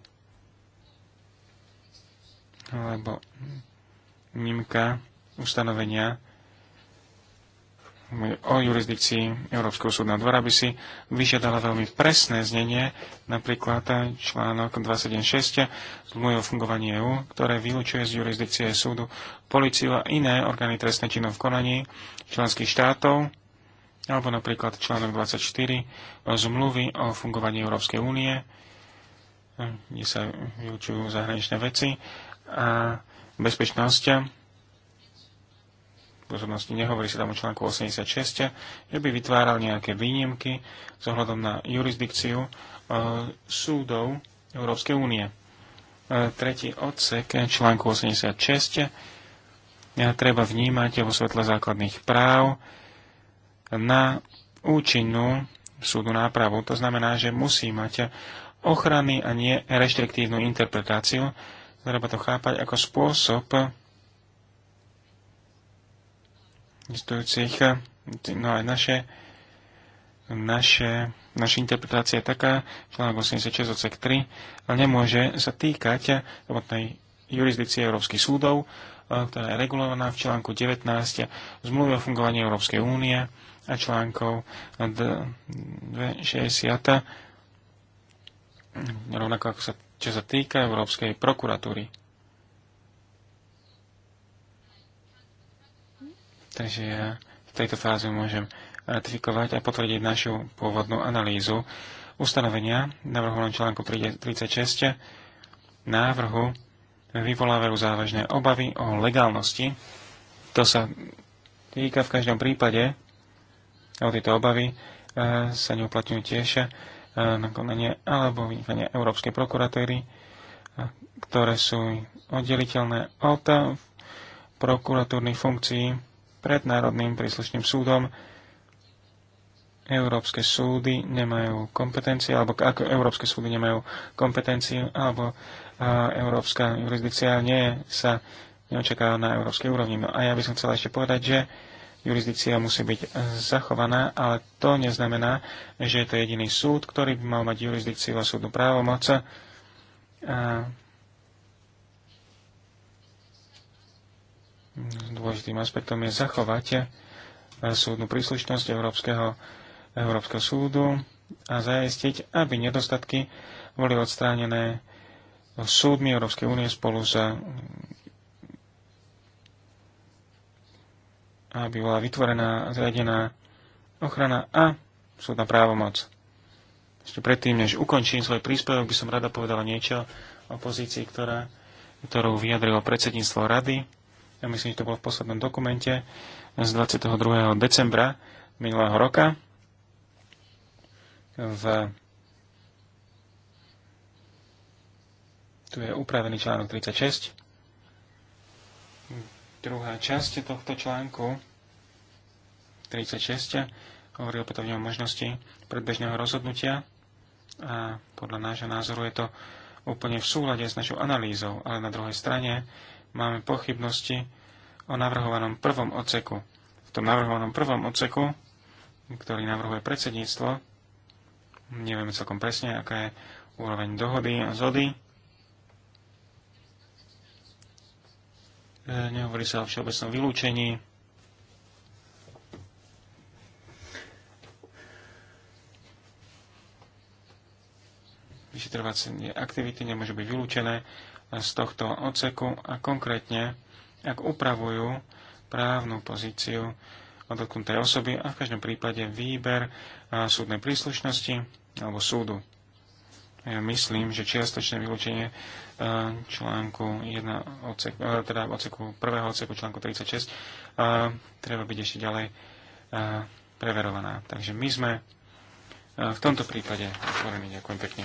Lebo nímka ustanovenia o jurisdikcii Európskeho súdna dvora by si vyžiadala veľmi presné znenie, napríklad článok 27.6 zmluvy o fungovania EÚ, ktoré vylučuje z jurisdikcie súdu policiu a iné orgány trestné činov v konaní členských štátov, alebo napríklad článok 24 zmluvy o fungovaní Európskej únie, kde sa vylučujú zahraničné veci a bezpečnosť pozornosti. Nehovorí sa tam o článku 86, že by vytváral nejaké výnimky s ohľadom na jurisdikciu e, súdov Európskej únie. E, tretí odsek článku 86 e, treba vnímať vo svetle základných práv na účinnú súdu nápravu. To znamená, že musí mať ochrany a nie reštriktívnu interpretáciu. Treba to chápať ako spôsob existujúcich, no aj naše, naše, naša interpretácia je taká, článok 86 odsek 3, ale nemôže sa týkať samotnej jurisdikcie európskych súdov, e, ktorá je regulovaná v článku 19 zmluvy o fungovaní Európskej únie a článkov 260, rovnako ako sa, čo sa týka Európskej prokuratúry. Takže ja v tejto fáze môžem ratifikovať a potvrdiť našu pôvodnú analýzu ustanovenia navrhovanom článku 36 návrhu vyvolávajú závažné obavy o legálnosti. To sa týka v každom prípade, o tieto obavy e, sa neuplatňujú tiež e, na konanie alebo vynikanie Európskej prokuratúry, e, ktoré sú oddeliteľné od prokuratúrnych funkcií pred Národným príslušným súdom. Európske súdy nemajú kompetencie, alebo ako Európske súdy nemajú kompetenciu, alebo a Európska jurisdikcia nie sa neočakáva na európskej úrovni. No a ja by som chcela ešte povedať, že jurisdikcia musí byť zachovaná, ale to neznamená, že je to jediný súd, ktorý by mal mať jurisdikciu a súdnu právomoc. A dôležitým aspektom je zachovať eh, súdnu príslušnosť Európskeho, Európskeho súdu a zajistiť, aby nedostatky boli odstránené súdmi Európskej únie spolu s eh, aby bola vytvorená, zriadená ochrana a súdna právomoc. Ešte predtým, než ukončím svoj príspevok, by som rada povedala niečo o pozícii, ktorá, ktorú vyjadrilo predsedníctvo rady ja myslím, že to bolo v poslednom dokumente z 22. decembra minulého roka v tu je upravený článok 36 druhá časť tohto článku 36 hovorí opätovne o možnosti predbežného rozhodnutia a podľa nášho názoru je to úplne v súlade s našou analýzou, ale na druhej strane máme pochybnosti o navrhovanom prvom oceku. V tom navrhovanom prvom oceku, ktorý navrhuje predsedníctvo, nevieme celkom presne, aká je úroveň dohody a zody. E, nehovorí sa o všeobecnom vylúčení. Vyšetrovacie aktivity nemôžu byť vylúčené z tohto odseku a konkrétne, ak upravujú právnu pozíciu dotknutej osoby a v každom prípade výber súdnej príslušnosti alebo súdu. Ja myslím, že čiastočné vylúčenie článku 1, odsek, teda odseku, prvého odseku článku 36 treba byť ešte ďalej preverovaná. Takže my sme v tomto prípade otvorení. Ďakujem pekne.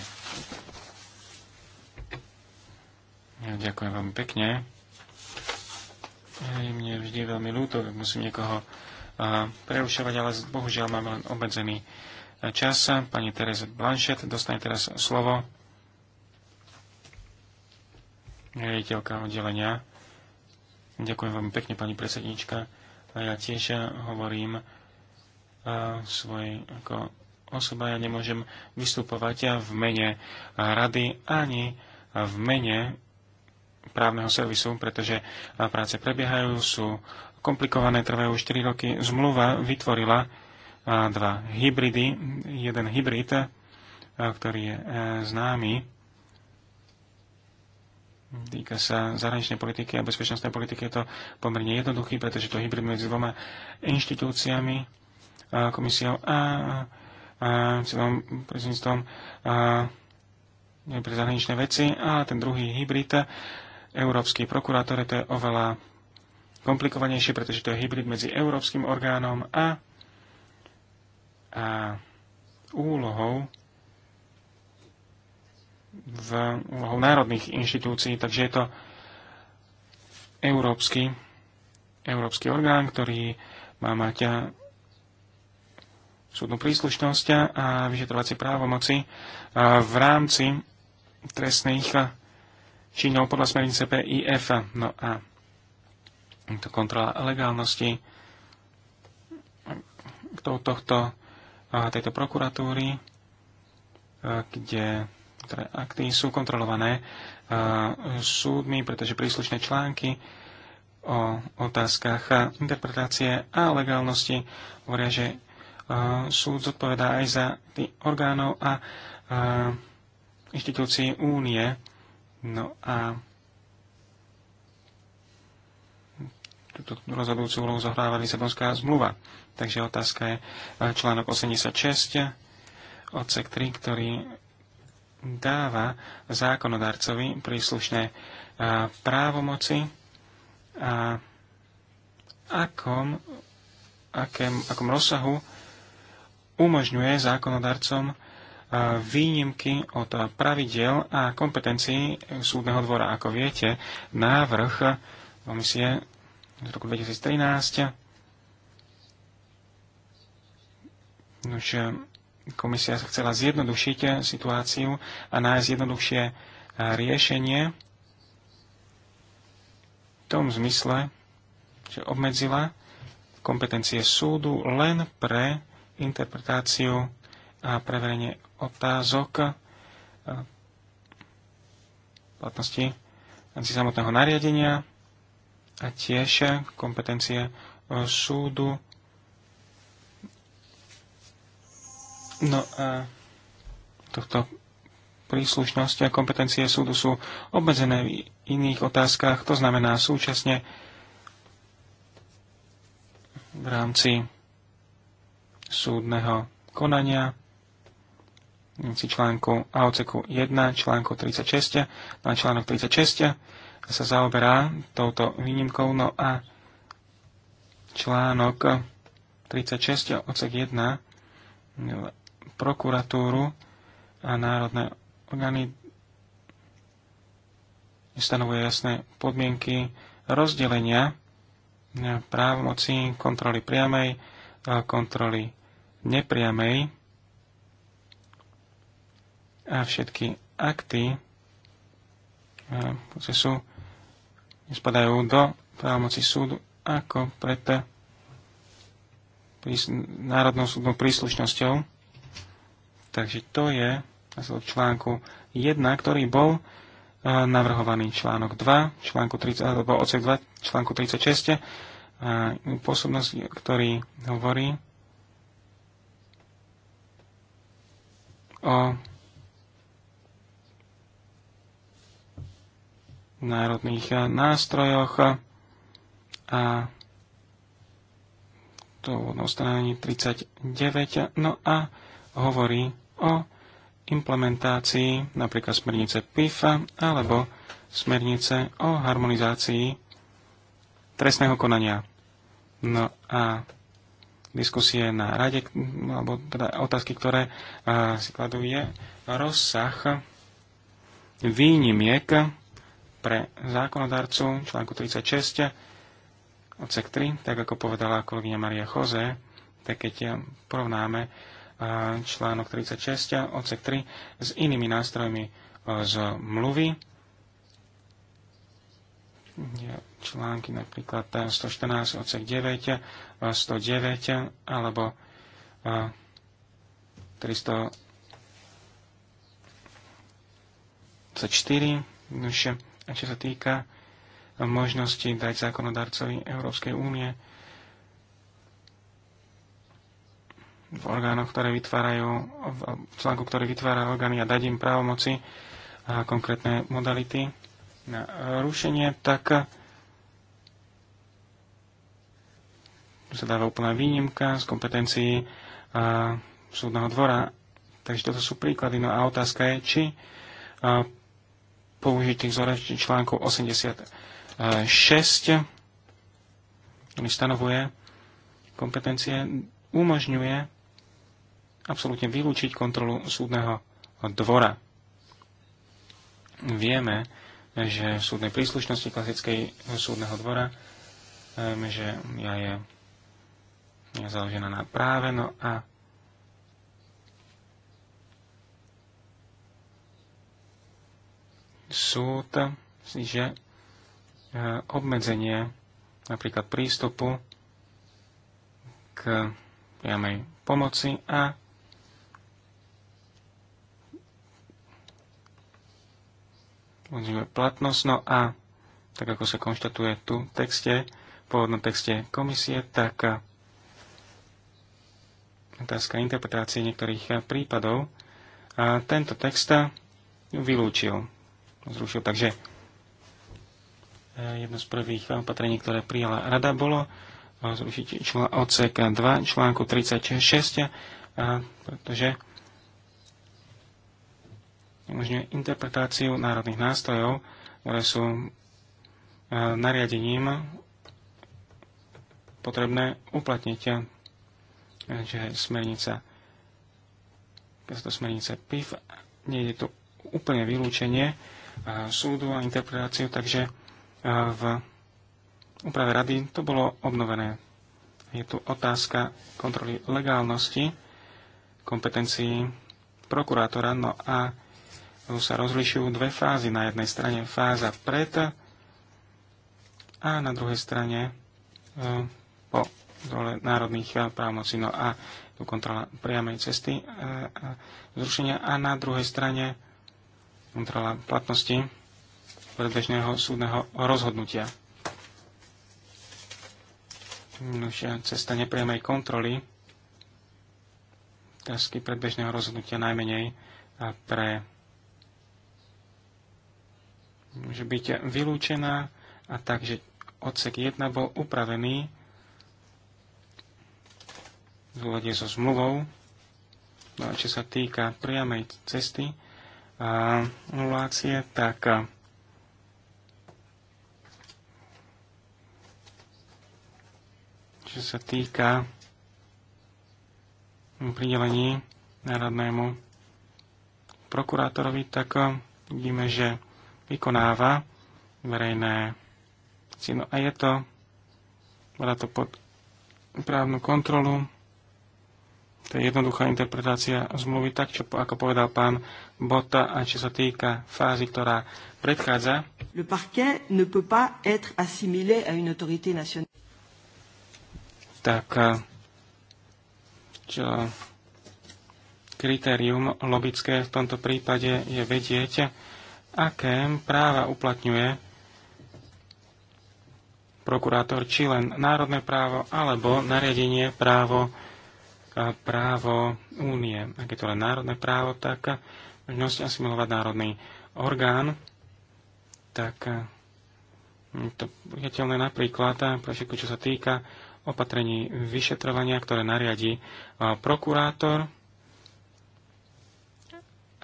Ja ďakujem veľmi pekne. Je mne vždy veľmi ľúto, musím niekoho prerušovať, ale bohužiaľ máme len obmedzený čas. Pani Teresa Blanchet dostane teraz slovo. Riaditeľka oddelenia. Ďakujem veľmi pekne, pani predsednička. A ja tiež hovorím svoj ako osoba, ja nemôžem vystupovať ja v mene rady ani v mene právneho servisu, pretože e, práce prebiehajú, sú komplikované, trvajú 4 roky. Zmluva vytvorila e, dva hybridy. Jeden hybrid, e, ktorý je známy, týka sa zahraničnej politiky a bezpečnostnej politiky. Je to pomerne jednoduchý, pretože to je hybrid medzi dvoma inštitúciami, komisiou a, a celom prezidentstvom pre zahraničné veci. A ten druhý hybrid európsky prokurátor, to je oveľa komplikovanejšie, pretože to je hybrid medzi európskym orgánom a, a úlohou v úlohou národných inštitúcií, takže je to európsky, európsky orgán, ktorý má mať súdnu príslušnosť a vyšetrovacie právomoci v rámci trestných Čínou podľa smernice PIF. No a to kontrola legálnosti tohto, tejto prokuratúry, kde ktoré akty sú kontrolované súdmi, pretože príslušné články o otázkach interpretácie a legálnosti hovoria, že súd zodpovedá aj za tých orgánov a inštitúcií únie, No a túto rozhodujúcu úlohu zohráva Lisabonská zmluva. Takže otázka je eh, článok 86, odsek 3, ktorý dáva zákonodarcovi príslušné eh, právomoci a akom, akém, akom rozsahu umožňuje zákonodarcom výnimky od pravidel a kompetencií súdneho dvora. Ako viete, návrh komisie z roku 2013 že komisia sa chcela zjednodušiť situáciu a nájsť jednoduchšie riešenie v tom zmysle, že obmedzila kompetencie súdu len pre interpretáciu a preverenie otázok e, platnosti rámci samotného nariadenia a tiež kompetencie e, súdu. No a tohto príslušnosť a kompetencie súdu sú obmedzené v iných otázkach, to znamená súčasne v rámci súdneho konania si článku a oceku 1, článku 36, na článok 36 sa zaoberá touto výnimkou, no a článok 36, odsek 1, prokuratúru a národné orgány stanovuje jasné podmienky rozdelenia právomocí kontroly priamej, kontroly nepriamej a všetky akty procesu eh, nespadajú do právomoci súdu ako pred eh, národnou súdnou príslušnosťou. Takže to je v článku 1, ktorý bol eh, navrhovaný článok 2, článku 30, alebo odsek 2, článku 36, a posobnosť, ktorý hovorí o národných eh, nástrojoch a to na ustanovení 39, no a hovorí o implementácii napríklad smernice PIFA alebo smernice o harmonizácii trestného konania. No a diskusie na rade, alebo teda otázky, ktoré eh, si kladú, je rozsah výnimiek pre zákonodarcu, článku 36, odsek 3, tak ako povedala kolegyňa Maria Jose, tak keď porovnáme e, článok 36, odsek 3, s inými nástrojmi e, z mluvy, články napríklad 114, e, odsek 9, 109, alebo 300 a čo sa týka možnosti dať zákonodarcovi Európskej únie v orgánoch, ktoré vytvárajú, v článku, ktorý vytvára orgány a dať im právomoci a konkrétne modality na rušenie, tak sa dáva úplná výnimka z kompetencií súdneho dvora. Takže toto sú príklady. No a otázka je, či použitých zoračných článkov 86, ktorý stanovuje kompetencie, umožňuje absolútne vylúčiť kontrolu súdneho dvora. Vieme, že v súdnej príslušnosti klasickej súdneho dvora, eh, že ja je založená na práve, no a súd, že obmedzenie napríklad prístupu k priamej pomoci a platnosť. No a tak ako sa konštatuje tu v texte, v pôvodnom texte komisie, tak otázka interpretácie niektorých prípadov a tento text vylúčil zrušil. Takže e, jedno z prvých opatrení, ktoré prijala rada, bolo e, zrušiť čl- odsek 2 článku 36, a, e, pretože umožňuje interpretáciu národných nástrojov, ktoré sú a, nariadením potrebné uplatniť. že smernica, to smernice PIF, nie je to úplne vylúčenie, súdu a interpretáciu, takže v úprave rady to bolo obnovené. Je tu otázka kontroly legálnosti kompetencií prokurátora, no a tu sa rozlišujú dve fázy. Na jednej strane fáza pred a na druhej strane e, po dole národných e, právomocí. No a tu kontrola priamej cesty e, zrušenia a na druhej strane kontrola platnosti predbežného súdneho rozhodnutia. Nožia cesta nepriamej kontroly otázky predbežného rozhodnutia najmenej a pre môže byť vylúčená a takže odsek 1 bol upravený v zo zmluvou, no čo sa týka priamej cesty, anulácie, tak čo sa týka pridelení národnému prokurátorovi, tak vidíme, že vykonáva verejné cíno. A je to, bolo to pod právnu kontrolu, to je jednoduchá interpretácia zmluvy, tak čo, ako povedal pán Bota, a čo sa týka fázy, ktorá predchádza. Le parquet ne peut pas être assimilé à une autorité nationale. Tak, čo kritérium logické v tomto prípade je vedieť, aké práva uplatňuje prokurátor, či len národné právo, alebo nariadenie právo, právo únie. Ak je to len národné právo, tak možnosť asimilovať národný orgán, tak eh, to priateľné napríklad, eh, pre všetko, čo sa týka opatrení vyšetrovania, ktoré nariadi eh, prokurátor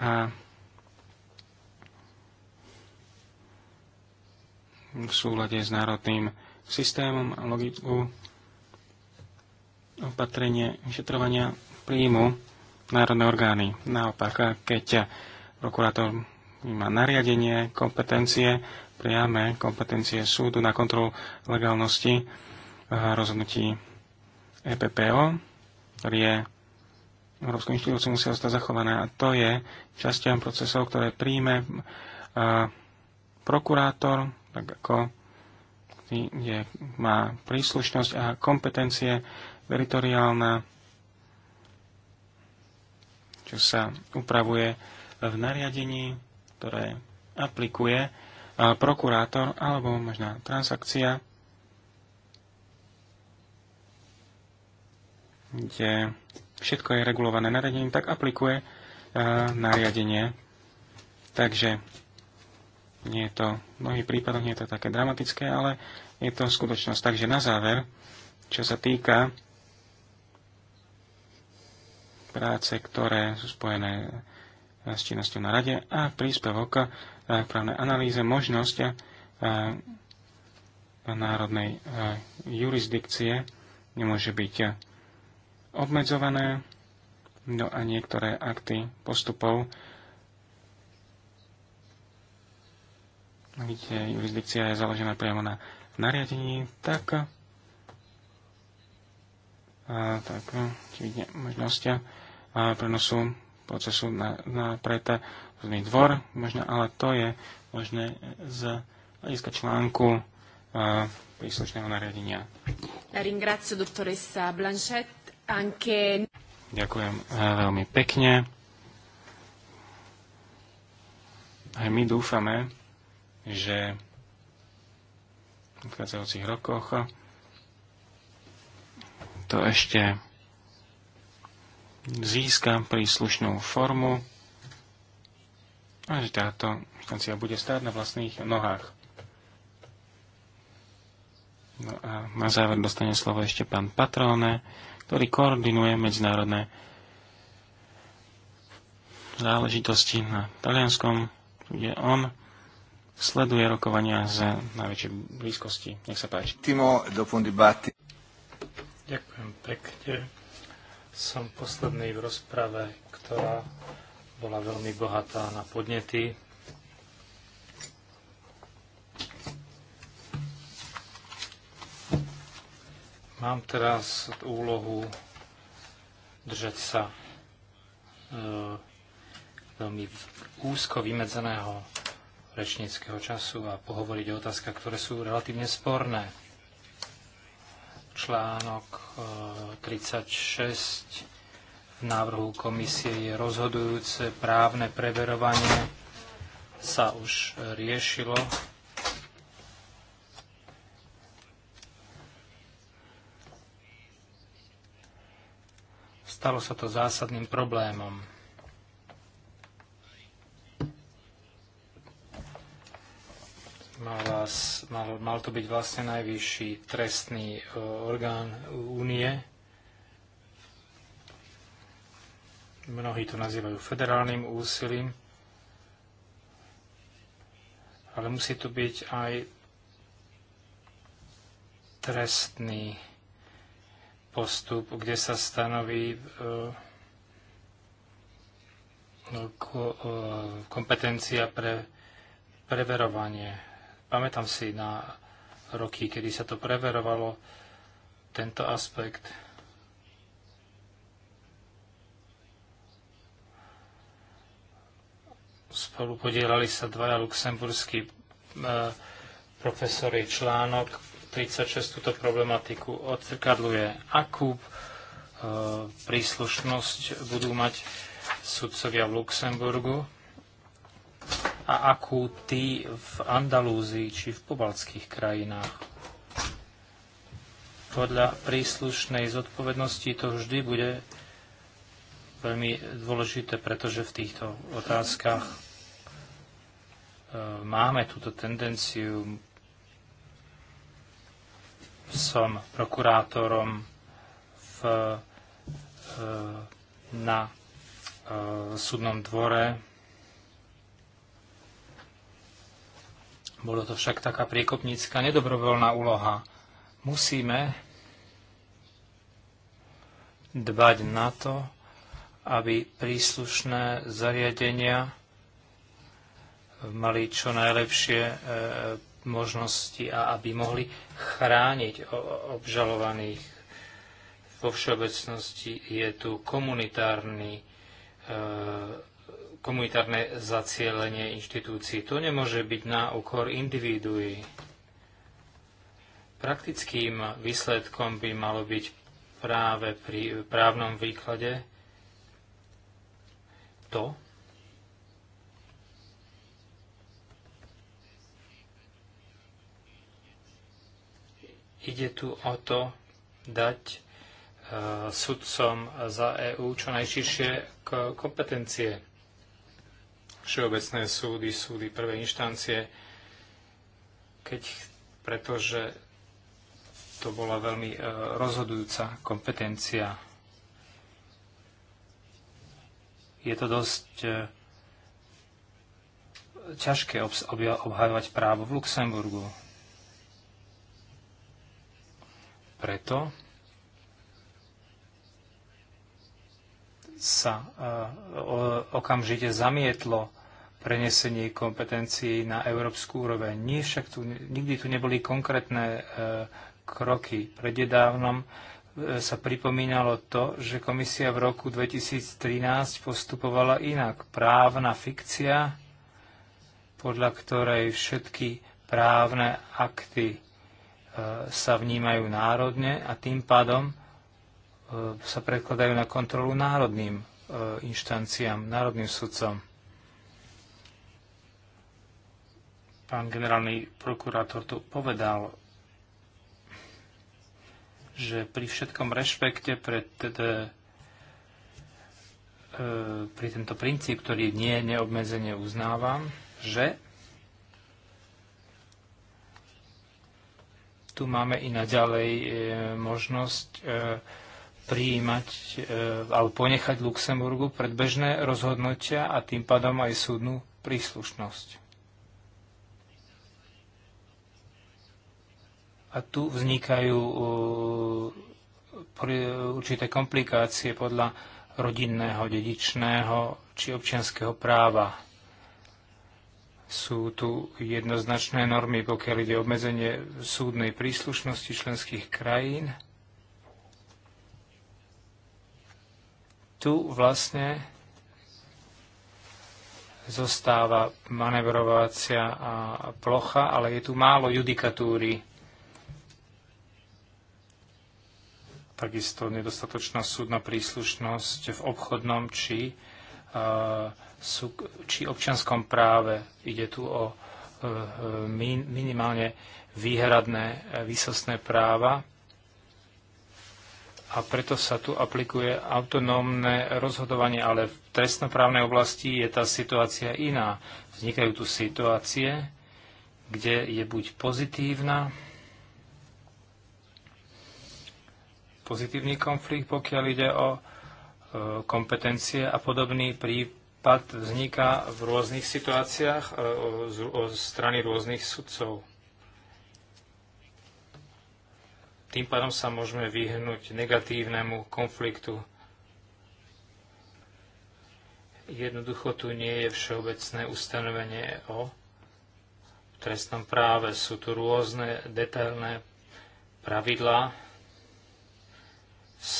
a v súlade s národným systémom a logiku opatrenie vyšetrovania príjmu národné orgány. Naopak, keď prokurátor má nariadenie, kompetencie, priame kompetencie súdu na kontrolu legálnosti eh, rozhodnutí EPPO, ktorý je Európskou inštitúciou musia zostať zachované a to je časťou procesov, ktoré príjme eh, prokurátor, tak ako je, má príslušnosť a kompetencie, teritoriálna čo sa upravuje v nariadení, ktoré aplikuje prokurátor alebo možná transakcia, kde všetko je regulované nariadením, tak aplikuje nariadenie. Takže nie je to v mnohých prípadoch nie je to také dramatické, ale je to skutočnosť. Takže na záver, čo sa týka práce, ktoré sú spojené eh, s činnosťou na rade a príspevok eh, k právnej analýze možnosť eh, národnej jurisdikcie nemôže byť obmedzované, no a niektoré akty postupov, vidíte, jurisdikcia je založená priamo na nariadení, tak, tak možnosť prenosu procesu na, na preta dvor, možno, ale to je možné z hľadiska článku a, príslušného nariadenia. Ringrazio doktoressa Blanchet anche... Ďakujem e, veľmi pekne. Aj my dúfame, že v nadchádzajúcich rokoch to ešte získa príslušnú formu a že táto instancia bude stáť na vlastných nohách. No a na záver dostane slovo ešte pán Patróne, ktorý koordinuje medzinárodné záležitosti na talianskom, kde on sleduje rokovania z najväčšej blízkosti. Nech sa páči. Ďakujem pekne som posledný v rozprave, ktorá bola veľmi bohatá na podnety. Mám teraz úlohu držať sa e, veľmi úzko vymedzeného rečníckého času a pohovoriť o otázkach, ktoré sú relatívne sporné. Článok 36 eh, v návrhu komisie je rozhodujúce právne preverovanie sa už eh, riešilo stalo sa to zásadným problémom. Mala, mal, mal to byť vlastne najvyšší trestný e, orgán únie. Mnohí to nazývajú federálnym úsilím, ale musí tu byť aj trestný postup, kde sa stanoví e, e, kompetencia pre preverovanie Pamätám si na roky, kedy sa to preverovalo, tento aspekt. Spolupodielali sa dvaja luxemburskí e, profesori článok 36 túto problematiku odzrkadluje. Akú e, príslušnosť budú mať sudcovia v Luxemburgu? a akú tí v Andalúzii či v pobaltských krajinách. Podľa príslušnej zodpovednosti to vždy bude veľmi dôležité, pretože v týchto otázkach e, máme túto tendenciu. Som prokurátorom v, e, e, na súdnom dvore Bolo to však taká priekopnícka nedobrovoľná úloha. Musíme dbať na to, aby príslušné zariadenia mali čo najlepšie e, možnosti a aby mohli chrániť obžalovaných. Vo všeobecnosti je tu komunitárny e, komunitárne zacielenie inštitúcií. To nemôže byť na úkor individuí. Praktickým výsledkom by malo byť práve pri právnom výklade to, ide tu o to dať eh, sudcom za EÚ čo najširšie kompetencie všeobecné súdy, súdy prvej inštancie, keď, pretože to bola veľmi e, rozhodujúca kompetencia. Je to dosť e, ťažké obhajovať právo v Luxemburgu. Preto sa e, okamžite zamietlo prenesenie kompetencií na európsku úroveň. Nie však tu, nikdy tu neboli konkrétne e, kroky. Prededávnom e, sa pripomínalo to, že komisia v roku 2013 postupovala inak. Právna fikcia, podľa ktorej všetky právne akty sa vnímajú národne a tým pádom E, sa prekladajú na kontrolu národným e, inštanciám, národným sudcom. Pán generálny prokurátor tu povedal, že pri všetkom rešpekte pred teda, pri tento princíp, ktorý nie neobmedzenie uznávam, že tu máme i naďalej e, možnosť prijímať e, alebo ponechať Luxemburgu predbežné rozhodnutia a tým pádom aj súdnu príslušnosť. A tu vznikajú e, určité komplikácie podľa rodinného, dedičného či občianského práva. Sú tu jednoznačné normy, pokiaľ ide obmedzenie súdnej príslušnosti členských krajín tu vlastne zostáva manevrovacia plocha, ale je tu málo judikatúry. Takisto nedostatočná súdna príslušnosť v obchodnom či, e, či občianskom práve. Ide tu o e, e, minimálne výhradné výsostné práva a preto sa tu aplikuje autonómne rozhodovanie, ale v trestnoprávnej oblasti je tá situácia iná. Vznikajú tu situácie, kde je buď pozitívna, pozitívny konflikt, pokiaľ ide o e, kompetencie a podobný prípad vzniká v rôznych situáciách e, o, strany rôznych sudcov. Tým pádom sa môžeme vyhnúť negatívnemu konfliktu. Jednoducho tu nie je všeobecné ustanovenie o trestnom práve. Sú tu rôzne detailné pravidlá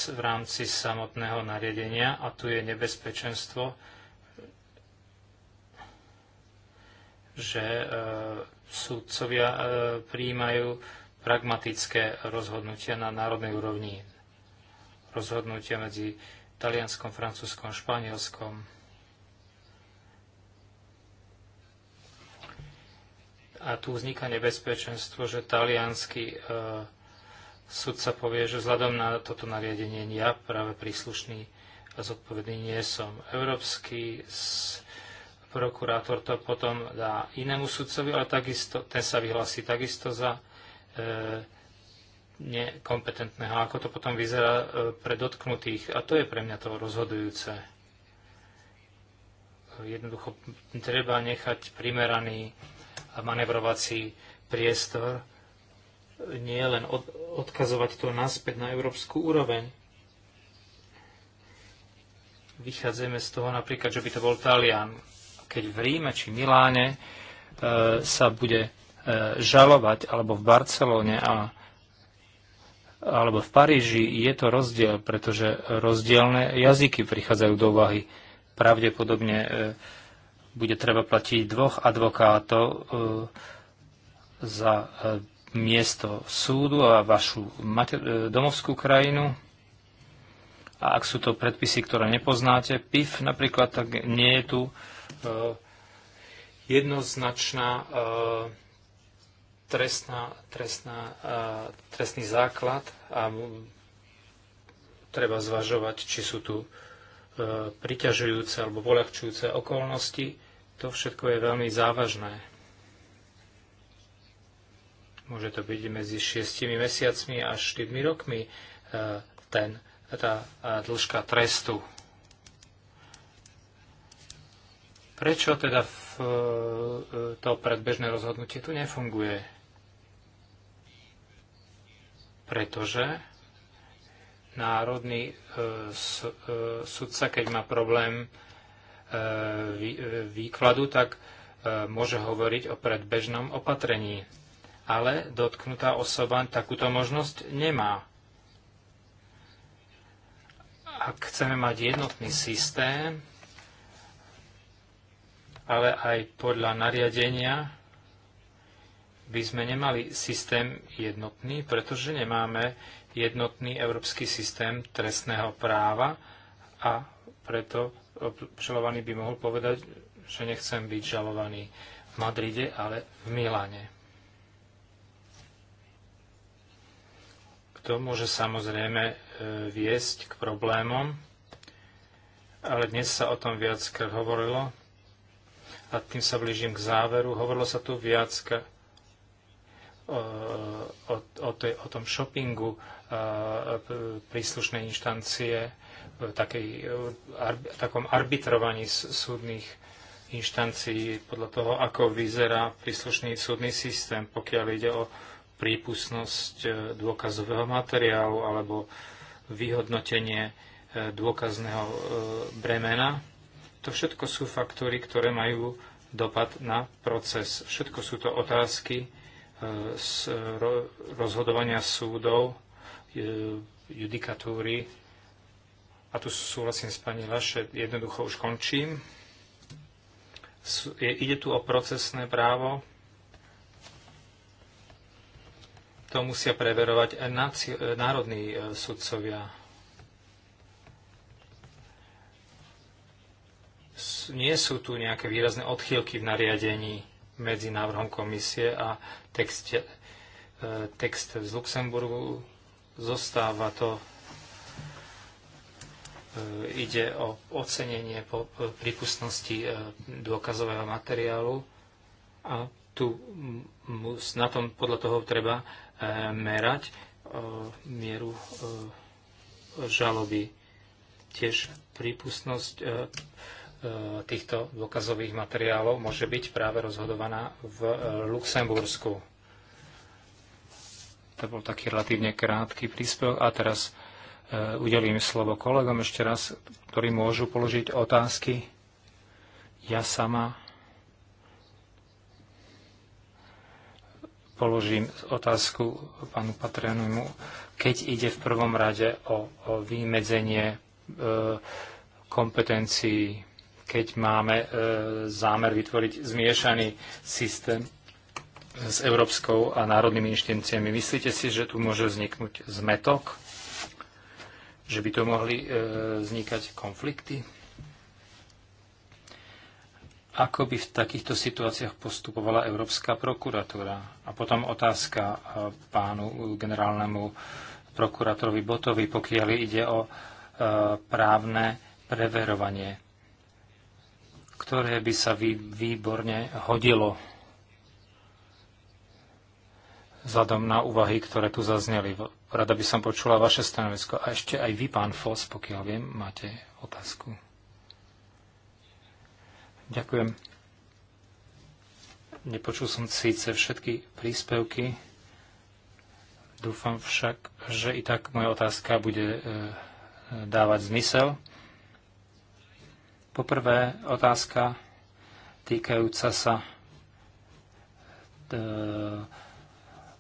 v rámci samotného nariadenia a tu je nebezpečenstvo, že e, súdcovia e, príjmajú pragmatické rozhodnutia na národnej úrovni. Rozhodnutia medzi Talianskom, Francúzskom, Španielskom. A tu vzniká nebezpečenstvo, že talianský e, sudca povie, že vzhľadom na toto nariadenie ja práve príslušný a zodpovedný nie som. Európsky prokurátor to potom dá inému sudcovi, ale takisto, ten sa vyhlasí takisto za E, nekompetentného. Ako to potom vyzerá e, pre dotknutých. A to je pre mňa to rozhodujúce. Jednoducho treba nechať primeraný manevrovací priestor, nie len od, odkazovať to naspäť na európsku úroveň. Vychádzame z toho napríklad, že by to bol Talian. Keď v Ríme či Miláne e, sa bude E, žalovať, alebo v Barcelone a, alebo v Paríži, je to rozdiel, pretože rozdielne jazyky prichádzajú do úvahy. Pravdepodobne e, bude treba platiť dvoch advokátov e, za e, miesto súdu a vašu mater- e, domovskú krajinu. A ak sú to predpisy, ktoré nepoznáte, PIF napríklad, tak nie je tu e, jednoznačná trestná, trestná, trestný základ a treba zvažovať, či sú tu e, priťažujúce alebo poľahčujúce okolnosti. To všetko je veľmi závažné. Môže to byť medzi 6 mesiacmi až 4 rokmi e, ten, tá dĺžka trestu. Prečo teda v, e, to predbežné rozhodnutie tu nefunguje? pretože národný e, e, sudca, keď má problém e, výkladu, tak môže hovoriť o predbežnom opatrení. Ale dotknutá osoba takúto možnosť nemá. Ak chceme mať jednotný systém, ale aj podľa nariadenia, by sme nemali systém jednotný, pretože nemáme jednotný európsky systém trestného práva a preto žalovaný by mohol povedať, že nechcem byť žalovaný v Madride, ale v milane. To môže samozrejme e, viesť k problémom, ale dnes sa o tom viackrát hovorilo a tým sa blížim k záveru. Hovorilo sa tu viackrát o, o, o, o tom shoppingu príslušnej inštancie v takej, ar, takom arbitrovaní súdnych inštancií podľa toho, ako vyzerá príslušný súdny systém, pokiaľ ide o prípustnosť e, dôkazového materiálu alebo vyhodnotenie e, dôkazného e, bremena. To všetko sú faktory, ktoré majú dopad na proces. Všetko sú to otázky, E, z rozhodovania súdov, e, judikatúry. A tu súhlasím s pani Laše, jednoducho už končím. Ide tu o procesné právo. To musia preverovať e, národní sudcovia. Nie sú tu nejaké výrazné odchýlky v nariadení medzi návrhom komisie a texte, e, text z Luxemburgu. Zostáva to, e, ide o ocenenie po e, prípustnosti dôkazového materiálu a tu na tom podľa toho treba merať mieru žaloby. Tiež prípustnosť E, týchto dôkazových materiálov môže byť práve rozhodovaná v e, Luxembursku. To bol taký relatívne krátky príspevok a teraz e, udelím slovo kolegom ešte raz, ktorí môžu položiť otázky. Ja sama položím otázku pánu Patrianomu. Keď ide v prvom rade o, o vymedzenie e, kompetencií keď máme e, zámer vytvoriť zmiešaný systém s európskou a národnými inštitúciami. Myslíte si, že tu môže vzniknúť zmetok? Že by tu mohli e, vznikať konflikty? Ako by v takýchto situáciách postupovala Európska prokuratúra? A potom otázka e, pánu generálnemu prokurátorovi Botovi, pokiaľ ide o právne preverovanie ktoré by sa výborne hodilo vzhľadom na úvahy, ktoré tu zazneli. Rada by som počula vaše stanovisko. A ešte aj vy, pán Fos, pokiaľ viem, máte otázku. Ďakujem. Nepočul som síce všetky príspevky, dúfam však, že i tak moja otázka bude e, e, dávať zmysel. Poprvé otázka týkajúca sa e,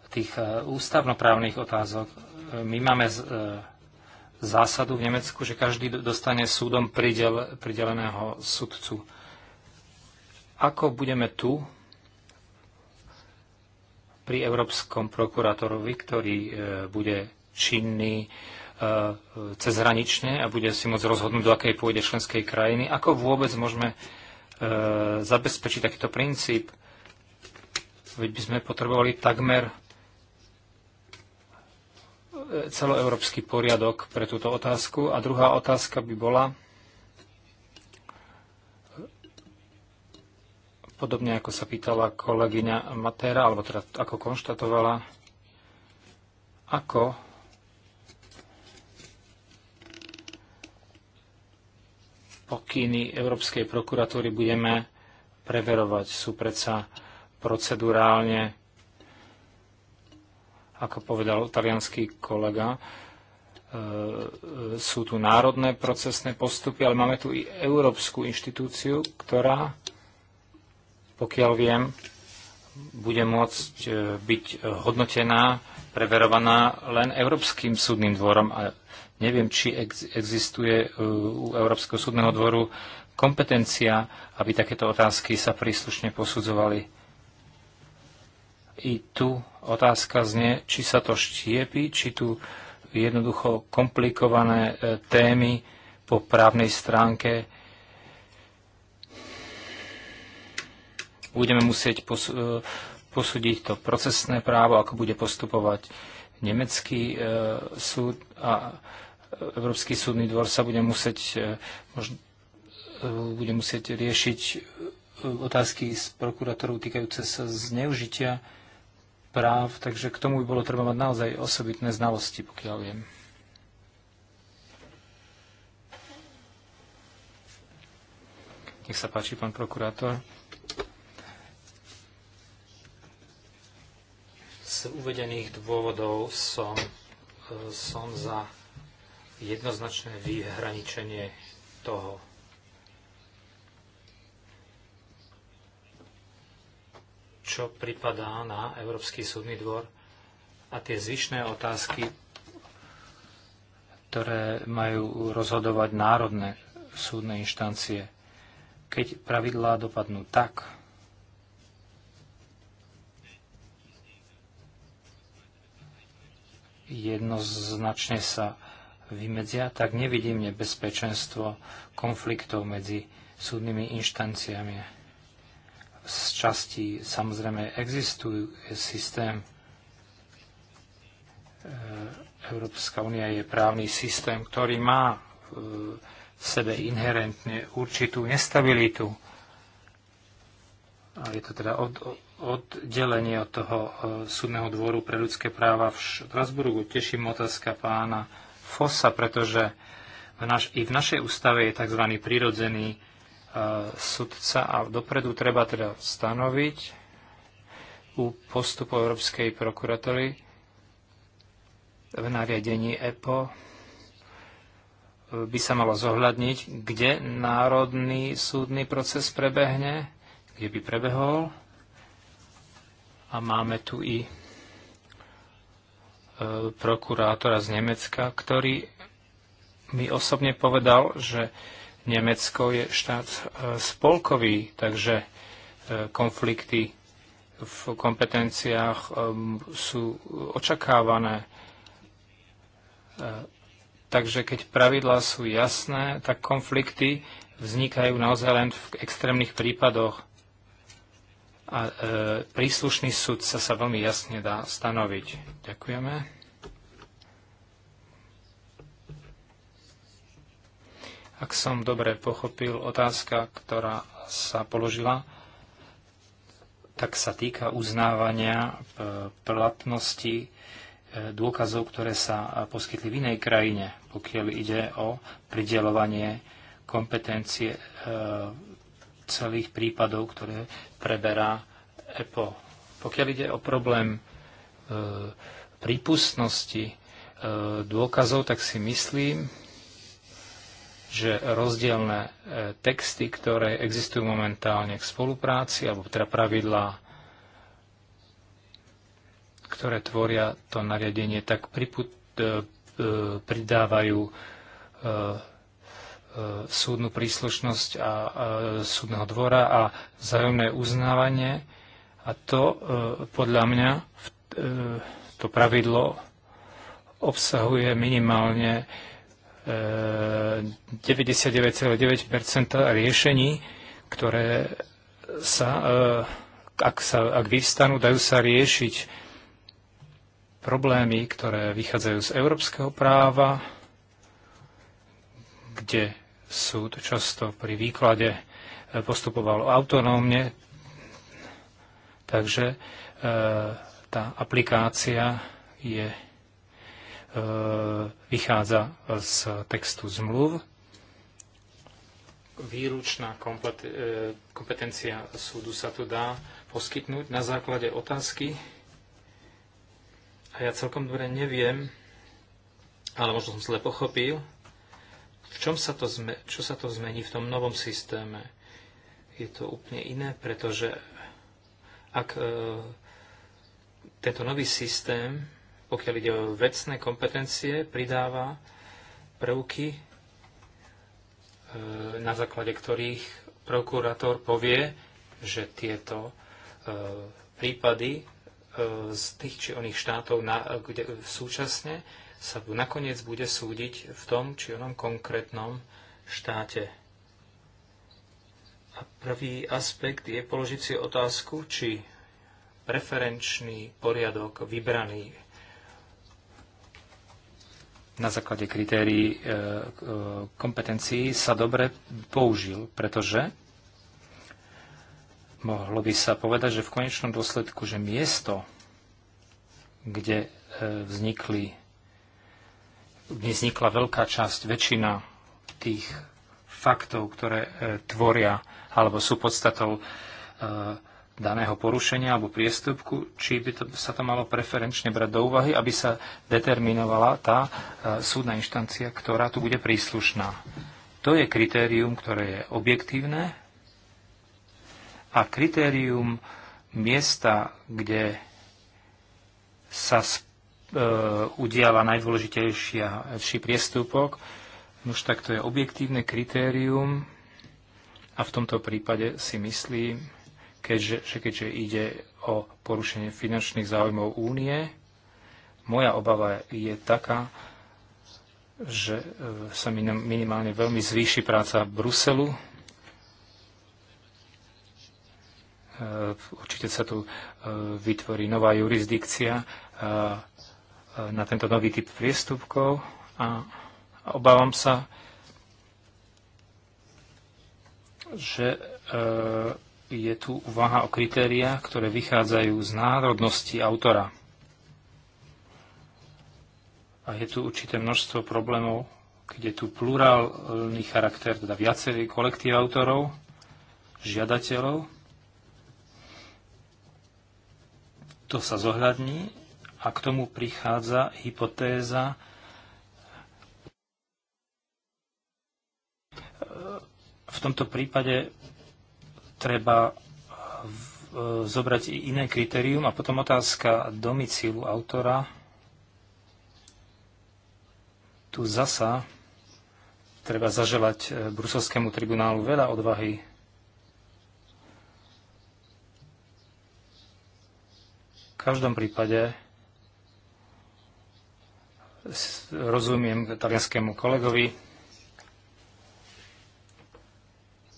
tých e, ústavnoprávnych otázok. E, my máme zásadu v Nemecku, že každý dostane súdom pridel, prideleného sudcu. Ako budeme tu pri európskom prokurátorovi, ktorý bude činný E, cezhranične a bude si môcť rozhodnúť, do akej pôjde členskej krajiny. Ako vôbec môžeme e, zabezpečiť takýto princíp? Veď by sme potrebovali takmer e, celoeurópsky poriadok pre túto otázku. A druhá otázka by bola, podobne ako sa pýtala kolegyňa Matera, alebo teda ako konštatovala, ako pokyny Európskej prokuratúry budeme preverovať. Sú predsa procedurálne, ako povedal talianský kolega, e, e, sú tu národné procesné postupy, ale máme tu i európsku inštitúciu, ktorá, pokiaľ viem, bude môcť e, byť hodnotená, preverovaná len Európskym súdnym dvorom a Neviem, či ex- existuje uh, u Európskeho súdneho dvoru kompetencia, aby takéto otázky sa príslušne posudzovali. I tu otázka znie, či sa to štiepi, či tu jednoducho komplikované e, témy po právnej stránke budeme musieť e, posúdiť to procesné právo, ako bude postupovať nemecký e, súd a Európsky súdny dvor sa bude musieť, e, možno, e, bude musieť riešiť otázky z prokurátorov týkajúce sa zneužitia práv, takže k tomu by bolo treba mať naozaj osobitné znalosti, pokiaľ viem. Nech sa páči, pán prokurátor. z uvedených dôvodov som, e, som za jednoznačné vyhraničenie toho. čo pripadá na Európsky súdny dvor a tie zvyšné otázky, ktoré majú rozhodovať národné súdne inštancie. Keď pravidlá dopadnú tak, jednoznačne sa vymedzia, tak nevidím nebezpečenstvo konfliktov medzi súdnymi inštanciami. Z časti samozrejme existuje systém. E, Európska únia je právny systém, ktorý má e, v sebe inherentne určitú nestabilitu. A je to teda od, oddelenie od toho e, súdneho dvoru pre ľudské práva v Štrasburgu. Teším otázka pána Fossa, pretože v naš, i v našej ústave je tzv. prirodzený e, sudca a dopredu treba teda stanoviť u postupu Európskej prokuratory v nariadení EPO e, by sa malo zohľadniť, kde národný súdny proces prebehne, kde by prebehol a máme tu i e, prokurátora z Nemecka, ktorý mi osobne povedal, že Nemecko je štát e, spolkový, takže e, konflikty v kompetenciách sú očakávané. Takže keď pravidlá sú jasné, tak konflikty vznikajú naozaj len v extrémnych prípadoch a e, príslušný súd sa sa veľmi jasne dá stanoviť. Ďakujeme. Ak som dobre pochopil, otázka, ktorá sa položila, tak sa týka uznávania e, platnosti e, dôkazov, ktoré sa e, poskytli v inej krajine, pokiaľ ide o pridelovanie kompetencie celých prípadov, ktoré preberá EPO. Pokiaľ ide o problém e, prípustnosti e, dôkazov, tak si myslím, že rozdielne e, texty, ktoré existujú momentálne k spolupráci, alebo teda pravidlá, ktoré tvoria to nariadenie, tak priput, e, e, pridávajú e, E, súdnu príslušnosť a súdneho dvora a vzájomné uznávanie. A to e, podľa mňa e, to pravidlo obsahuje minimálne 99,9 riešení, ktoré sa, ak, sa, ak vyvstanú, dajú sa riešiť problémy, ktoré vychádzajú z európskeho práva, kde súd často pri výklade e, postupoval autonómne, takže e, tá aplikácia je, e, vychádza z textu zmluv. Výručná kompetencia súdu sa tu dá poskytnúť na základe otázky. A ja celkom dobre neviem, ale možno som zle pochopil, v čom sa to zme, čo sa to zmení v tom novom systéme? Je to úplne iné, pretože ak e, tento nový systém, pokiaľ ide o vecné kompetencie, pridáva prvky, e, na základe ktorých prokurátor povie, že tieto e, prípady e, z tých či oných štátov na, kde, súčasne sa nakoniec bude súdiť v tom či onom konkrétnom štáte. A prvý aspekt je položiť si otázku, či preferenčný poriadok vybraný na základe kritérií e, e, kompetencií sa dobre použil, pretože mohlo by sa povedať, že v konečnom dôsledku, že miesto, kde e, vznikli vznikla veľká časť, väčšina tých faktov, ktoré e, tvoria alebo sú podstatou e, daného porušenia alebo priestupku, či by to, sa to malo preferenčne brať do úvahy, aby sa determinovala tá e, súdna inštancia, ktorá tu bude príslušná. To je kritérium, ktoré je objektívne a kritérium miesta, kde sa E, udiala najdôležitejší priestupok. Už tak to je objektívne kritérium a v tomto prípade si myslím, keďže, že keďže ide o porušenie finančných záujmov únie, moja obava je taká, že e, sa minimálne veľmi zvýši práca Bruselu. E, určite sa tu vytvorí nová jurisdikcia na tento nový typ priestupkov a obávam sa, že e, je tu uvaha o kritériách, ktoré vychádzajú z národnosti autora. A je tu určité množstvo problémov, keď je tu plurálny charakter, teda viacerý kolektív autorov, žiadateľov. To sa zohľadní a k tomu prichádza hypotéza v tomto prípade treba e, zobrať iné kritérium a potom otázka domicílu autora. Tu zasa treba zaželať e, bruselskému tribunálu veľa odvahy. V každom prípade Rozumiem talianskému kolegovi.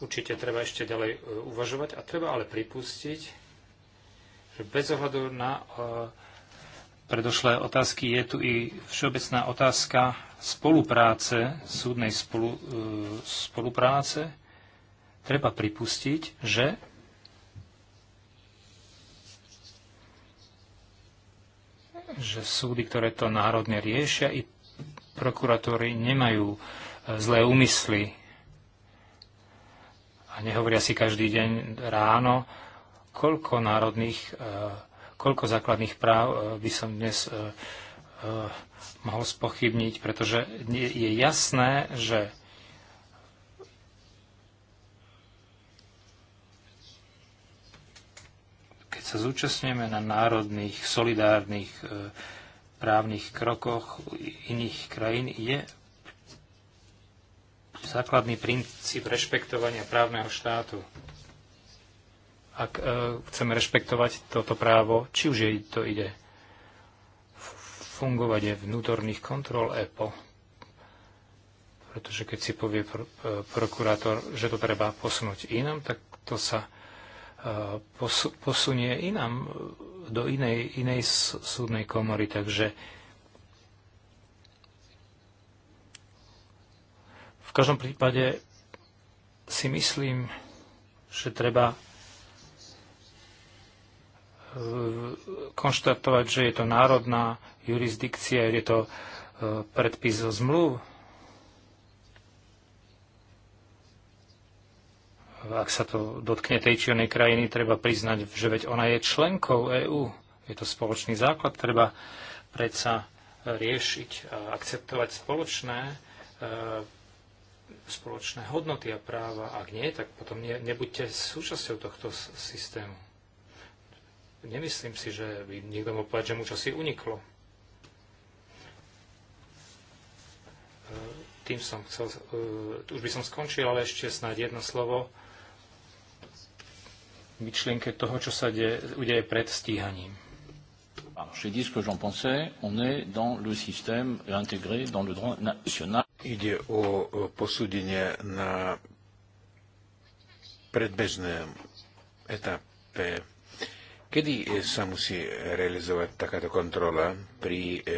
Určite treba ešte ďalej e, uvažovať a treba ale pripustiť, že bez ohľadu na e, predošlé otázky je tu i všeobecná otázka spolupráce, súdnej spolu, e, spolupráce. Treba pripustiť, že že súdy, ktoré to národne riešia, i prokuratúry nemajú e, zlé úmysly a nehovoria si každý deň ráno, koľko národných, e, koľko základných práv e, by som dnes mohol spochybniť, pretože je jasné, že sa zúčastňujeme na národných, solidárnych e, právnych krokoch iných krajín, je základný princíp rešpektovania právneho štátu. Ak e, chceme rešpektovať toto právo, či už je, to ide je vnútorných kontrol EPO, pretože keď si povie e, prokurátor, že to treba posunúť inom, tak to sa posunie inám, do inej, inej súdnej komory. Takže v každom prípade si myslím, že treba e, konštatovať, že je to národná jurisdikcia, je to e, predpis zo zmluv, ak sa to dotkne tej či onej krajiny, treba priznať, že veď ona je členkou EÚ. Je to spoločný základ, treba predsa riešiť a akceptovať spoločné, e, spoločné hodnoty a práva. Ak nie, tak potom ne, nebuďte súčasťou tohto systému. Nemyslím si, že by niekto mohol povedať, že mu čosi uniklo. E, tým som chcel, uh, už by som skončil, ale ešte snáď jedno slovo myšlienke toho, čo sa de, udeje pred stíhaním. J'ai dit ce que on est dans le système intégré dans le droit national. Ide o posúdenie na predbežné etape. Kedy e, sa musí realizovať takáto kontrola pri e, e,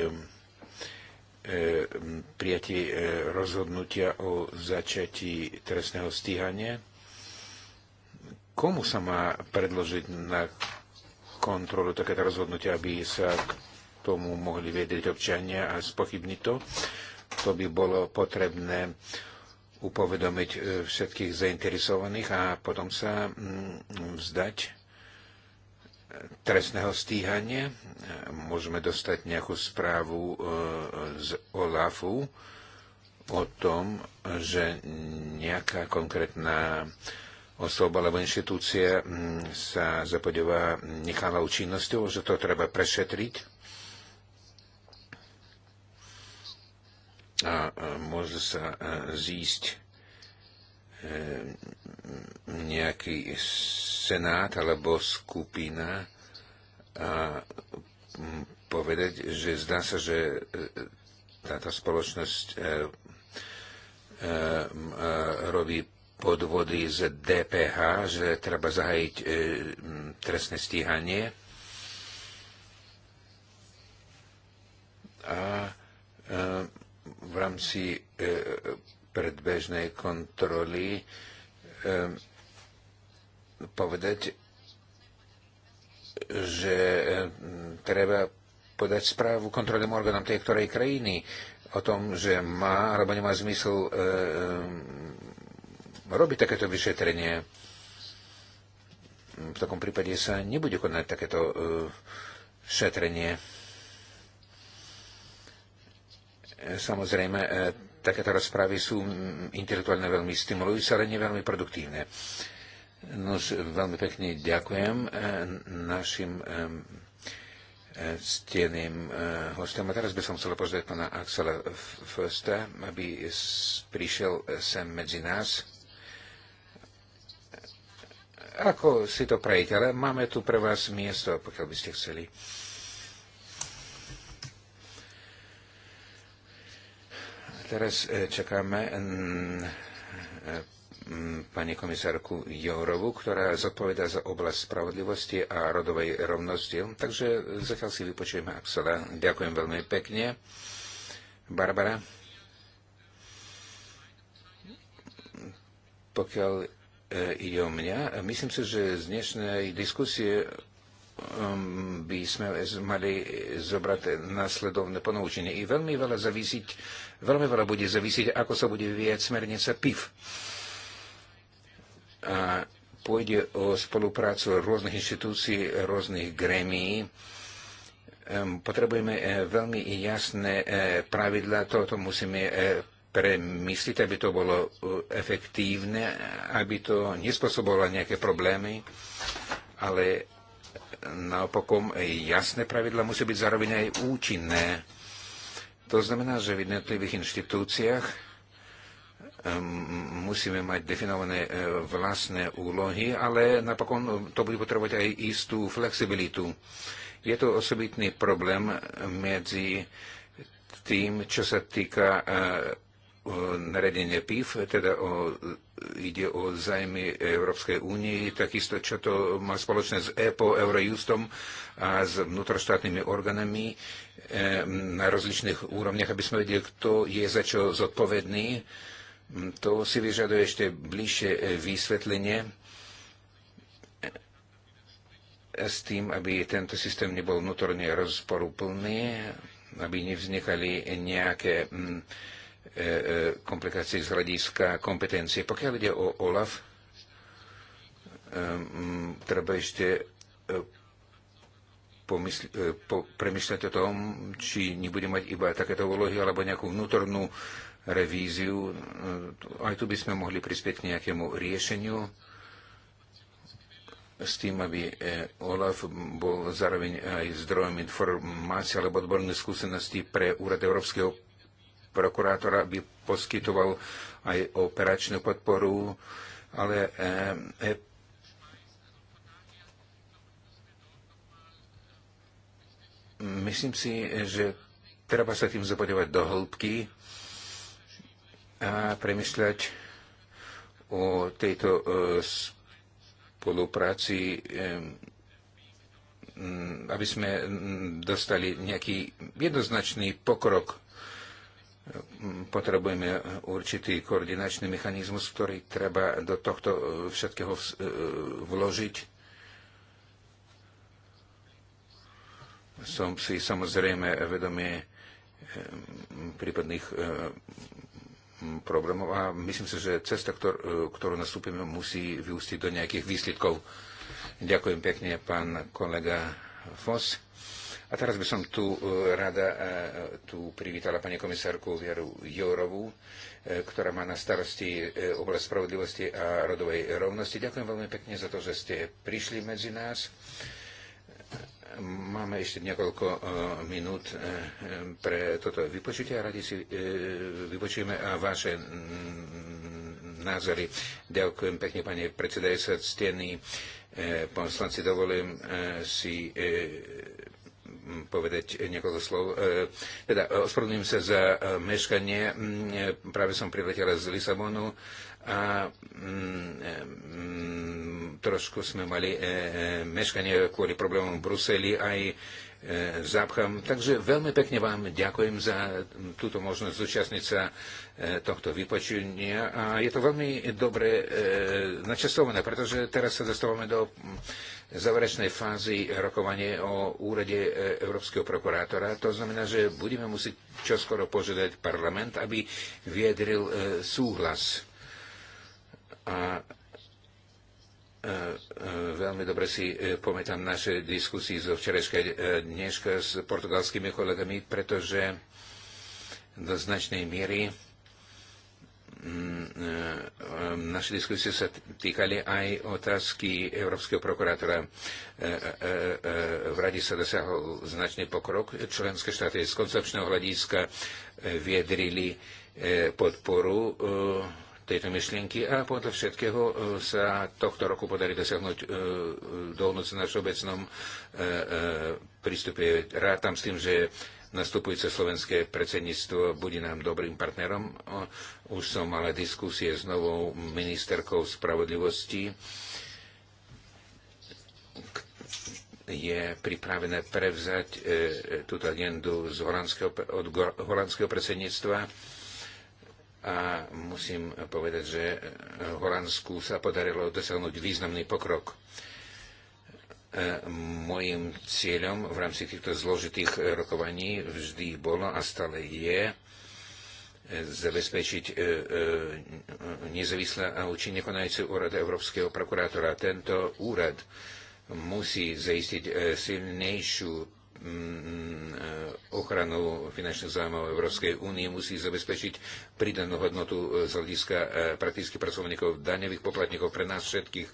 prijatí rozhodnutia o začatí trestného stíhania? komu sa má predložiť na kontrolu takéto rozhodnutia, aby sa k tomu mohli vedieť občania a spochybniť to. To by bolo potrebné upovedomiť e, všetkých zainteresovaných a potom sa mm, vzdať e, trestného stíhania. Môžeme dostať nejakú správu e, z OLAFu o tom, že nejaká konkrétna osoba alebo inštitúcie mm, sa zapodeva nechalou činnosťou, že to treba prešetriť. A môže sa zísť e, nejaký senát alebo skupina a povedať, že zdá sa, že e, táto spoločnosť e, robí podvody z DPH, že treba zahájiť e, trestné stíhanie. A e, v rámci e, predbežnej kontroly e, povedať, že e, treba podať správu kontrolným orgánom tej ktorej krajiny o tom, že má alebo nemá zmysel e, robí takéto vyšetrenie. V takom prípade sa nebude konať takéto e, šetrenie. Samozrejme, e, takéto rozprávy sú intelektuálne veľmi stimulujúce, ale veľmi produktívne. No, veľmi pekne ďakujem e, našim steným hostom. A teraz by som chcel pozrieť pana Axela Fösta, aby prišiel sem medzi nás. Ako si to prejete? Ale máme tu pre vás miesto, pokiaľ by ste chceli. Teraz e, čakáme e, pani komisárku Jourovu, ktorá zodpoveda za oblasť spravodlivosti a rodovej rovnosti. Takže zatiaľ si vypočujeme Axela. Ďakujem veľmi pekne. Barbara. Pokiaľ E, ide o mňa. Myslím si, že z dnešnej diskusie um, by sme mali zobrať nasledovné ponaučenie. I veľmi veľa zavisiť, veľmi veľa bude zavisiť, ako sa bude vyvíjať smernica PIF. A pôjde o spoluprácu rôznych inštitúcií, rôznych grémií. Potrebujeme e, veľmi jasné e, pravidla, toto musíme premyslieť, aby to bolo e, efektívne, aby to nespôsobovalo nejaké problémy, ale naopakom jasné pravidla musí byť zároveň aj účinné. To znamená, že v jednotlivých inštitúciách musíme mať definované e, vlastné úlohy, ale napokon to bude potrebovať aj istú flexibilitu. Je to osobitný problém medzi tým, čo sa týka e, nariadenie PIF, teda o, ide o zájmy Európskej únie, takisto čo to má spoločné s EPO, Eurojustom a s vnútroštátnymi orgánami e, na rozličných úrovniach, aby sme vedeli, kto je za čo zodpovedný. To si vyžaduje ešte bližšie e, vysvetlenie e, s tým, aby tento systém nebol vnútorne rozporúplný, aby nevznikali nejaké mm, E, e, komplikácií z hľadiska kompetencie. Pokiaľ ide o OLAF, e, treba ešte premyšľať o tom, či nebude mať iba takéto úlohy alebo nejakú vnútornú revíziu. Aj tu by sme mohli prispieť k nejakému riešeniu s tým, aby OLAF bol zároveň aj zdrojom informácií alebo odborných skúseností pre úrad Európskeho prokurátor, aby poskytoval aj operačnú podporu, ale e, myslím si, že treba sa tým zapodevať do hĺbky a premyšľať o tejto eh, spolupráci, aby sme dostali nejaký jednoznačný pokrok potrebujeme určitý koordinačný mechanizmus, ktorý treba do tohto e, všetkého e, vložiť. Som si samozrejme vedomý e, prípadných problémov a myslím si, že cesta, ktorú nastúpime, musí vyústiť do nejakých výsledkov. Ďakujem pekne, pán kolega Foss. A teraz by som tu e, rada e, e, tu privítala pani komisárku Vieru Jourovú, ktorá má na starosti oblasť spravodlivosti a rodovej rovnosti. Ďakujem veľmi pekne za to, že ste prišli medzi nás. Máme ešte niekoľko minút pre toto vypočutie a radi si vypočujeme a vaše názory. Ďakujem pekne, pani predsedajúca, ctení poslanci, dovolím si povedať niekoľko slov. E, teda, ospravedlňujem sa za e, meškanie. E, práve som priletela z Lisabonu a trošku sme mali meškanie kvôli problémom v Bruseli aj zápcham. Takže veľmi pekne vám ďakujem za túto možnosť zúčastniť sa tohto vypočenia. A je to veľmi dobre načasované, pretože teraz sa dostávame do záverečnej fázy rokovanie o úrade e, Európskeho prokurátora. To znamená, že budeme musieť čoskoro požiadať parlament, aby viedril e, súhlas. A e, veľmi dobre si pamätám naše diskusie zo včerajška dneška s portugalskými kolegami, pretože do značnej miery Mm, e, e, naše diskusie sa týkali aj otázky Európskeho prokurátora. E, v rade sa dosiahol značný pokrok. Členské štáty z koncepčného hľadiska viedrili podporu tejto myšlienky a podľa všetkého sa tohto roku podarí dosiahnuť dohodnúť sa na všeobecnom prístupe. tam s tým, že nastupujúce slovenské predsedníctvo bude nám dobrým partnerom. Už som ale diskusie s novou ministerkou spravodlivosti, je pripravené prevzať e, e, túto agendu z holandského, od holandského predsedníctva. A musím povedať, že e, Holandsku sa podarilo dosiahnuť významný pokrok. E, E, Mojím cieľom v rámci týchto zložitých e, rokovaní vždy bolo a stále je e, zabezpečiť nezávislé a účinne konajúce úrad Európskeho prokurátora. Tento úrad musí zaistiť silnejšiu mm, ochranu finančných zájmov Európskej únie musí zabezpečiť pridanú hodnotu z hľadiska praktických pracovníkov, daňových poplatníkov pre nás všetkých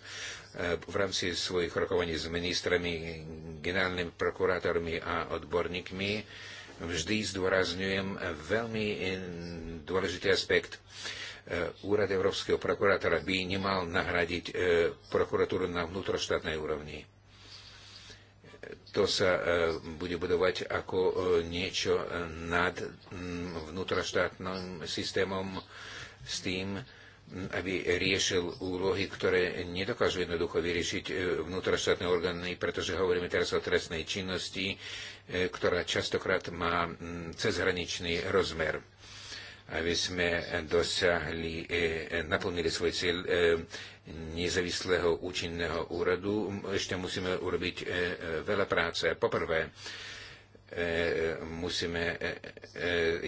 E, v rámci svojich rokovaní s ministrami, generálnymi prokurátormi a odborníkmi vždy zdôrazňujem veľmi dôležitý aspekt. E, úrad Európskeho prokurátora by nemal nahradiť e, prokuratúru na vnútroštátnej úrovni. To sa bude budovať ako niečo nad vnútroštátnym systémom s tým, aby riešil úlohy, ktoré nedokážu jednoducho vyriešiť e, vnútroštátne orgány, pretože hovoríme teraz o trestnej činnosti, e, ktorá častokrát má cezhraničný rozmer. Aby sme dosiahli, e, naplnili svoj cieľ nezávislého účinného úradu, ešte musíme urobiť veľa práce. Poprvé, E, musíme e, e,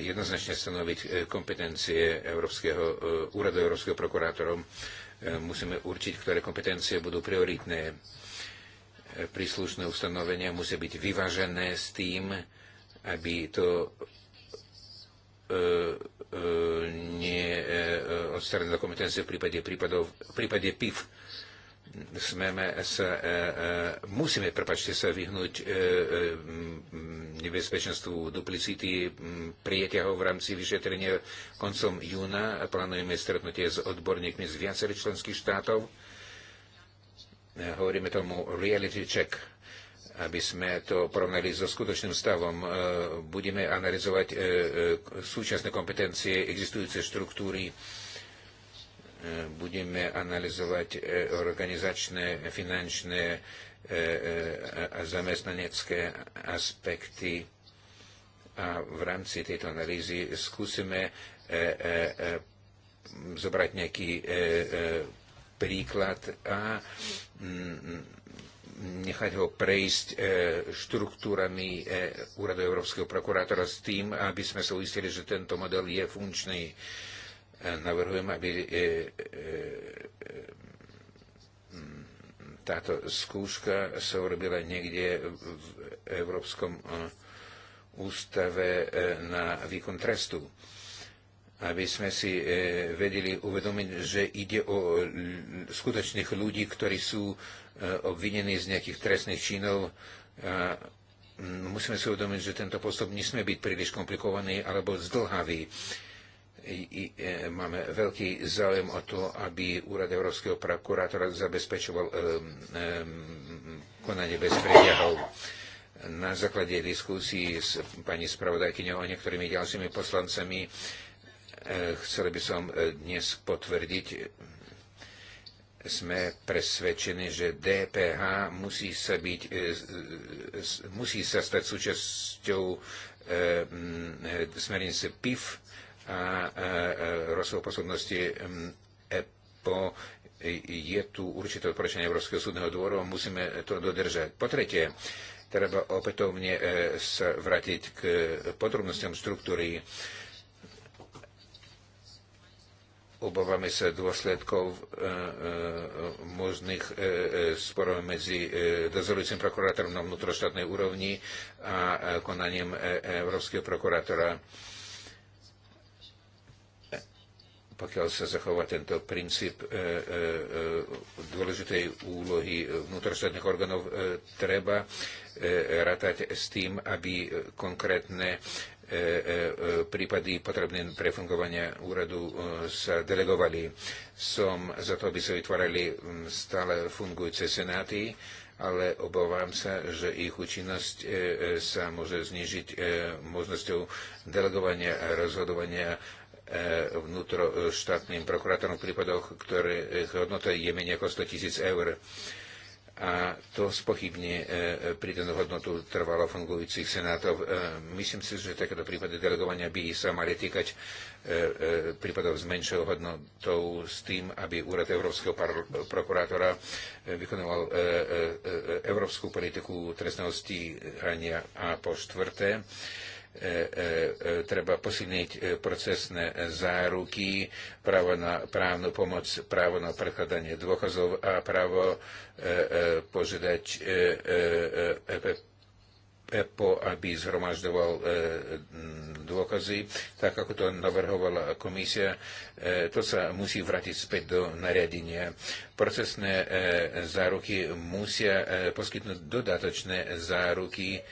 jednoznačne stanoviť kompetencie Európskeho, úradu Európskeho prokurátorom. Musíme určiť, ktoré kompetencie budú prioritné. Príslušné ustanovenia musia byť vyvážené s tým, aby to nie kompetencie v prípade, prípadov, v prípade PIF smeme sa, e, e, musíme, prepačte sa, vyhnúť e, nebezpečenstvu duplicity prieťahov v rámci vyšetrenia koncom júna. Plánujeme stretnutie s odborníkmi z viacerých členských štátov. Hovoríme tomu reality check aby sme to porovnali so skutočným stavom. Budeme analyzovať súčasné kompetencie, existujúce štruktúry, E, budeme analyzovať e, organizačné, finančné e, a zamestnanecké aspekty a v rámci tejto analýzy skúsime zobrať nejaký príklad a mm, nechať ho prejsť štruktúrami Úradu Európskeho prokurátora s tým, aby sme sa uistili, že tento model je funkčný Navrhujem, aby e, e, e, táto skúška sa urobila niekde v Európskom ústave na výkon trestu. Aby sme si vedeli uvedomiť, že ide o skutočných ľudí, ktorí sú obvinení z nejakých trestných činov. Musíme si uvedomiť, že tento postup nesmie byť príliš komplikovaný alebo zdlhavý E, máme veľký záujem o to, aby úrad Európskeho prokurátora zabezpečoval e, e, konanie bez preťahov. Na základe diskusí s pani spravodajkyňou a niektorými ďalšími poslancami chcel by som dnes potvrdiť, sme presvedčení, že DPH musí sa, byť, musí sa stať súčasťou smernice PIF a rozsahu pôsobnosti EPO e je tu určité odporúčanie Európskeho súdneho dvoru a musíme to dodržať. Po tretie, treba opätovne e, sa vrátiť k podrobnostiam štruktúry. Obávame sa dôsledkov e, možných sporov medzi dozorujúcim prokurátorom na vnútroštátnej úrovni a konaniem Európskeho prokurátora pokiaľ sa zachová tento princíp e, e, e, dôležitej úlohy vnútroštátnych orgánov, treba ratať s tým, aby konkrétne prípady potrebné pre fungovanie úradu sa delegovali. Som za to, aby sa vytvárali stále fungujúce senáty, ale obávam sa, že ich účinnosť sa môže znižiť možnosťou delegovania a rozhodovania E, vnútroštátnym prokurátorom v prípadoch, ktorých e, hodnota je menej ako 100 tisíc eur. A to spochybne e, pridanú hodnotu trvalo fungujúcich senátov. Myslím si, že takéto prípady delegovania by sa mali týkať prípadov s menšou hodnotou s tým, aby úrad Európskeho prokurátora vykonoval európsku politiku trestného stíhania. A po štvrté, E, e, e, treba posilniť procesné záruky, právo na právnu pomoc, právo na prekladanie dôkazov a právo požiadať EPO, aby zhromažďoval dôkazy, tak ako to navrhovala komisia. To sa musí vrátiť späť do nariadenia. Procesné záruky musia poskytnúť dodatočné záruky,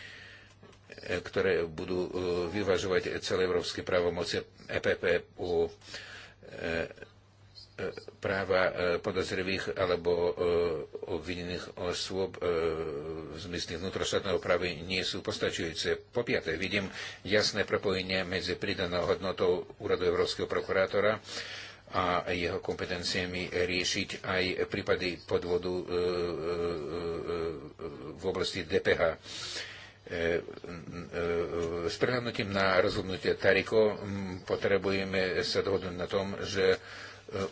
E, ktoré budú e, vyvažovať celé európske právomoci EPP u e, práva podozrivých alebo obvinených osôb v zmysle vnútroštátneho práva nie sú postačujúce. Po piaté, vidím jasné prepojenie medzi pridanou hodnotou Úradu Európskeho prokurátora a jeho kompetenciami riešiť aj prípady podvodu v oblasti DPH E, e, s prehľadnutím na rozhodnutie Tariko potrebujeme sa dohodnúť na tom, že e,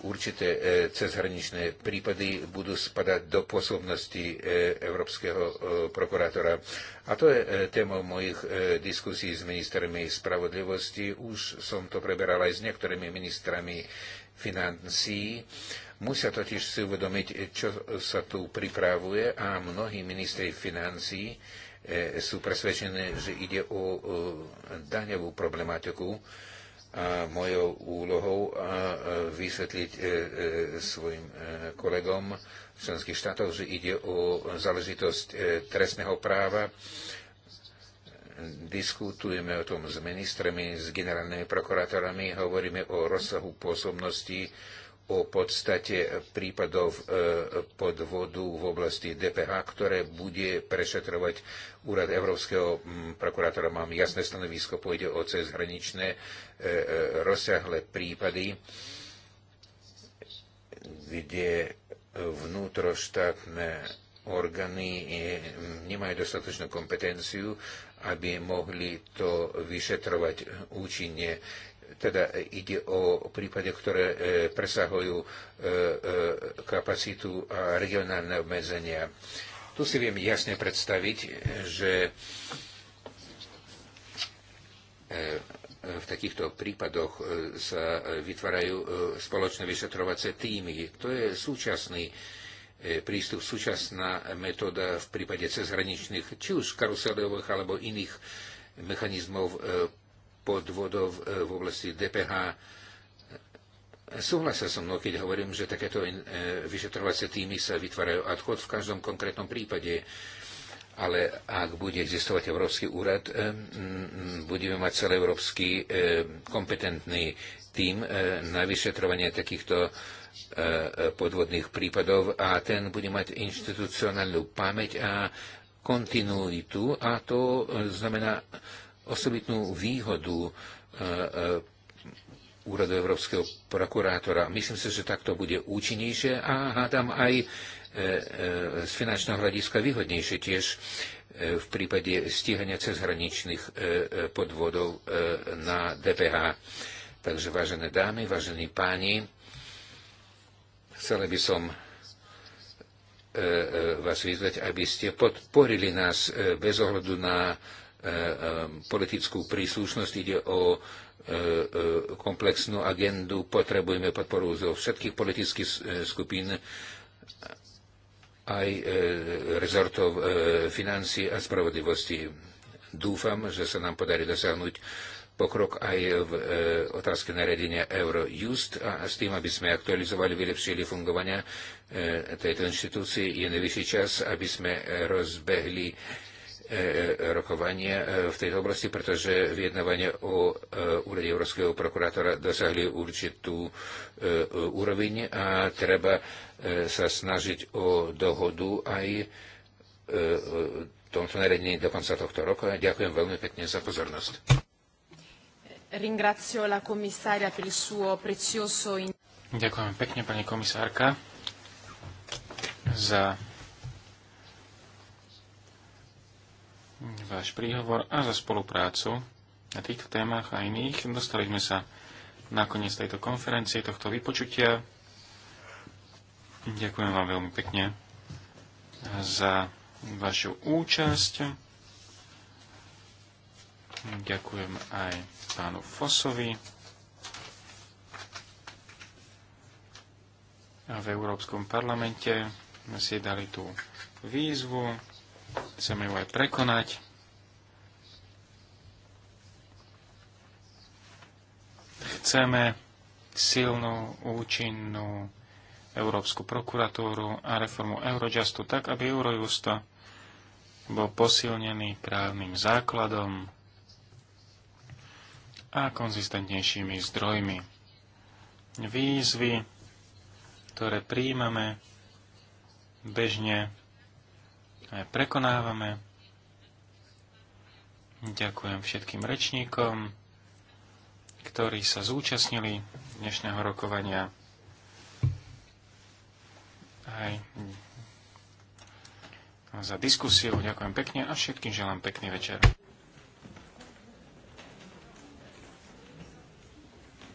určité cezhraničné prípady budú spadať do pôsobnosti Európskeho prokurátora. A to je téma mojich diskusí s ministrami spravodlivosti. Už som to preberal aj s niektorými ministrami financí. Musia totiž si uvedomiť, čo sa tu pripravuje a mnohí ministri financí E, sú presvedčené, že ide o daňovú problematiku a mojou úlohou vysvetliť e, e, svojim kolegom členských štátov, že ide o záležitosť trestného práva. Diskutujeme o tom s ministrami, s generálnymi prokurátorami, hovoríme o rozsahu pôsobnosti o podstate prípadov e, podvodu v oblasti DPH, ktoré bude prešetrovať úrad Európskeho prokurátora. Mám jasné stanovisko, pôjde o cezhraničné e, e, rozsiahle prípady, kde vnútroštátne orgány nemajú dostatočnú kompetenciu, aby mohli to vyšetrovať účinne. Teda ide o prípade, ktoré e, presahujú e, e, kapacitu a regionálne obmedzenia. Tu si viem jasne predstaviť, že v takýchto prípadoch sa vytvárajú spoločné vyšetrovacie týmy. To je súčasný prístup, súčasná metóda v prípade cezhraničných, či už karuselových alebo iných mechanizmov podvodov e, v oblasti DPH. Súhlasia so mnou, keď hovorím, že takéto e, vyšetrovacie týmy sa vytvárajú odchod v každom konkrétnom prípade. Ale ak bude existovať Európsky úrad, e, budeme mať celý európsky kompetentný tým na vyšetrovanie takýchto podvodných prípadov a ten bude mať inštitucionálnu pamäť a kontinuitu a to znamená osobitnú výhodu e, e, úradu Európskeho prokurátora. Myslím si, že takto bude účinnejšie a hádam aj e, z finančného hľadiska výhodnejšie tiež v prípade stíhania cezhraničných podvodov na DPH. Takže vážené dámy, vážení páni, chcel by som vás vyzvať, aby ste podporili nás bez ohľadu na E, e, politickú príslušnosť, ide o e, komplexnú agendu, potrebujeme podporu zo všetkých politických skupín, aj rezortov financí a spravodlivosti. Dúfam, že sa nám podarí dosiahnuť pokrok aj v otázke naredenia Eurojust a s tým, aby sme aktualizovali, vylepšili fungovania tejto inštitúcie, je najvyšší čas, aby sme rozbehli E, rokovania e, v tejto oblasti, pretože vyjednávania o e, úrade Európskeho prokurátora dosahli určitú úroveň a treba sa snažiť o dohodu aj v tomto nariadení do konca tohto roka. Ďakujem veľmi pekne za pozornosť. Ringrazio la commissaria per il suo prezioso... Ďakujem pekne, pani komisárka, za váš príhovor a za spoluprácu na týchto témach a iných. Dostali sme sa na koniec tejto konferencie, tohto vypočutia. Ďakujem vám veľmi pekne za vašu účasť. Ďakujem aj pánu Fosovi. A v Európskom parlamente sme si dali tú výzvu chceme ju aj prekonať. Chceme silnú, účinnú Európsku prokuratúru a reformu Eurojustu tak, aby Eurojust bol posilnený právnym základom a konzistentnejšími zdrojmi. Výzvy, ktoré príjmame bežne, aj prekonávame. Ďakujem všetkým rečníkom, ktorí sa zúčastnili dnešného rokovania. Aj za diskusiu. Ďakujem pekne a všetkým želám pekný večer.